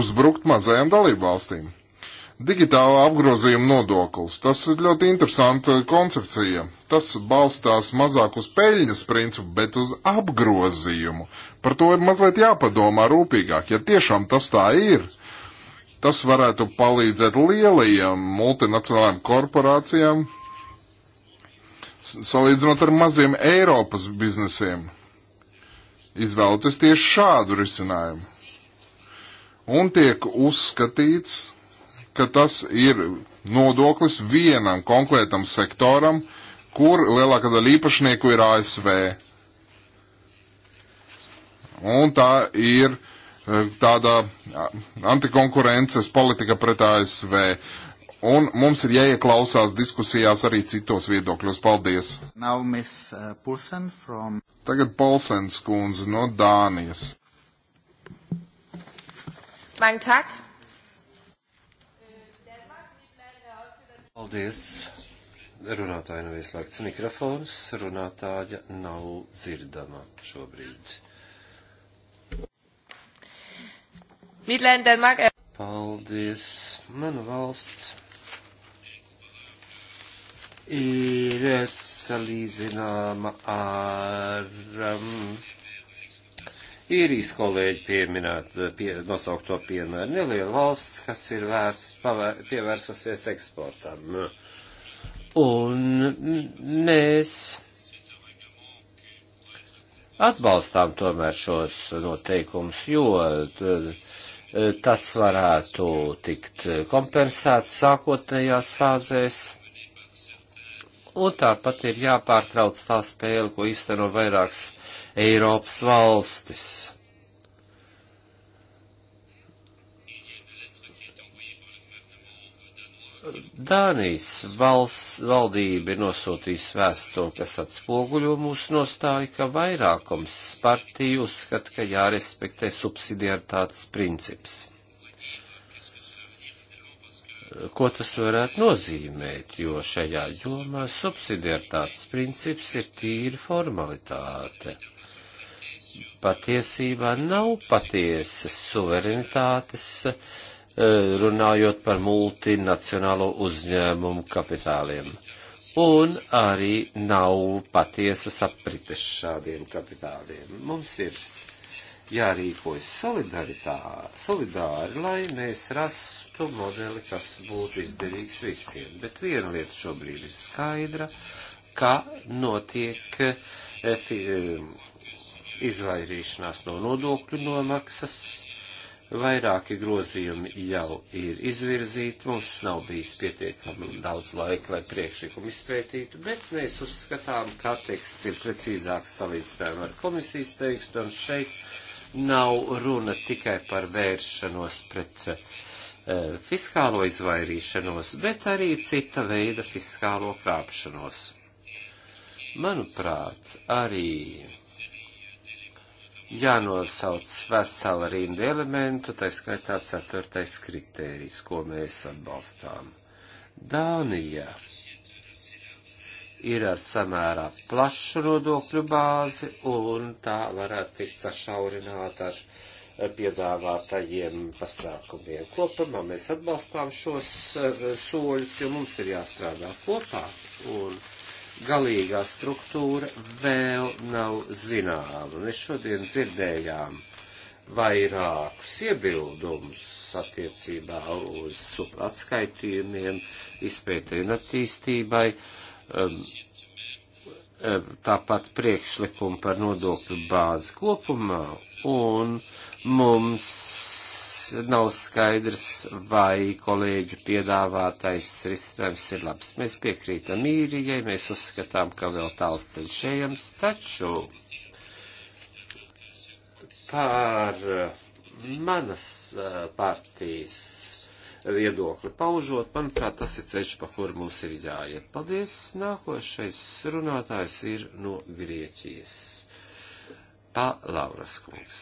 uzbrukt mazajām dalību valstīm. Digitāla apgrozījuma nodoklis. Tas ir ļoti interesanta koncepcija. Tas balstās mazāk uz peļņas principu, bet uz apgrozījumu. Par to ir mazliet jāpadomā rūpīgāk, ja tiešām tas tā ir. Tas varētu palīdzēt lielajiem multinacionālajiem korporācijām salīdzinot ar maziem Eiropas biznesiem. Izvēloties tieši šādu risinājumu. Un tiek uzskatīts, ka tas ir nodoklis vienam konkrētam sektoram, kur lielākā daļa īpašnieku ir ASV. Un tā ir e, tāda antikonkurences politika pret ASV. Un mums ir jāieklausās diskusijās arī citos viedokļos. Paldies! Now, Miss, uh, Pulsen from... Tagad Polsens kundze no Dānijas. Mange tak. Paldies! Runātāja nav ieslēgts mikrofons, runātāja nav dzirdama šobrīd. Paldies! Mana valsts ir salīdzināma ar. Um, īrijas kolēģi pieminēt, pie, nosaukt to piemēru. Neliela valsts, kas ir vērs, pavēr, pievērsusies eksportam. Un mēs atbalstām tomēr šos noteikumus, jo tas varētu tikt kompensēts sākotnējās fāzēs. Un tāpat ir jāpārtrauc tā spēle, ko izteno vairākas Eiropas valstis. Dānijas valsts valdība nosūtīs vēstuli, kas atspoguļo mūsu nostāju, ka vairākums partiju uzskata, ka jārespektē subsidiaritātes princips ko tas varētu nozīmēt, jo šajā jomā subsidiartātes princips ir tīri formalitāte. Patiesībā nav patiesas suverenitātes, eh, runājot par multinacionālo uzņēmumu kapitāliem. Un arī nav patiesas aprites šādiem kapitāliem. Mums ir jārīkojas solidāri, lai mēs rastu modeli, kas būtu izdevīgs visiem. Bet viena lieta šobrīd ir skaidra, ka notiek eh, eh, izvairīšanās no nodokļu nomaksas. Vairāki grozījumi jau ir izvirzīti, mums nav bijis pietiekami daudz laika, lai priekšlikumu izpētītu, bet mēs uzskatām, ka teksts ir precīzāks salīdzinājumā ar komisijas tekstu, un šeit nav runa tikai par vēršanos pret e, fiskālo izvairīšanos, bet arī cita veida fiskālo krāpšanos. Manuprāt, arī jānosauc vesela rinda elementu, tā skaitā ceturtais kritērijs, ko mēs atbalstām. Dānijā ir ar samērā plašu nodokļu bāzi, un tā varētu tikt sašaurināta ar piedāvātajiem pasākumiem. Kopumā mēs atbalstām šos eh, soļus, jo mums ir jāstrādā kopā, un galīgā struktūra vēl nav zināma. Mēs šodien dzirdējām vairākus iebildumus attiecībā uz atskaitījumiem, izpētēju un attīstībai Um, um, tāpat priekšlikumu par nodokļu bāzi kopumā, un mums nav skaidrs, vai kolēģu piedāvātais risinājums ir labs. Mēs piekrītam īrijai, mēs uzskatām, ka vēl tāls ceļš ejams, taču pār uh, manas uh, partijas viedokli paužot. Manuprāt, tas ir ceļš, pa kur mums ir jāiet. Paldies! Nākošais runātājs ir no Grieķijas. Pa Lauras kungs.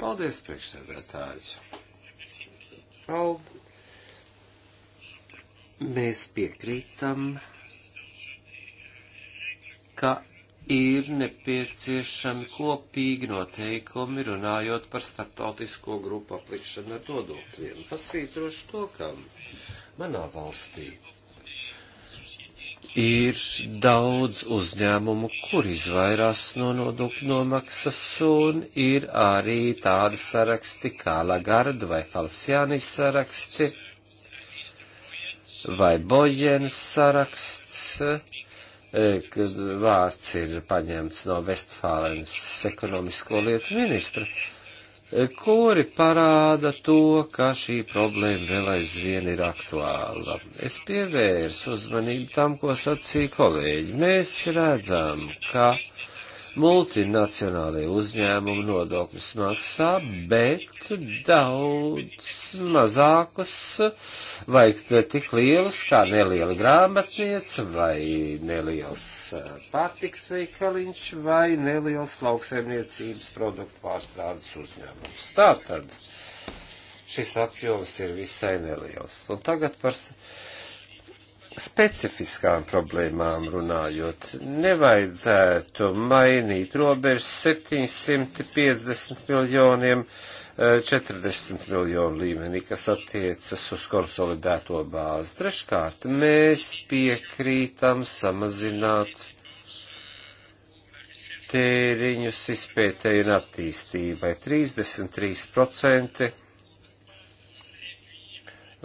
Paldies, priekšsēdētāji! Paldies! Mēs piekrītam, ka ir nepieciešami kopīgi noteikumi runājot par starptautisko grupu aplikšanu ar nodokļiem. Pasvītrošu to, ka manā valstī ir daudz uzņēmumu, kur izvairās no nodokļu nomaksas, un ir arī tādi saraksti kā Lagarda vai Falsjānis saraksti vai Bojens saraksts E, kas vārds ir paņemts no Vestfālēnas ekonomisko lietu ministra, e, kuri parāda to, ka šī problēma vēl aizvien ir aktuāla. Es pievērsu uzmanību tam, ko sacīja kolēģi. Mēs redzam, ka uh, multinacionālie uzņēmumi nodokļus maksā, bet daudz mazākus vai tik lielus kā neliela grāmatnieca vai neliels eh, pārtiksveikaliņš vai neliels lauksaimniecības produktu pārstrādes uzņēmums. Tātad šis apjoms ir visai neliels. Un tagad par specifiskām problēmām runājot, nevajadzētu mainīt robežu 750 miljoniem 40 eh, miljonu līmenī, kas attiecas uz konsolidēto bāzi. Treškārt, mēs piekrītam samazināt tēriņus izpētēju un attīstībai 33%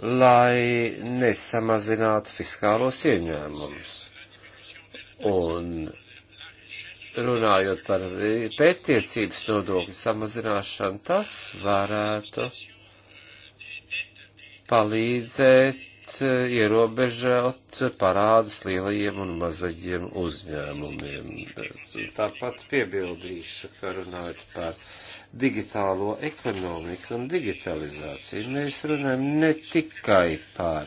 lai nesamazinātu fiskālos ieņēmumus. Un runājot par pētniecības nodokļu samazināšanu, tas varētu palīdzēt eh, ierobežot parādus lielajiem un mazajiem uzņēmumiem. Tāpat piebildīšu, ka runājot par digitālo ekonomiku un digitalizāciju. Mēs runājam ne tikai par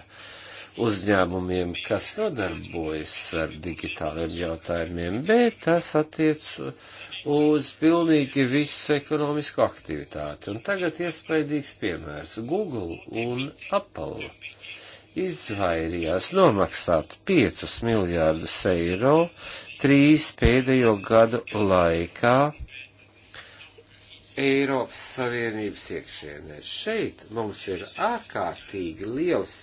uzņēmumiem, kas nodarbojas ar digitāliem jautājumiem, bet tas attiec uz pilnīgi visu ekonomisko aktivitāti. Un tagad iespaidīgs piemērs - Google un Apple izvairījās nomaksāt 5 miljārdus eiro trīs pēdējo gadu laikā Eiropas Savienības iekšienē. Šeit mums ir ārkārtīgi liels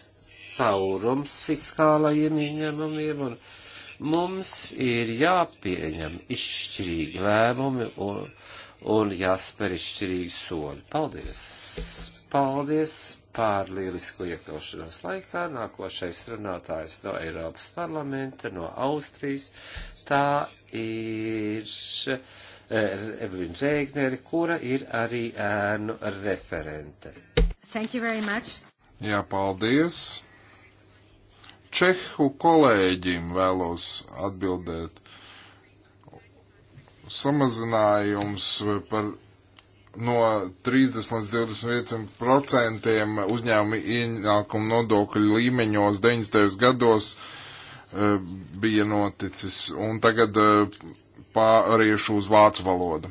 caurums fiskālajiem ieņēmumiem, un mums ir jāpieņem izšķirīgi lēmumi un, un jāspēr izšķirīgi soļi. Paldies! Paldies par lielisko iekļaušanos laikā. Nākošais runātājs no Eiropas parlamenta, no Austrijas. Tā ir. Eh, Evelīnu Zēgneri, kura ir arī ēnu referente. Thank you very much. Jā, paldies. Čehu kolēģim vēlos atbildēt. Samazinājums par no 30 līdz 25 procentiem uzņēmuma ienākuma nodokļu līmeņos 90. gados eh, bija noticis. Un tagad eh, pāriešu uz vācu valodu.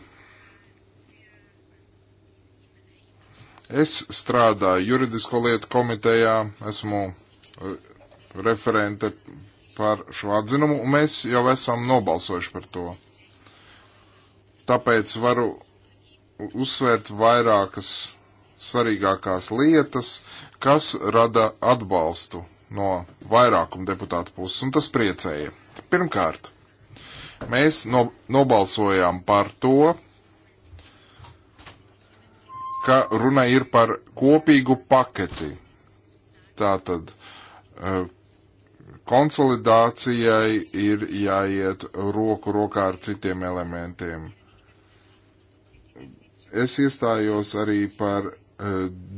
Es strādāju juridisko lietu komitejā, esmu eh, referente par šo atzinumu, un mēs jau esam nobalsojuši par to. Tāpēc varu uzsvērt vairākas svarīgākās lietas, kas rada atbalstu no vairākuma deputātu puses, un tas priecēja. Pirmkārt, Mēs no, nobalsojām par to, ka runa ir par kopīgu paketi. Tātad e, konsolidācijai ir jāiet roku rokā ar citiem elementiem. Es iestājos arī par e,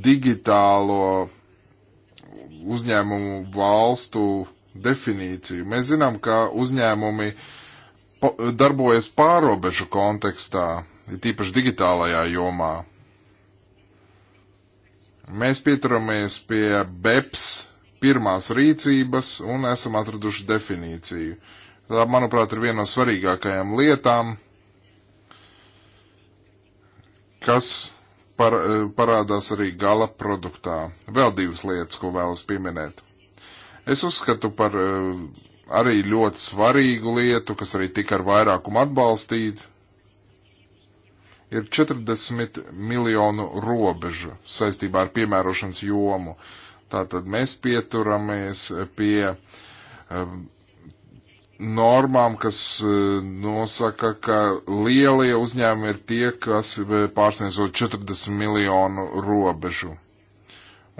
digitālo uzņēmumu valstu definīciju. Mēs zinām, ka uzņēmumi uh, darbojas pārobežu kontekstā, ir tīpaši digitālajā jomā. Mēs pieturamies pie BEPS pirmās rīcības un esam atraduši definīciju. Tā, manuprāt, ir viena no svarīgākajām lietām, kas par, parādās arī gala produktā. Vēl divas lietas, ko vēlas pieminēt. Es uzskatu par uh, arī ļoti svarīgu lietu, kas arī tika ar vairākumu atbalstīt, ir 40 miljonu robeža saistībā ar piemērošanas jomu. Tātad mēs pieturamies pie um, normām, kas uh, nosaka, ka lielie uzņēmumi ir tie, kas uh, pārsniedzot 40 miljonu robežu.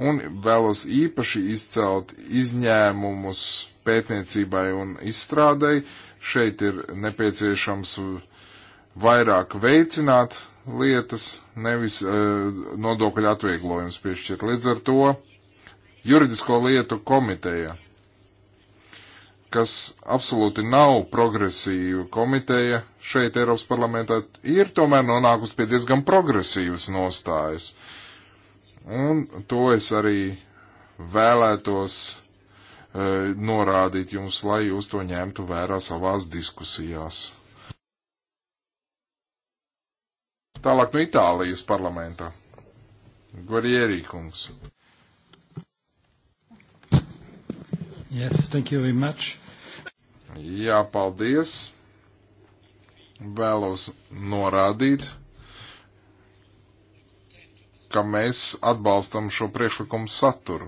Un vēlos īpaši izcelt izņēmumus pētniecībai un izstrādei. Šeit ir nepieciešams vairāk veicināt lietas, nevis e, nodokļu atvieglojums piešķirt. Līdz ar to juridisko lietu komiteja, kas absolūti nav progresīva komiteja šeit Eiropas parlamentā, ir tomēr nonākusi pie diezgan progresīvas nostājas. E, Un to es arī vēlētos e, norādīt jums, lai jūs to ņemtu vērā savās diskusijās. Tālāk no Itālijas parlamenta. Guerrieri kungs. Yes, thank you very much. Jā, paldies. Vēlos norādīt, ka mēs atbalstam šo priekšlikumu saturu.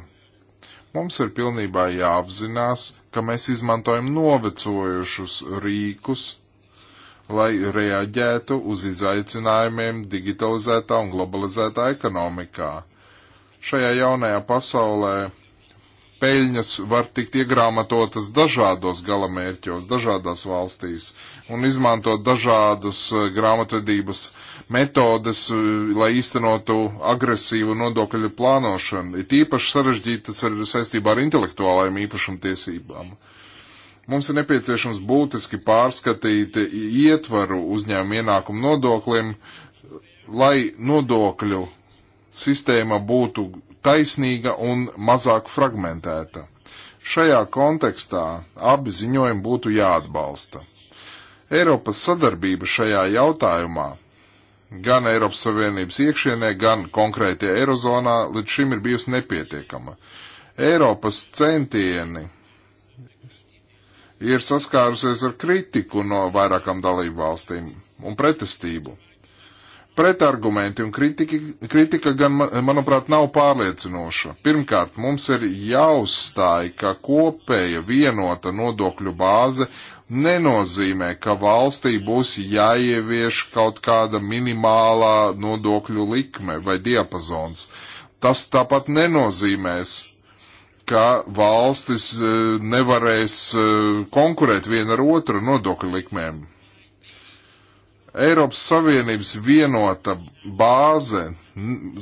Mums ir pilnībā jāapzinās, ka mēs izmantojam novecojušus rīkus, lai reaģētu uz izaicinājumiem digitalizētā un globalizētā ekonomikā. Šajā jaunajā pasaulē peļņas var tikt iegrāmatotas dažādos galamērķos, dažādās valstīs un izmantot dažādas eh, grāmatvedības uh, metodes, eh, lai īstenotu agresīvu nodokļu plānošanu. Ir īpaši sarežģīti tas ir saistībā ar intelektuālajiem īpašumtiesībām. Mums ir nepieciešams būtiski pārskatīt ietvaru uzņēmumu ienākumu nodokliem, lai nodokļu sistēma būtu taisnīga un mazāk fragmentēta. Šajā kontekstā abi ziņojumi būtu jāatbalsta. Eiropas sadarbība šajā jautājumā gan Eiropas Savienības iekšienē, gan konkrētie Eirozonā līdz šim ir bijusi nepietiekama. Eiropas centieni ir saskārusies ar kritiku no vairākām dalību valstīm un pretestību. Pretargumenti un kritika, kritika gan, manuprāt, nav pārliecinoša. Pirmkārt, mums ir jāuzstāj, ka kopēja vienota nodokļu bāze nenozīmē, ka valstī būs jāievieš kaut kāda minimālā nodokļu likme vai diapazons. Tas tāpat nenozīmēs, ka valstis e, nevarēs e, konkurēt viena ar otru nodokļu likmēm. Eiropas Savienības vienota bāze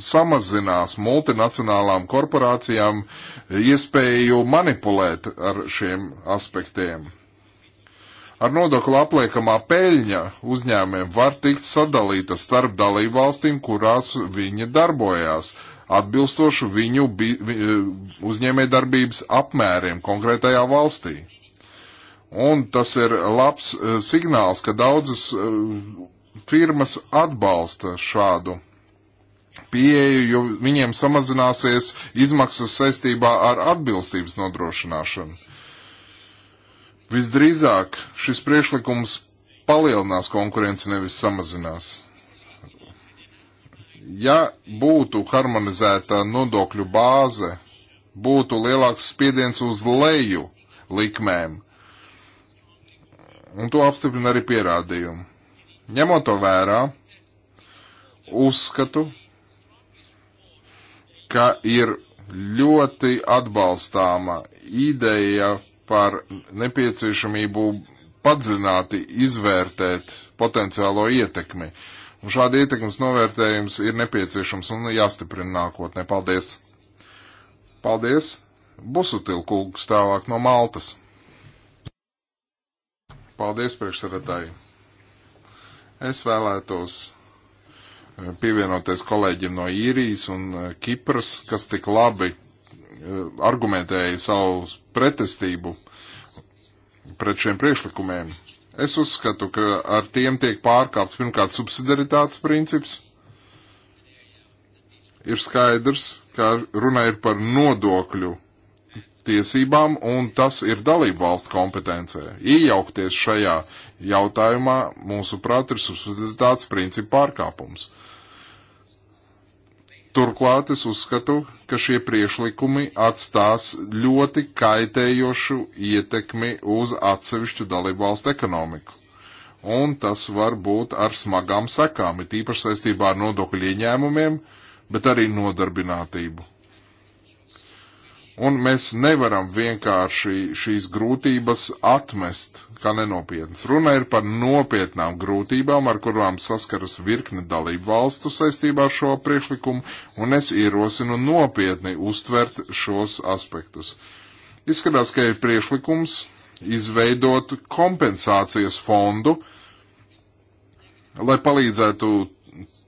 samazinās multinacionālām korporācijām iespēju manipulēt ar šiem aspektiem. Ar nodokli apliekamā peļņa uzņēmumiem var tikt sadalīta starp dalībvalstīm, kurās viņi darbojās, atbilstoši viņu bi, vi, e, uzņēmējdarbības apmēriem konkrētajā valstī. Un tas ir labs uh, signāls, ka daudzas uh, firmas atbalsta šādu pieeju, jo viņiem samazināsies izmaksas saistībā ar atbilstības nodrošināšanu. Visdrīzāk šis priekšlikums palielinās konkurenci, nevis samazinās. Ja būtu harmonizēta nodokļu bāze, būtu lielāks spiediens uz leju likmēm, un to apstiprina arī pierādījumi. Ņemot to vērā, uzskatu, ka ir ļoti atbalstāma ideja par nepieciešamību padziļināti izvērtēt potenciālo ietekmi. Un šāda ietekmes novērtējums ir nepieciešams un jāstiprina nākotnē. Paldies! Paldies! Busutilkungs tālāk no Maltas. Paldies, priekšsarētāji! Es vēlētos eh, pievienoties kolēģiem no īrijas un eh, Kipras, kas tik labi Eh, argumentēja savu pretestību pret šiem priekšlikumiem. Es uzskatu, ka ar tiem tiek pārkāpts pirmkārt subsidiaritātes princips. Ir skaidrs, ka runa ir par nodokļu tiesībām, un tas ir dalību valstu kompetencē. Iejaukties šajā jautājumā, mūsuprāt, ir subsidiaritātes principu pārkāpums. Turklāt es uzskatu, ka šie priešlikumi atstās ļoti kaitējošu ietekmi uz atsevišķu dalību valstu ekonomiku. Un tas var būt ar smagām sekām, it īpaši saistībā ar nodokļu ieņēmumiem, bet arī nodarbinātību. Un mēs nevaram vienkārši šīs grūtības atmest kā nenopietnas. Runa ir par nopietnām grūtībām, ar kurām saskaras virkne dalību valstu saistībā ar šo priekšlikumu, un es ierosinu nopietni uztvert šos aspektus. Izskatās, ka ir priekšlikums izveidot kompensācijas fondu, lai palīdzētu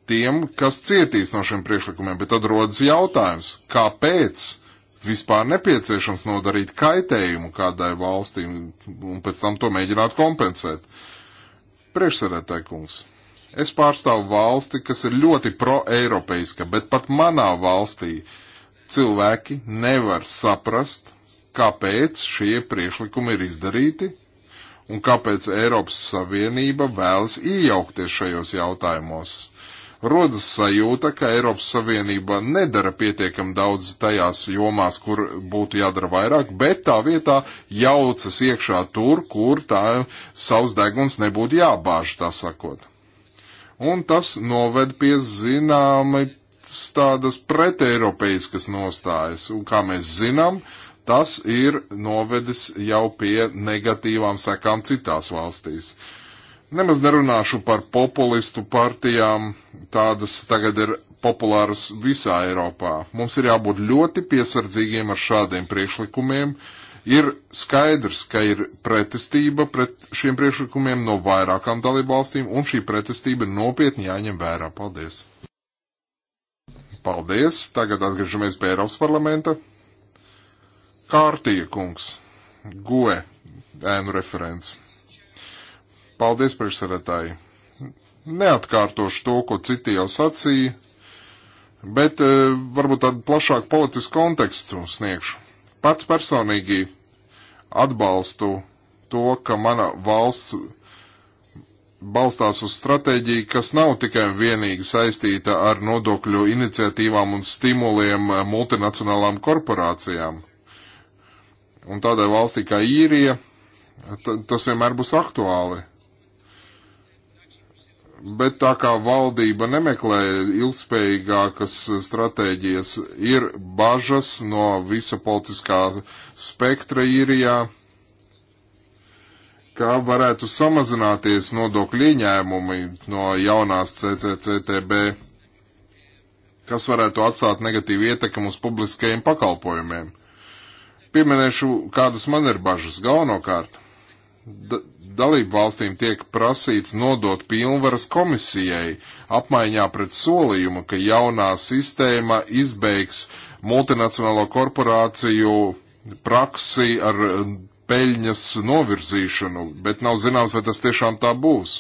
tiem, kas cietīs no šiem priekšlikumiem, bet tad rodas jautājums, kāpēc? vispār nepieciešams nodarīt kaitējumu kādai valstīm un pēc tam to mēģināt kompensēt. Priekšsēdētāji kungs, es pārstāvu valsti, kas ir ļoti pro-eiropeiska, bet pat manā valstī cilvēki nevar saprast, kāpēc šie priekšlikumi ir izdarīti un kāpēc Eiropas Savienība vēlas iejaukties šajos jautājumos rodas sajūta, ka Eiropas Savienība nedara pietiekam daudz tajās jomās, kur būtu jādara vairāk, bet tā vietā jaucas iekšā tur, kur tā savs deguns nebūtu jābāž, tā sakot. Un tas noved pie zināmi tādas preteiropeiskas nostājas, un kā mēs zinām, tas ir novedis jau pie negatīvām sekām citās valstīs. Uh, Nemaz nerunāšu par populistu partijām, tādas tagad ir populāras visā Eiropā. Mums ir jābūt ļoti piesardzīgiem ar šādiem priekšlikumiem. Ir skaidrs, ka ir pretestība pret šiem priekšlikumiem no vairākām dalībvalstīm, un šī pretestība nopietni jāņem vērā. Paldies! Paldies! Tagad atgriežamies pie Eiropas parlamenta. Kārtīja kungs, goe, ēnu referents. Paldies, priekšsarētāji. Neatkārtošu to, ko citi jau sacīja, bet e, varbūt tādu plašāku politisku kontekstu sniegšu. Pats personīgi atbalstu to, ka mana valsts balstās uz stratēģiju, kas nav tikai un vienīgi saistīta ar nodokļu iniciatīvām un stimuliem multinacionālām korporācijām. Un tādai valstī kā īrija tas vienmēr būs aktuāli. Bet tā kā valdība nemeklē ilgspējīgākas stratēģijas, ir bažas no visa politiskā spektra īrijā, kā varētu samazināties nodokļu ieņēmumi no jaunās CCCTB, kas varētu atstāt negatīvu ietekmu uz publiskajiem pakalpojumiem. Pieminēšu, kādas man ir bažas galvenokārt dalību valstīm tiek prasīts nodot pilnvaras komisijai apmaiņā pret solījumu, ka jaunā sistēma izbeigs multinacionālo korporāciju praksi ar um, peļņas novirzīšanu, bet nav zināms, vai tas tiešām tā būs.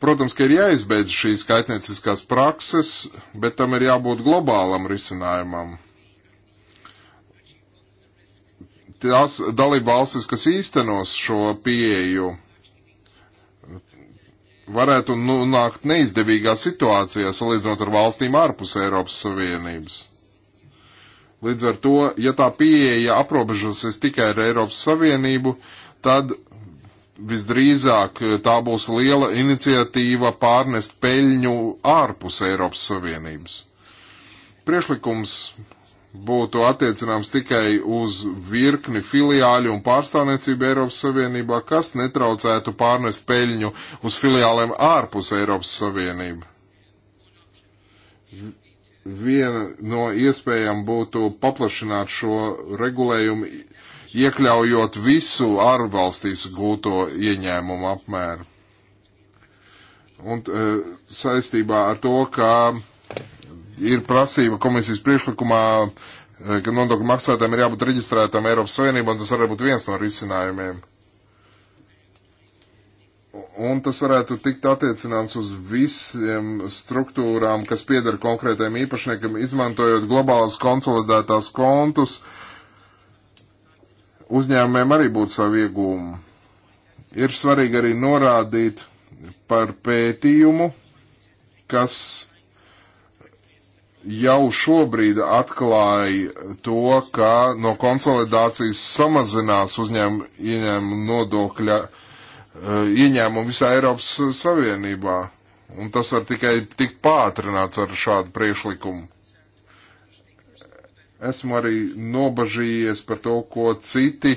Protams, ka ir jāizbeidz šīs kaitnieciskās prakses, bet tam ir jābūt globālam risinājumam tās dalība valstis, kas īstenos šo pieeju, varētu nonākt nu, neizdevīgā situācijā salīdzinot ar valstīm ārpus Eiropas Savienības. Līdz ar to, ja tā pieeja aprobežosies tikai ar Eiropas Savienību, tad visdrīzāk tā būs liela iniciatīva pārnest peļņu ārpus Eiropas Savienības. Priešlikums būtu attiecināms tikai uz virkni filiāļu un pārstāvniecību Eiropas Savienībā, kas netraucētu pārnest peļņu uz filiālēm ārpus Eiropas Savienību. Viena no iespējām būtu paplašināt šo regulējumu, iekļaujot visu ārvalstīs gūto ienākumu apmēru. Un e, saistībā ar to, ka ir prasība komisijas priekšlikumā, eh, ka nodokļu maksātājiem ir jābūt reģistrētam Eiropas Savienībā, un tas varētu būt viens no risinājumiem. Un tas varētu tikt attiecināts uz visiem struktūrām, kas pieder konkrētajiem īpašniekam, izmantojot globālas konsolidētās kontus. Uzņēmumiem arī būtu savi iegūmi. Ir svarīgi arī norādīt par pētījumu, kas jau šobrīd atklāja to, ka no konsolidācijas samazinās uzņēmumu ieņēmumu nodokļa eh, ieņēmumu visā Eiropas Savienībā. Un tas var tikai tikt pātrināts ar šādu priekšlikumu. Esmu arī nobažījies par to, ko citi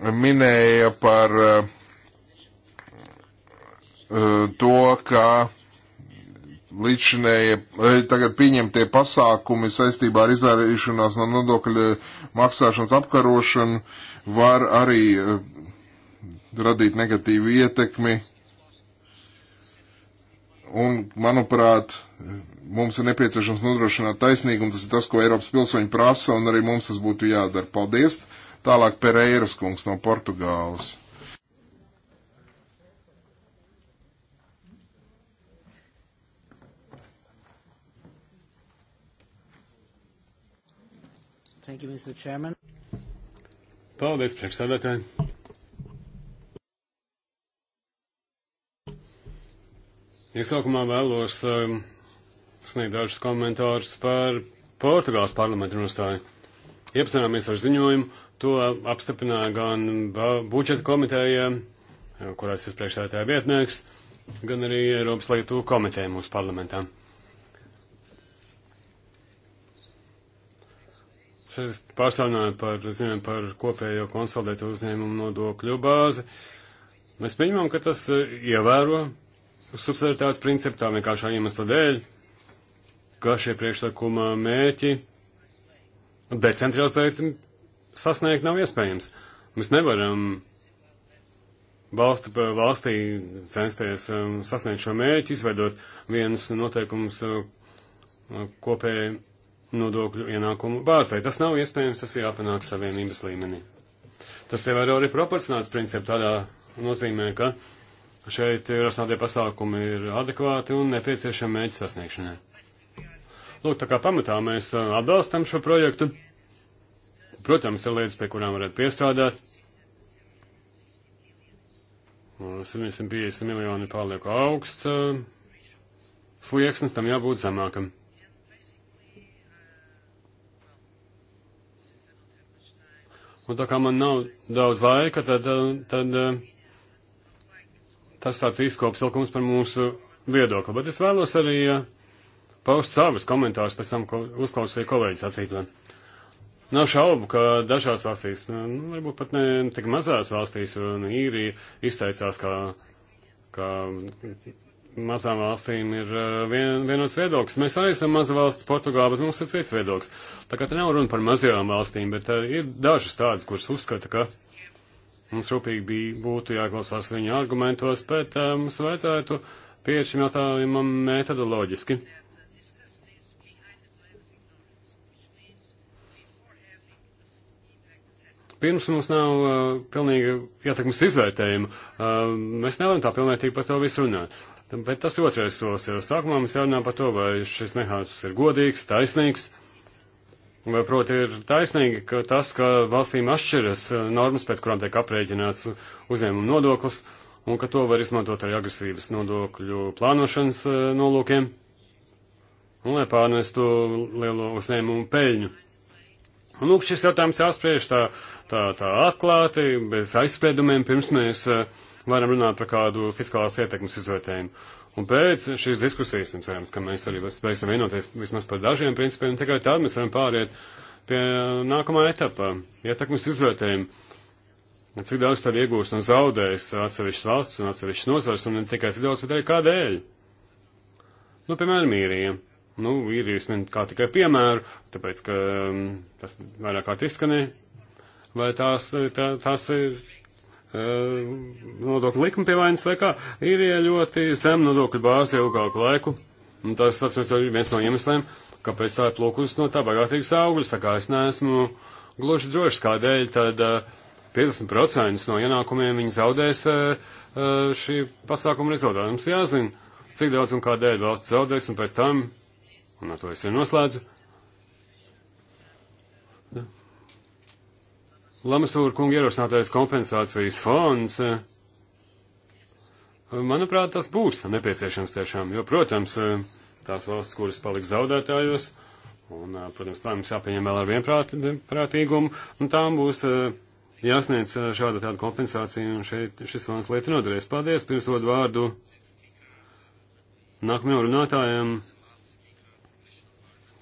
minēja par uh, to, ka līdzinēja, eh, tagad pieņemtie pasākumi saistībā ar izvairīšanās no nodokļa maksāšanas apkarošanu var arī eh, radīt negatīvu ietekmi. Un, manuprāt, mums ir nepieciešams nodrošināt taisnīgumu, tas ir tas, ko Eiropas pilsoņi prasa, un arī mums tas būtu jādara. Paldies! Tālāk Pereiras kungs no Portugāles. Thank you, Mr. Chairman. Paldies, priekšsēdētāji. Iesākumā vēlos um, sniegt dažus komentārus par Portugāles parlamentu nostāju. Iepazināmies ar ziņojumu, to apstiprināja gan budžeta komiteja, kurās ir priekšsēdētāja vietnieks, gan arī Eiropas lietu komiteja mūsu parlamentā. Es pārsāņoju par, zinām, par kopējo konsolidēto uzņēmumu nodokļu bāzi. Mēs pieņemam, ka tas e, ievēro subsidiaritātes principu tā vienkāršā iemesla dēļ, ka šie priekšlikuma mērķi decentralizēt sasniegt nav iespējams. Mēs nevaram valsti, valstī censties e, sasniegt šo mērķi, izveidot vienus noteikumus e, kopēji nodokļu ienākumu bāzē. Tas nav iespējams, tas ir jāpanāk savienības līmenī. Tas ievēro arī proporcionāts princips tādā nozīmē, ka šeit ierosinātie pasākumi ir adekvāti un nepieciešami mēģi sasniegšanai. Lūk, tā kā pamatā mēs uh, atbalstam šo projektu. Protams, ir lietas, pie kurām varētu piestrādāt. 750 uh, miljoni pārlieku augsts uh, slieksnis, tam jābūt zemākam. Un tā kā man nav daudz laika, tad, eh, tad eh, tas tāds izkopsilkums par mūsu viedokli. Bet es vēlos arī eh, paust savus komentārus pēc tam, ko uzklausīja kolēģis acītvēr. Nav šaubu, ka dažās valstīs, nu, varbūt pat ne tik mazās valstīs, un īrija izteicās, ka, ka mazām valstīm ir eh, vien, vienots viedoklis. Mēs arī esam maza valsts Portugāla, bet mums ir cits viedoklis. Tā kā te nav runa par mazajām valstīm, bet uh, ir dažas tādas, kuras uzskata, ka mums rūpīgi bija, būtu jāklausās viņu argumentos, bet uh, mums vajadzētu pieeja šim jautājumam metodoloģiski. pirms mums nav uh, pilnīga ietekmes izvērtējuma, uh, mēs nevaram tā pilnvērtīgi par to visu runāt. Bet tas otrais solis ir, sākumā mēs jārunā par to, vai šis mehānisms ir godīgs, taisnīgs, vai proti ir taisnīgi, ka tas, ka valstīm atšķiras eh, normas, pēc kurām tiek aprēķināts uzņēmuma nodoklis, un ka to var izmantot arī agresīvas nodokļu plānošanas eh, nolūkiem, un lai pārnestu lielo uzņēmumu peļņu. Un, lūk, šis jautājums jāspriež tā, tā, tā atklāti, bez aizspriedumiem, pirms mēs uh, varam runāt par kādu fiskālās ietekmes izvērtējumu. Un pēc šīs diskusijas, un cerams, ka mēs arī spēsim vienoties vismaz par dažiem principiem, tikai tad mēs varam pāriet pie nākamā etapa, ietekmes izvērtējumu. Cik daudz tad iegūst un zaudēs atsevišķas valsts un atsevišķas nozars, un ne tikai cik daudz, bet arī kādēļ. Nu, piemēram, īrija. Nu, īrijas min kā tikai piemēru, tāpēc, ka um, tas vairāk kārt izskanēja. Vai tās, tā, tās ir Eh, nodokļu likuma pievainas vai kā, ir ļoti zem nodokļu bāzi ilgāku laiku. Un tas, tas ir viens no iemesliem, kāpēc tā ir plūkus no tā bagātīgas augļus. Tā kā es neesmu gluži drošs, kādēļ tad 50% eh, no ienākumiem viņi zaudēs eh, šī pasākuma rezultātā. Mums jāzina, cik daudz un kādēļ valsts zaudēs, un pēc tam, un ar to es jau noslēdzu, Lamasūra kunga ierosinātais kompensācijas fonds, eh, manuprāt, tas būs nepieciešams tiešām, jo, protams, eh, tās valsts, kuras paliks zaudētājos, un, eh, protams, tā mums jāpieņem vēl ar vienprātīgumu, un tām būs jāsniedz šāda tāda kompensācija, un šeit šis fonds lieta noderēs. Paldies, pirms dod vārdu nākamajam runātājam,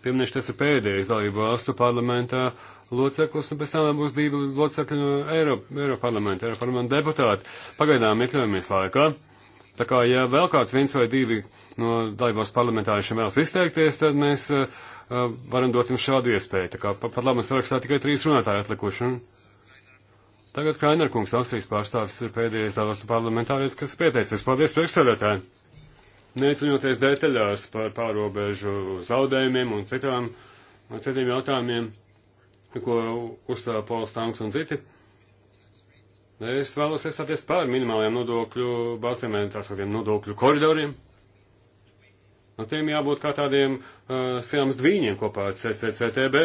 Pieminēšu, tas ir pēdējais dalību valstu parlamentā loceklis, un pēc tam būs divi locekļi no Eiropa, Eiropa parlamenta, Eiropa parlamenta deputāti. Pagaidām iekļaujamies laikā. Tā kā, ja vēl kāds viens vai divi no dalībās parlamentāriešiem vēlas izteikties, tad mēs uh, varam dot jums šādu iespēju. Tā kā pat pa labi sarakstā tikai trīs runātāji atlikuši. Un tagad Krainer kungs, Austrijas pārstāvis, ir pēdējais dalībās parlamentārietis, kas pieteicies. Paldies, priekšsēdētāji! Neaizcinoties detaļās par pārobežu zaudējumiem un citām, citiem jautājumiem, ko uzstāv Pols Tanks un citi, es vēlos iestāties pār minimālajām nodokļu bāzēm, tā sauktiem nodokļu koridoriem. No tiem jābūt kā tādiem uh, silams dvīņiem kopā ar CCCTB.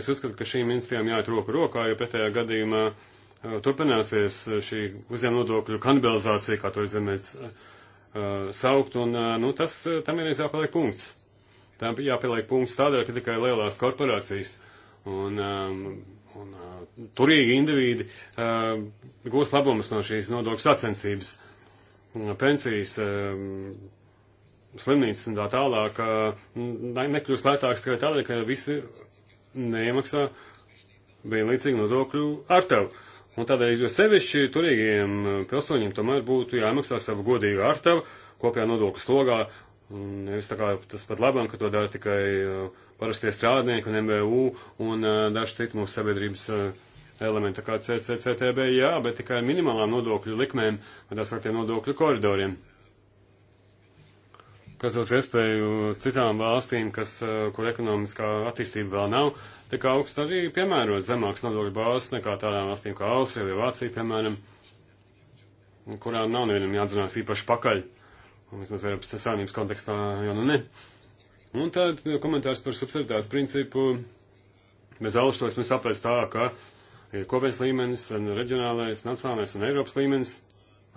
Es uzskatu, ka šīm institūcijām jāiet roku rokā, jo pretējā gadījumā uh, turpināsies šī uzņēmuma nodokļu kanibalizācija, kā to ir zemēts. Uh, Uh, saukt, un uh, nu, tas, uh, tam ir jāpieliek punkts. Tam jāpieliek punkts tādēļ, ka tikai lielās korporācijas un, um, un turīgi indivīdi gūs labumus no šīs nodokļu sacensības, pensijas, um, slimnīcas un tā tālāk, nekļūst lētāks tikai tādēļ, ka visi neiemaksā vienlīdzīgi nodokļu ar tevi. Un tādēļ, jo sevišķi turīgiem eh, pilsoņiem tomēr būtu jāmaksā savu godīgu ārtavu kopējā nodokļu slogā, Nevis tā kā tas pat labāk, ka to dara tikai eh, parastie strādnieki un MVU un eh, daži citi mūsu sabiedrības elementi, kā CCCTB, jā, bet tikai minimālām nodokļu likmēm vai tā sauktiem nodokļu koridoriem. Kas dos iespēju citām valstīm, kas, kur ekonomiskā attīstība vēl nav, Tā kā augsts arī piemēro zemāks nodokļu bāzes nekā tādām valstīm kā Austrija vai Vācija, piemēram, kurām nav nevienam jāatzinās īpaši pakaļ. Un vismaz Eiropas Savienības kontekstā jau nu ne. Un tad komentārs par subsidiāts principu. Bez augstos mēs saprast tā, ka ir kopējs līmenis, reģionālais, nacionālais un Eiropas līmenis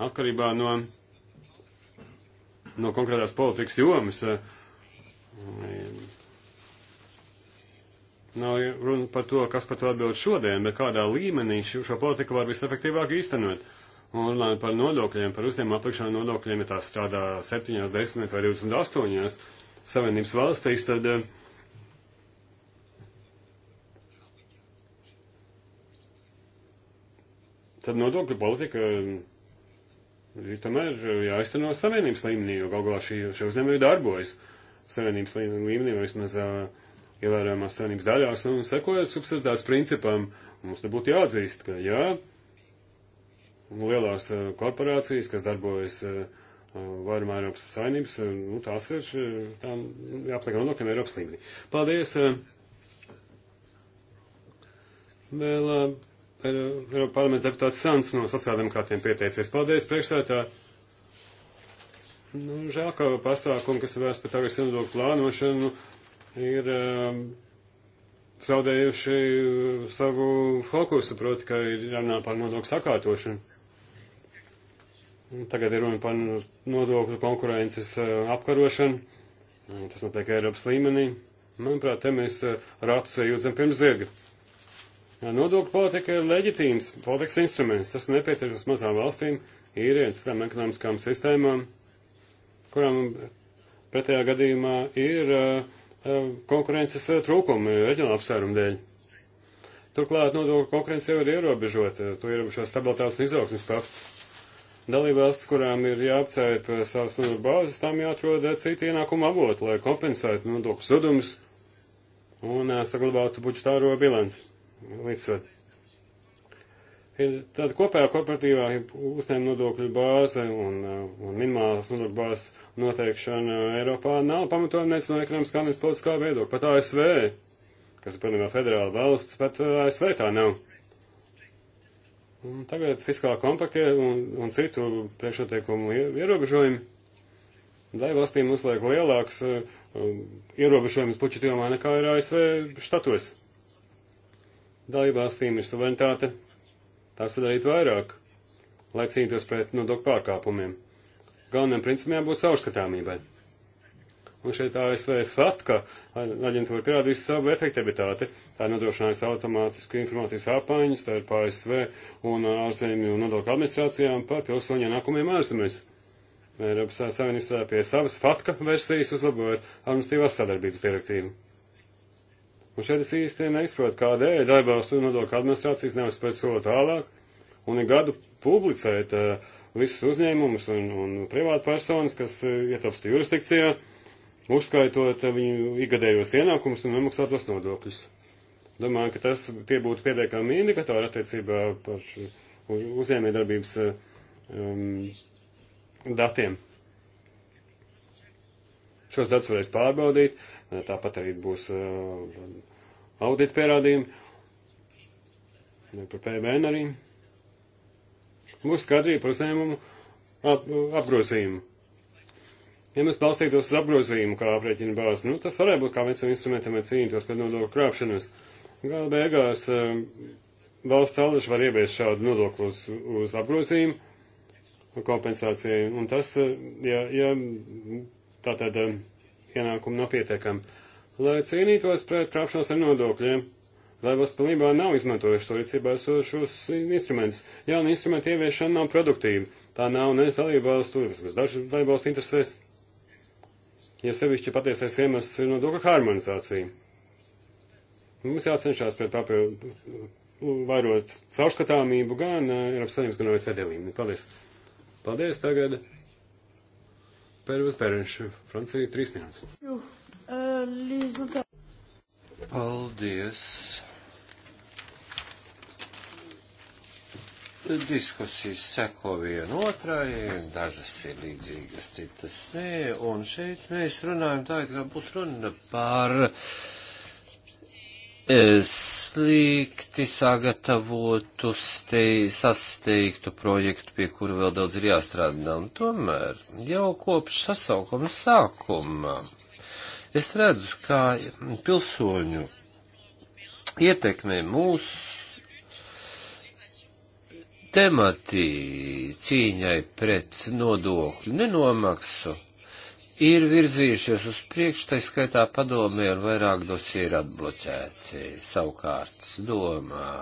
atkarībā no, no konkrētās politikas jomas. Nav runa par to, kas par to atbild šodien, bet kādā līmenī šo, šo politiku var visefektīvāk īstenot. Un runājot par nodokļiem, par uzņēmumu aplikšanu nodokļiem, ja tās strādā 7, 10 vai 28 savienības valstīs, tad uh, tad nodokļu politika eh, ir tomēr eh, jāizteno savienības līmenī, jo galvā šī, šie uzņēmumi darbojas savienības līmenī, vismaz uh, ievērojamās savienības daļās un sekojot subsidētās principam, mums te būtu jāatzīst, ka jā, lielās eh, korporācijas, kas darbojas eh, vairumā Eiropas savienības, eh, nu, tās ir, tām jāpliek nodokļiem Eiropas līmenī. Paldies! Vēl Eiropa parlamenta deputāts Sans no sociāldemokrātiem pieteicies. Paldies, priekšstādā! Nu, žēl, ka pasākumi, kas vērsts pēc tagad senodokļu plānošanu, ir um, zaudējuši uh, savu fokusu, proti, ka ir jārunā par nodokļu sakārtošanu. Tagad ir runa par nodokļu konkurences uh, apkarošanu. Tas notiek Eiropas līmenī. Manuprāt, te mēs uh, ratus jūdzam pirms zirga. Nodokļu politika ir leģitīms politikas instruments. Tas nepieciešams mazām valstīm, īriem, citām ekonomiskām sistēmām, kurām pretējā gadījumā ir uh, konkurences eh, trūkumi reģionāla apsvērumu dēļ. Turklāt nodokļu konkurence jau ir ierobežota, to ierobežo stabilitātes un izaugsmes pakts. Dalībvalsts, kurām ir jāapcēp savas nodokļu bāzes, tam jāatrod eh, citi ienākuma avoti, lai kompensētu nodokļu zudumus un eh, saglabātu budžetāro bilanci. Līdzsvaru ir tāda kopējā korporatīvā uzņēmuma nodokļu bāze un, uh, un minimālās nodokļu bāzes noteikšana Eiropā nav pamatojama nec no ekonomiskā, nec politiskā viedokļa. Pat ASV, kas ir pilnībā federāla valsts, pat uh, ASV tā nav. Un tagad fiskālā kompaktie un, un citu priekšnoteikumu ierobežojumi. Dai valstīm uzliek lielāks uh, um, ierobežojumus budžeta jomā nekā ir ASV štatos. Dalībvalstīm ir suverenitāte, tās var darīt vairāk, lai cīnītos pret nodokļu pārkāpumiem. Galvenajam principam jābūt caurskatāmībai. Un šeit ASV FATKA aģentūra pierādījusi savu efektivitāti. Tā ir nodrošinājusi automātisku informācijas apmaiņas starp ASV un ārzemju nodokļu administrācijām par pilsoņu ienākumiem ārzemēs. Eiropas Savienības pie savas FATKA versijas uzlaboja administratīvās sadarbības direktīvu. Un šeit es īsti neizprotu, kādēļ atbalstu nodokļu administrācijas nevis pēc soli tālāk un ir gadu publicēt uh, visus uzņēmumus un, un privātpersonas, kas uh, eh, ietopst jurisdikcijā, uzskaitot uh, viņu ikgadējos ienākumus un nemaksātos nodokļus. Domāju, ka tas tie būtu pietiekami indikatori attiecībā par uzņēmējdarbības um, datiem. Šos datus varēs pārbaudīt, tāpat arī būs uh, audita pierādījumi, par PVN arī. Būs skatība par uzņēmumu ap, apgrozījumu. Ja mēs balstītos uz apgrozījumu kā aprēķina bāzi, nu, tas varētu būt kā viens no instrumentiem, lai cīnītos pret nodokļu krāpšanas. Gala beigās eh, valsts saldaši var ieviest šādu nodoklu uz, uz apgrozījumu kompensācijai, un tas, eh, ja, ja tātad eh, ienākumu nav pietiekami lai cīnītos pret krāpšanos ar nodokļiem, lai valsts pilnībā nav izmantojuši to rīcībā esošos instrumentus. Jauna instrumenta ieviešana nav produktīva. Tā nav ne dalībvalstu, vismaz dažu dalībvalstu interesēs. Ja sevišķi patiesais iemesls ir nodokļu harmonizācija. Mums jācenšas pret papildu vairot caurskatāmību gan eh, Eiropas Savienības, gan OECD līmenī. Paldies! Paldies tagad! Pērvis Pēriņš, Francija, trīs minūtes. Paldies! Diskusijas seko viena otrai, dažas ir līdzīgas, citas nē, un šeit mēs runājam tā, kā būtu runa par eh, slikti sagatavotu, stei, sasteigtu projektu, pie kura vēl daudz ir jāstrādā, un tomēr jau kopš sasaukuma sākuma Es redzu, kā pilsoņu ietekmē mūsu temati cīņai pret nodokļu nenomaksu ir virzījušies uz priekšu, tai skaitā padomē un vairāk dosie ir atbloķēti. Savukārt domā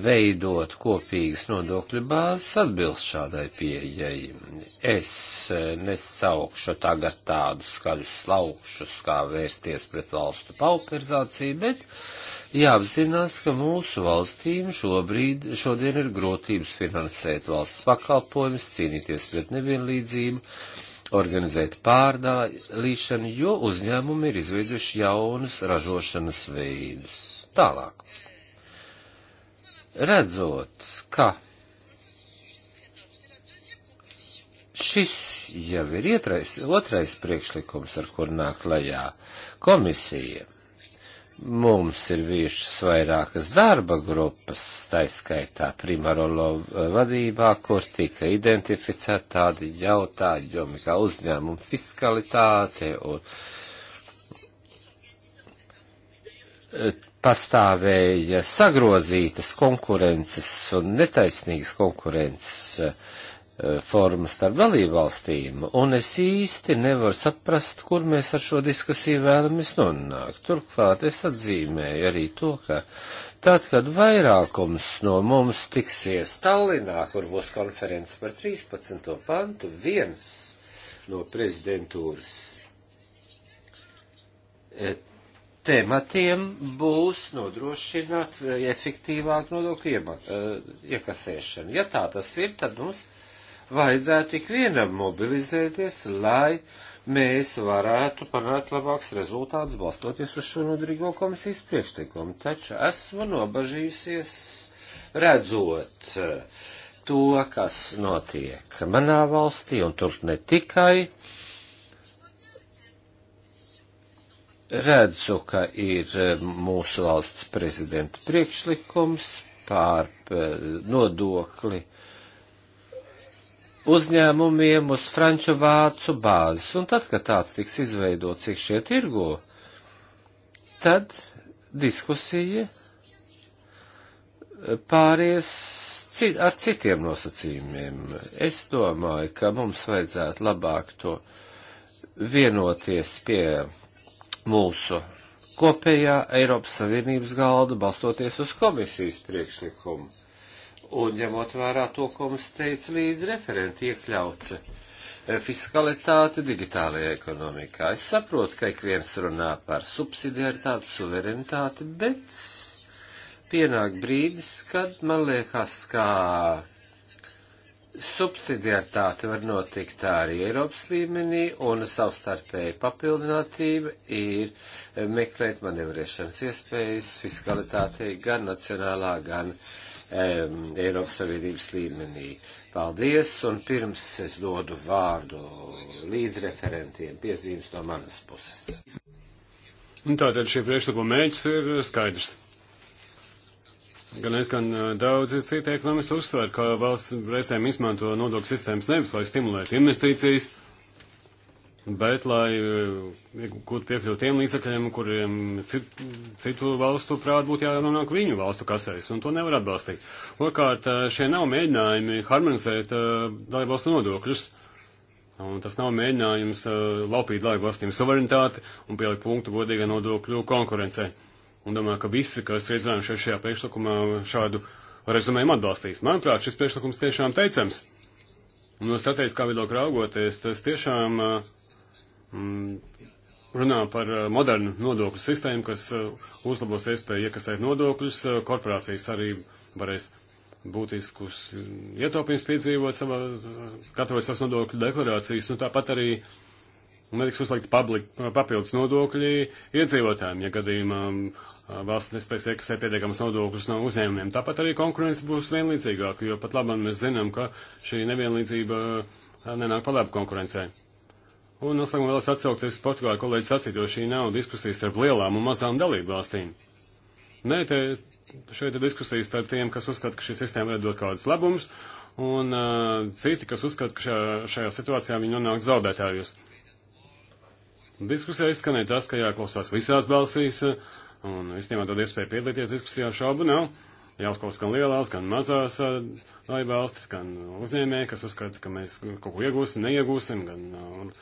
veidot kopīgas nodokļu bāzes atbilst šādai pieejai. Es eh, nesaukšu tagad tādus skaļus slaukšus, kā vērsties pret valstu pauperizāciju, bet jāapzinās, ka mūsu valstīm šobrīd, šodien ir grūtības finansēt valsts pakalpojumus, cīnīties pret nevienlīdzību, organizēt pārdalīšanu, jo uzņēmumi ir izveidojuši jaunus ražošanas veidus. Tālāk redzot, ka šis jau ir ietrais, otrais priekšlikums, ar kur nāk lajā komisija. Mums ir bijušas vairākas darba grupas, taiskaitā primarolo vadībā, kur tika identificēti tādi jautājumi kā uzņēmuma fiskalitāte un pastāvēja sagrozītas konkurences un netaisnīgas konkurences eh, formas starp dalībvalstīm, un es īsti nevaru saprast, kur mēs ar šo diskusiju vēlamies nonākt. Turklāt es atzīmēju arī to, ka tad, kad vairākums no mums tiksies Tallinā, kur būs konferences par 13. pantu, viens no prezidentūras eh, tematiem būs nodrošināt eh, efektīvāku nodokļu eh, iekasēšanu. Ja tā tas ir, tad mums vajadzētu ikvienam mobilizēties, lai mēs varētu panākt labāks rezultāts balstoties uz šo nodrīgo komisijas priekšteikumu. Taču esmu nobažījusies redzot eh, to, kas notiek manā valstī, un tur ne tikai redzu, ka ir eh, mūsu valsts prezidenta priekšlikums pār eh, nodokli uzņēmumiem uz franču vācu bāzes, un tad, kad tāds tiks izveidots iekšē tirgo, tad diskusija eh, pāries cit, ar citiem nosacījumiem. Es domāju, ka mums vajadzētu labāk to vienoties pie mūsu kopējā Eiropas Savienības galda, balstoties uz komisijas priekšlikumu. Un ņemot vērā to, ko mums teica līdz referenti iekļauts eh, fiskalitāte digitālajā ekonomikā. Es saprotu, ka ik viens runā par subsidiaritāti, suverenitāti, bet pienāk brīdis, kad man liekas, kā subsidiartāte var notikt tā arī Eiropas līmenī, un savstarpēja papildinātība ir eh, meklēt manevrēšanas iespējas fiskalitātei gan nacionālā, gan um, Eiropas Savienības līmenī. Paldies, un pirms es dodu vārdu līdzreferentiem piezīmes no manas puses. Un tātad šī priekšlikuma mēģis ir skaidrs. Gan es, gan daudzi citi ekonomisti uzsver, ka valsts reizēm izmanto nodokļu sistēmas nevis, lai stimulētu investīcijas, bet lai gūtu piekļuvu tiem līdzekļiem, kuriem cit, citu valstu prāt būtu jānonāk viņu valstu kasēs, un to nevar atbalstīt. Otrkārt, šie nav mēģinājumi harmonizēt dalībvalstu nodokļus. Un tas nav mēģinājums uh, laupīt laiku valstīm suverenitāti un pielikt punktu godīgai nodokļu konkurencei. Un domāju, ka visi, kas iedzinājušies šajā priekšlikumā, šādu rezumējumu atbalstīs. Manuprāt, šis priekšlikums tiešām teicams. Un no strateģiskā viedokļa raugoties, tas tiešām uh, mm, runā par uh, modernu nodokļu sistēmu, kas uh, uzlabos iespēju iekasēt nodokļus. Korporācijas arī varēs būtiskus ietaupījums piedzīvot, savā, gatavot savas nodokļu deklarācijas. Nu, tāpat arī uh, netiks uzlikt public, papildus nodokļi iedzīvotājiem, ja gadījumā valsts nespēs iekasēt pietiekamas nodokļus no uzņēmumiem. Tāpat arī konkurence būs vienlīdzīgāka, jo pat labam mēs zinām, ka šī nevienlīdzība nenāk par labu konkurencei. Un noslēgumā vēlos atsaukties Portugāla kolēģi sacīt, jo šī nav diskusijas starp lielām un mazām dalību valstīm. Nē, te, šeit ir diskusijas starp tiem, kas uzskata, ka šī sistēma var dot kādus labumus, un uh, citi, kas uzskata, ka šajā, šajā situācijā viņi nonāk zaudētājus. Uh, Diskusijā izskanēja tas, ka jāklausās visās balsīs, un visiem dod iespēju piedalīties diskusijā, šaubu nav. Jāuzklaus gan lielās, gan mazās laibvalstis, gan uzņēmēji, kas uzskata, ka mēs kaut ko iegūsim, neiegūsim, gan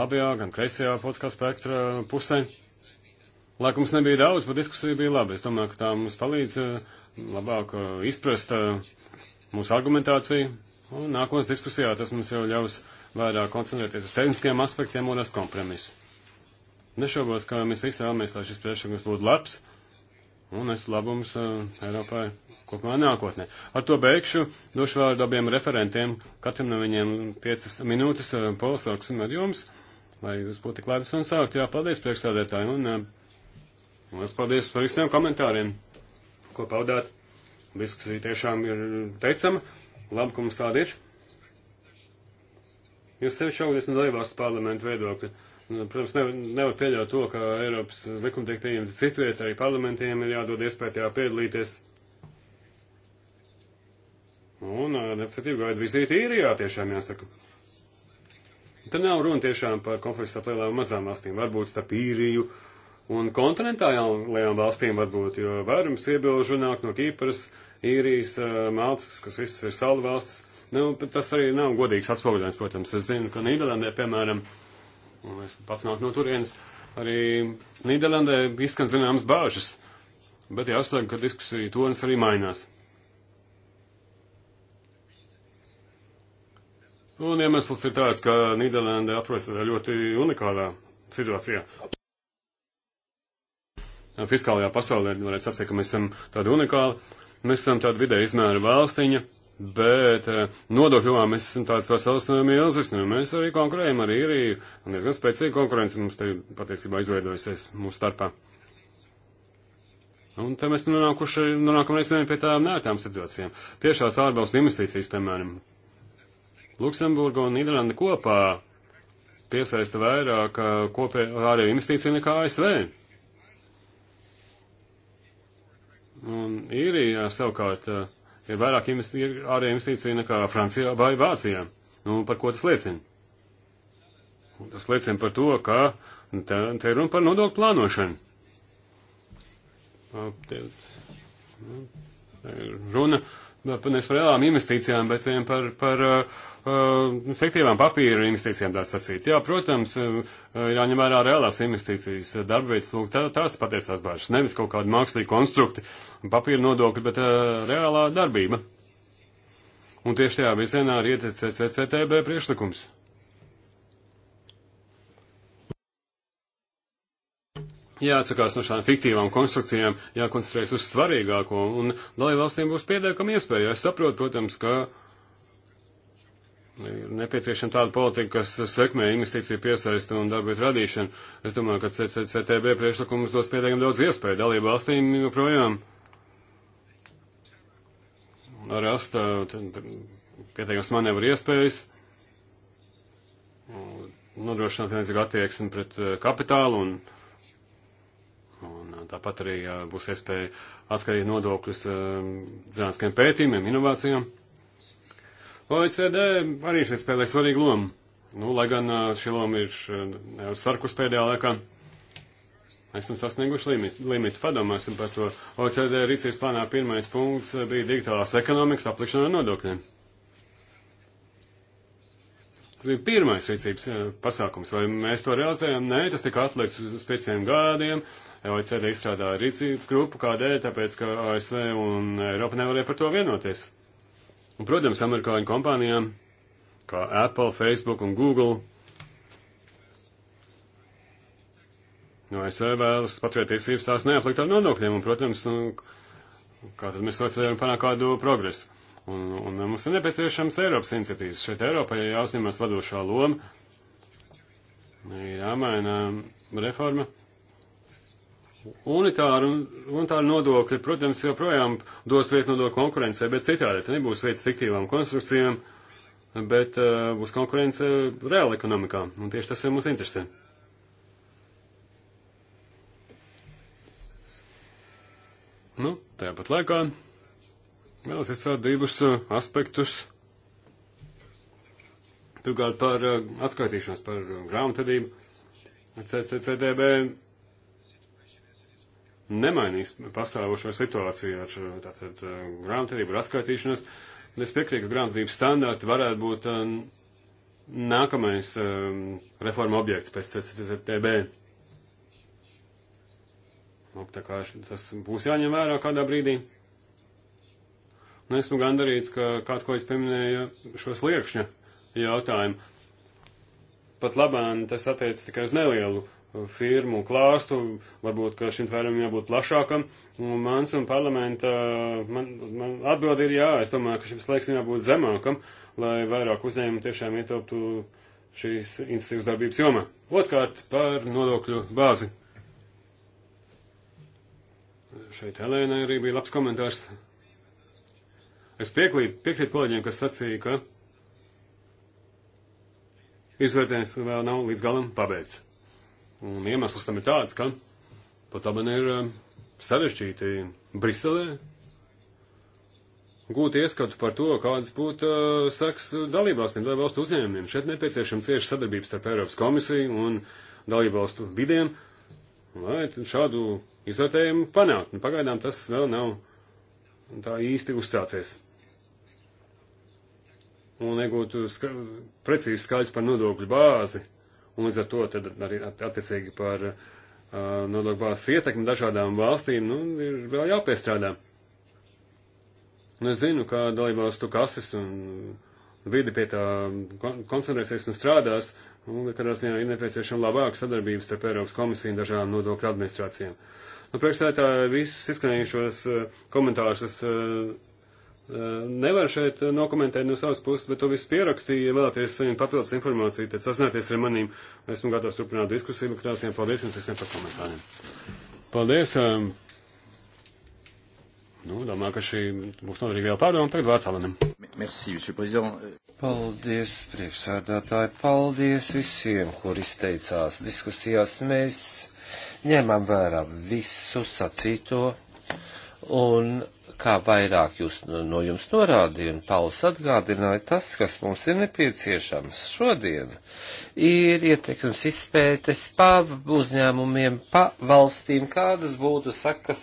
labajā, gan kreisajā politiskā spektra pusē. Laikums nebija daudz, bet diskusija bija laba. Es domāju, ka tā mums palīdz labāk izprast mūsu argumentāciju, un nākotnes diskusijā tas mums jau ļaus vairāk koncentrēties uz tehniskiem aspektiem un rast kompromisu. Nešaubos, kā mēs visi vēlamies, lai šis priekšlikums būtu labs un es labums uh, Eiropai kopumā nākotnē. Ar to beigšu, došu vārdu abiem referentiem, katram no viņiem piecas minūtes, uh, eh, polsāksim ar jums, lai jūs būtu tik labi un sākt. Jā, paldies priekšsādētāji un eh, liels uh, paldies par visiem komentāriem, ko paudāt. Diskusija tiešām ir teicama, labi, ka mums tāda ir. Jūs sevi šaudies no dalībvalstu parlamentu viedokļa. Protams, nevar, nevar pieļaut to, ka Eiropas likumtiek pieņemta citu vietu, arī parlamentiem ir jādod iespēja tajā piedalīties. Un nepacietību gaidu vizīti īrijā tiešām jāsaka. Te nav runa tiešām par konfliktu starp lielām un mazām valstīm, varbūt starp īriju un kontinentālajām valstīm varbūt, jo vairums iebilžu nāk no Kīpras, īrijas, Maltas, kas visas ir salu valstis. Nu, tas arī nav godīgs atspoguļojums, protams. Es zinu, ka Nīderlandē, piemēram, un es pats nāku no turienes, arī Nīderlandē izskan zināmas bāžas, bet jāuzsver, ka diskusija tonis arī mainās. Un iemesls ir tāds, ka Nīderlanda atrodas ļoti unikālā situācijā. Fiskālajā pasaulē nu, varētu sacīt, ka mēs esam tādi unikāli. Mēs esam tāda vidē izmēra valstiņa, Bet eh, nodokļu jomā mēs esam tāds vesels milzis, un mēs arī konkurējam ar īriju. Un diezgan spēcīga konkurence mums te patiesībā izveidojusies mūsu starpā. Un te mēs nonākuši, nonākam reizēm pie tādām nētām situācijām. Tiešās ārbalstu investīcijas, piemēram, Luksemburga un Nīderlanda kopā piesaista vairāk eh, kopē ārēju investīciju nekā ASV. Un īrija savukārt. Uh, ir vairāk ārēju investīciju nekā Francijā vai Vācijā. Nu, par ko tas liecina? Tas liecina par to, ka te, te runa par nodokļu plānošanu. Te, nu, te runa Nu, nevis par reālām investīcijām, bet vien par, par uh, efektīvām uh, papīra investīcijām, tā sacīt. Jā, protams, uh, uh jāņem vērā reālās investīcijas, uh, darbvietas, lūk, tā, tās patiesās bāžas, nevis kaut kādi mākslīgi konstrukti, papīra nodokļi, bet uh, reālā darbība. Un tieši tajā virzienā ir ietecēts CCTB priekšlikums. jāatsakās no šādām fiktīvām konstrukcijām, jākoncentrējas uz svarīgāko, un dalībvalstīm būs pietiekama iespēja. Es saprotu, protams, ka ir nepieciešama tāda politika, kas sekmē investīciju piesaistu un darbu radīšanu. Es domāju, ka CCCTB priekšlikums dos pietiekami daudz iespēju dalībvalstīm joprojām rast uh, pietiekams manevru iespējas nodrošināt vienlīdzīgu attieksmi pret uh, kapitālu un Tāpat arī būs iespēja atskaitīt nodokļus eh, zinātniskiem pētījumiem, inovācijām. OECD arī šeit spēlē svarīgu lomu. Nu, lai gan eh, šī loma ir eh, sarkus pēdējā laikā. Esam sasnieguši limitu. limitu. Padomāsim par to. OECD rīcības plānā pirmais punkts bija digitālās ekonomikas aplikšana ar nodokļiem. Tas bija pirmais rīcības pasākums. Vai mēs to realizējām? Nē, tas tika atlikts uz pieciem gadiem. OECD izstrādāja rīcības grupu, kādēļ, tāpēc, ka ASV un Eiropa nevarēja par to vienoties. Un, protams, amerikāņu kompānijām, kā Apple, Facebook un Google, no ASV vēlas paturēt tiesības tās neaplikt ar nodokļiem, un, protams, nu, kā tad mēs varam panākt kādu progresu. Un, un mums ir nepieciešams Eiropas iniciatīvas. Šeit Eiropai jāuzņemas vadošā loma, ir jāmaina reforma, Unitāru, unitāru nodokļi, protams, joprojām dos vietu nodokļu konkurencē, bet citādi te nebūs vietas fiktīvām konstrukcijām, bet uh, būs konkurence reāla ekonomikā, un tieši tas jau mūs interesē. Nu, tāpat laikā vēlos izcelt divus uh, aspektus. Pirmkārt par uh, atskaitīšanos, par uh, grāmatvedību. CCCDB nemainīs pastāvošo situāciju ar tātad eh, grāmatvedību, ar atskaitīšanos. Es piekrītu, ka grāmatvedības standarti varētu būt eh, nākamais eh, reforma objekts pēc CCTB. Lūk, nu, tā kā tas būs jāņem vērā kādā brīdī. Un esmu gandarīts, ka kāds ko es pieminēju šo sliekšņa jautājumu. Pat labāk tas attiecas tikai uz nelielu firmu klāstu, varbūt, ka šim tvērumam jābūt plašākam. Un mans un parlamenta man, man atbildi ir jā, es domāju, ka šis slēgsim jābūt zemākam, lai vairāk uzņēmumu tiešām ietilptu šīs institīvas darbības jomā. Otkārt par nodokļu bāzi. Šeit Helēna arī bija labs komentārs. Es piekrītu, piekrītu kolēģiem, kas sacīja, ka izvērtējums vēl nav līdz galam pabeigts. Un iemesls tam ir tāds, ka pat labi ir eh, sarežģīti Briselē gūt ieskatu par to, kādas būtu uh, seks dalībvalstīm, dalībvalstu uzņēmumiem. Šeit nepieciešama cieša sadarbības starp Eiropas komisiju un dalībvalstu vidiem, lai šādu izvērtējumu panāktu. Nu, pagaidām tas vēl nav tā īsti uzsācies. Un iegūtu ska precīzi skaidrs par nodokļu bāzi un līdz ar to tad arī attiecīgi par uh, nodokļu bāzes ietekmi dažādām valstīm, nu, ir vēl jāpiestrādā. Un es zinu, ka dalībvalstu kases un vidi pie tā koncentrēsies un strādās, un katrā ziņā ir nepieciešama labāka sadarbības starp Eiropas komisiju un dažādām nodokļu administrācijām. Nu, priekšsētā visus izskanējušos komentārus es uh, Eh, nevaru šeit nokomentēt no savas puses, bet to visu pierakstīju. Ja vēlaties saņemt papildus informāciju, tad sazināties ar manīm. Esmu gatavs turpināt diskusiju, bet krāsiem paldies jums visiem par komentāriem. Paldies! Ehm, nu, domāju, ka šī būs noderīga vēl pārdomām. Tagad vārds Alanam. Merci, monsieur président. Paldies, priekšsādātāji. Paldies visiem, kur izteicās diskusijās. Mēs ņemam vērā visu sacīto Un kā vairāk jūs no jums norādīja un Pauls atgādināja, tas, kas mums ir nepieciešams šodien, ir ieteiksmes izpētes pa uzņēmumiem, pa valstīm, kādas būtu sakas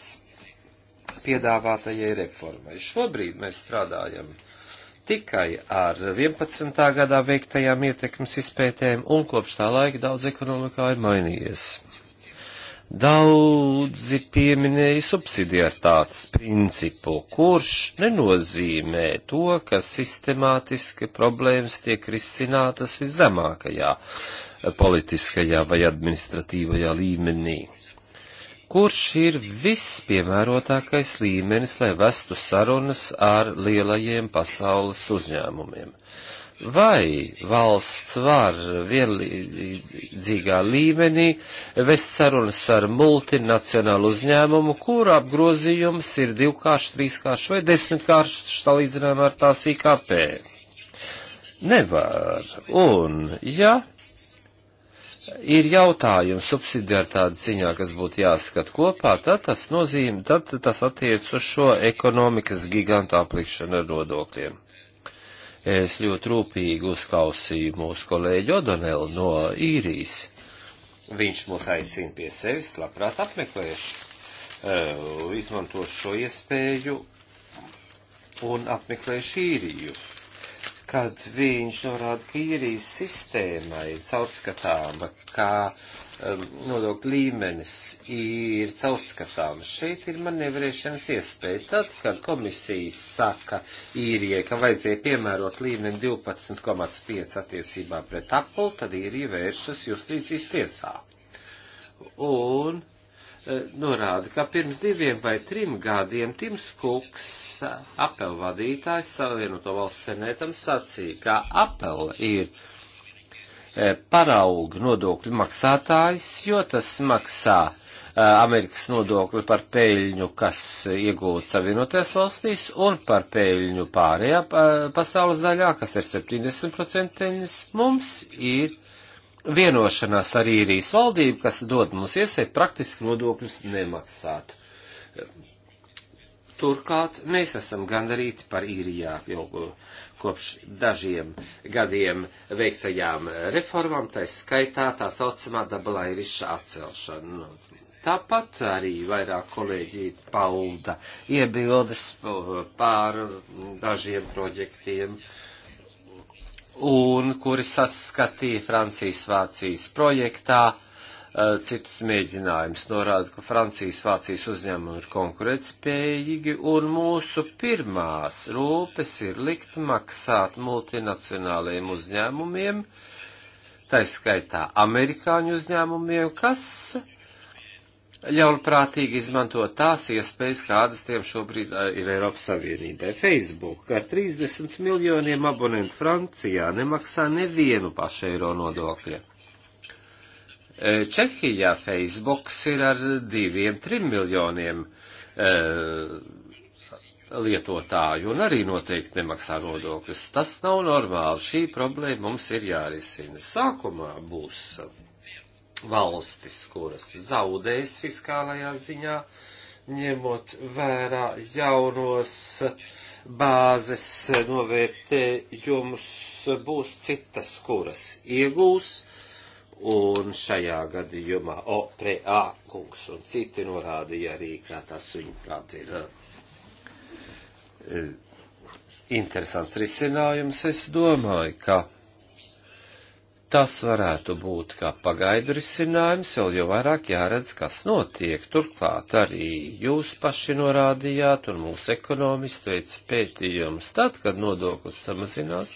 piedāvātajai reformai. Šobrīd mēs strādājam tikai ar 11. gadā veiktajām ietekmes izpētēm, un kopš tā laika daudz ekonomikā ir mainījies. Daudzi pieminēja subsidiartātes principu, kurš nenozīmē to, ka sistemātiski problēmas tiek risinātas viszemākajā politiskajā vai administratīvajā līmenī. Kurš ir vispiemērotākais līmenis, lai vestu sarunas ar lielajiem pasaules uzņēmumiem? vai valsts var vienlīdzīgā līmenī vest sarunas ar multinacionālu uzņēmumu, kur apgrozījums ir divkāršs, trīskāršs vai desmitkāršs salīdzinājumā ar tās IKP. Nevar. Un, ja ir jautājums subsidiartātes ziņā, kas būtu jāskat kopā, tad tas nozīmē, tad tas attiec uz šo ekonomikas gigantu aplikšanu ar nodokļiem. Es ļoti rūpīgi uzklausīju mūsu kolēģi Odonelu no īrijas. Viņš mūs aicina pie sevis, labprāt apmeklēšu, eh, izmantošu šo iespēju un apmeklēšu īriju kad viņš norāda, ka īrijas sistēmai caurskatāma, kā um, nodokļu līmenis ir caurskatāms. Šeit ir manevrēšanas iespēja. Tad, kad komisija saka īrijai, ka vajadzēja piemērot līmeni 12,5 attiecībā pret Apple, tad īrija vēršas justīcijas tiesā. Un Eh, norāda, ka pirms diviem vai trim gadiem Tims Kuks, eh, Apple vadītājs Savienoto valsts senētam, sacīja, ka Apple ir eh, parauga nodokļu maksātājs, jo tas maksā Amerikas nodokli par peļņu, kas iegūta Savienotajās valstīs, un par peļņu pārējā pasaules daļā, kas ir 70% peļņas, mums ir vienošanās ar īrijas valdību, kas dod mums iespēju praktiski nodokļus nemaksāt. Turklāt mēs esam gandarīti par īrijā jau kopš dažiem gadiem veiktajām reformām, tā skaitā tā saucamā dabla iriša atcelšana. Tāpat arī vairāk kolēģi pauda iebildes pār dažiem projektiem. Uh, un kuri saskatīja Francijas Vācijas projektā eh, citus mēģinājumus. Norāda, ka Francijas Vācijas uzņēmumi ir konkurētspējīgi, un mūsu pirmās rūpes ir likt maksāt multinacionālajiem uzņēmumiem, taiskaitā amerikāņu uzņēmumiem, kas ļaunprātīgi izmantot tās iespējas, kādas tiem šobrīd ir Eiropas Savienībai. Facebook ar 30 miljoniem abonentu Francijā nemaksā nevienu pašu eiro nodokļa. Čehijā Facebook ir ar 2-3 miljoniem e, lietotāju un arī noteikti nemaksā nodokļus. Tas nav normāli. Šī problēma mums ir jārisina. Sākumā būs valstis, kuras zaudēs fiskālajā ziņā, ņemot vērā jaunos bāzes novērtējumus, būs citas, kuras iegūs, un šajā gadījumā OPA kungs un citi norādīja arī, kā tas viņuprāt ir eh, interesants risinājums. Es domāju, ka Tas varētu būt kā pagaidu risinājums, vēl jau vairāk jāredz, kas notiek. Turklāt arī jūs paši norādījāt, un mūsu ekonomisti veic pētījumus, tad, kad nodoklis samazinās,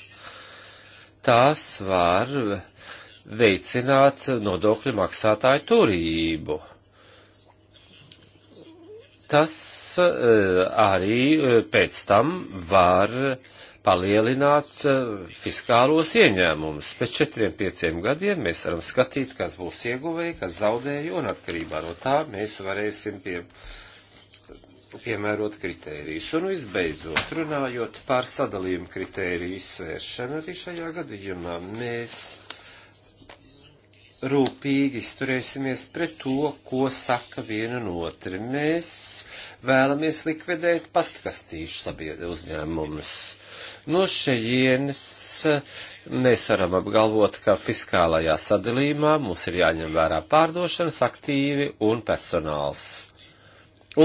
tās var veicināt nodokļu maksātāju turību. Tas eh, arī eh, pēc tam var uh, palielināt eh, fiskālos ieņēmumus. Pēc četriem, pieciem gadiem mēs varam skatīt, kas būs ieguvēji, kas zaudēji, un atkarībā no tā mēs varēsim pie, piemērot kritērijus. Un visbeidzot, runājot par sadalījumu kritēriju izsvēršanu, arī šajā gadījumā mēs rūpīgi izturēsimies pret to, ko saka viena un otra. Mēs vēlamies likvidēt pastkastīšu sabiedrības uzņēmumus. No šejienes eh, mēs varam apgalvot, ka fiskālajā sadalījumā mums ir jāņem vērā pārdošanas aktīvi un personāls.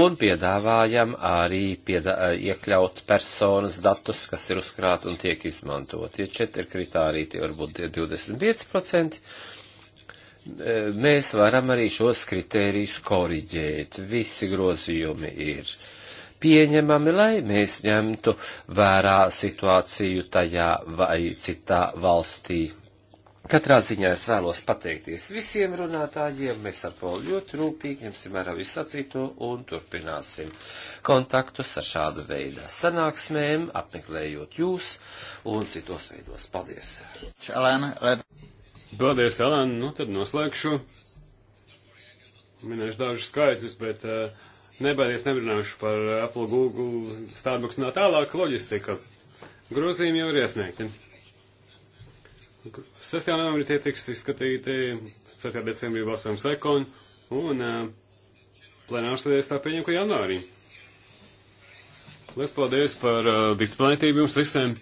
Un piedāvājam arī piedā, eh, iekļaut personas datus, kas ir uzkrāti un tiek izmantoti. Ja četri kritāriji, tie varbūt 25%, eh, mēs varam arī šos kritērijus koriģēt. Visi grozījumi ir uh, pieņemami, lai mēs ņemtu vērā situāciju tajā vai citā valstī. Katrā ziņā es vēlos pateikties visiem runātājiem, mēs ar polu ļoti rūpīgi ņemsim vērā visu sacīto un turpināsim kontaktus ar šādu veidu sanāksmēm, apmeklējot jūs un citos veidos. Paldies! Čelēna, red... Paldies, Elēna, nu tad noslēgšu. Minēšu dažus skaitļus, bet uh, Nebaidies, nebrunāšu par Apple, Google, Starbucks un tā tālāk loģistika. Grozījumi jau ir iesniegti. 6. novembrī tie tiks izskatīti, 4. decembrī balsojums ekon un eh, plenārs sēdēs tā pieņem, ka janvārī. Liels paldies par uh, eh, disciplinētību jums visiem.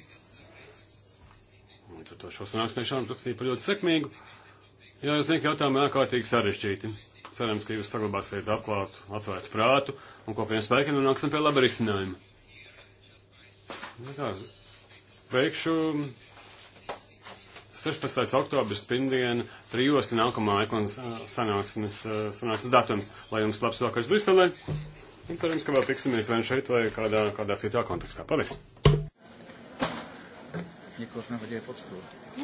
Par to šo sanāksmēšanu prasīju par ļoti sekmīgu. Jā, es nekā jautājumu ārkārtīgi sarežģīti. Cerams, ka jūs saglabāsiet atklātu, atvērtu prātu un kopiem spēkiem nonāksim pie laba risinājuma. Nu tā, beigšu 16. oktobris pirmdien trijos ir nākamā ekonas sanāksmes, eh, sanāksmes datums, lai jums labs vakars Briselē. Un cerams, ka vēl tiksimies vien nu šeit vai kādā, kādā citā kontekstā. Paldies! Nikolas nevaģēja podstūri.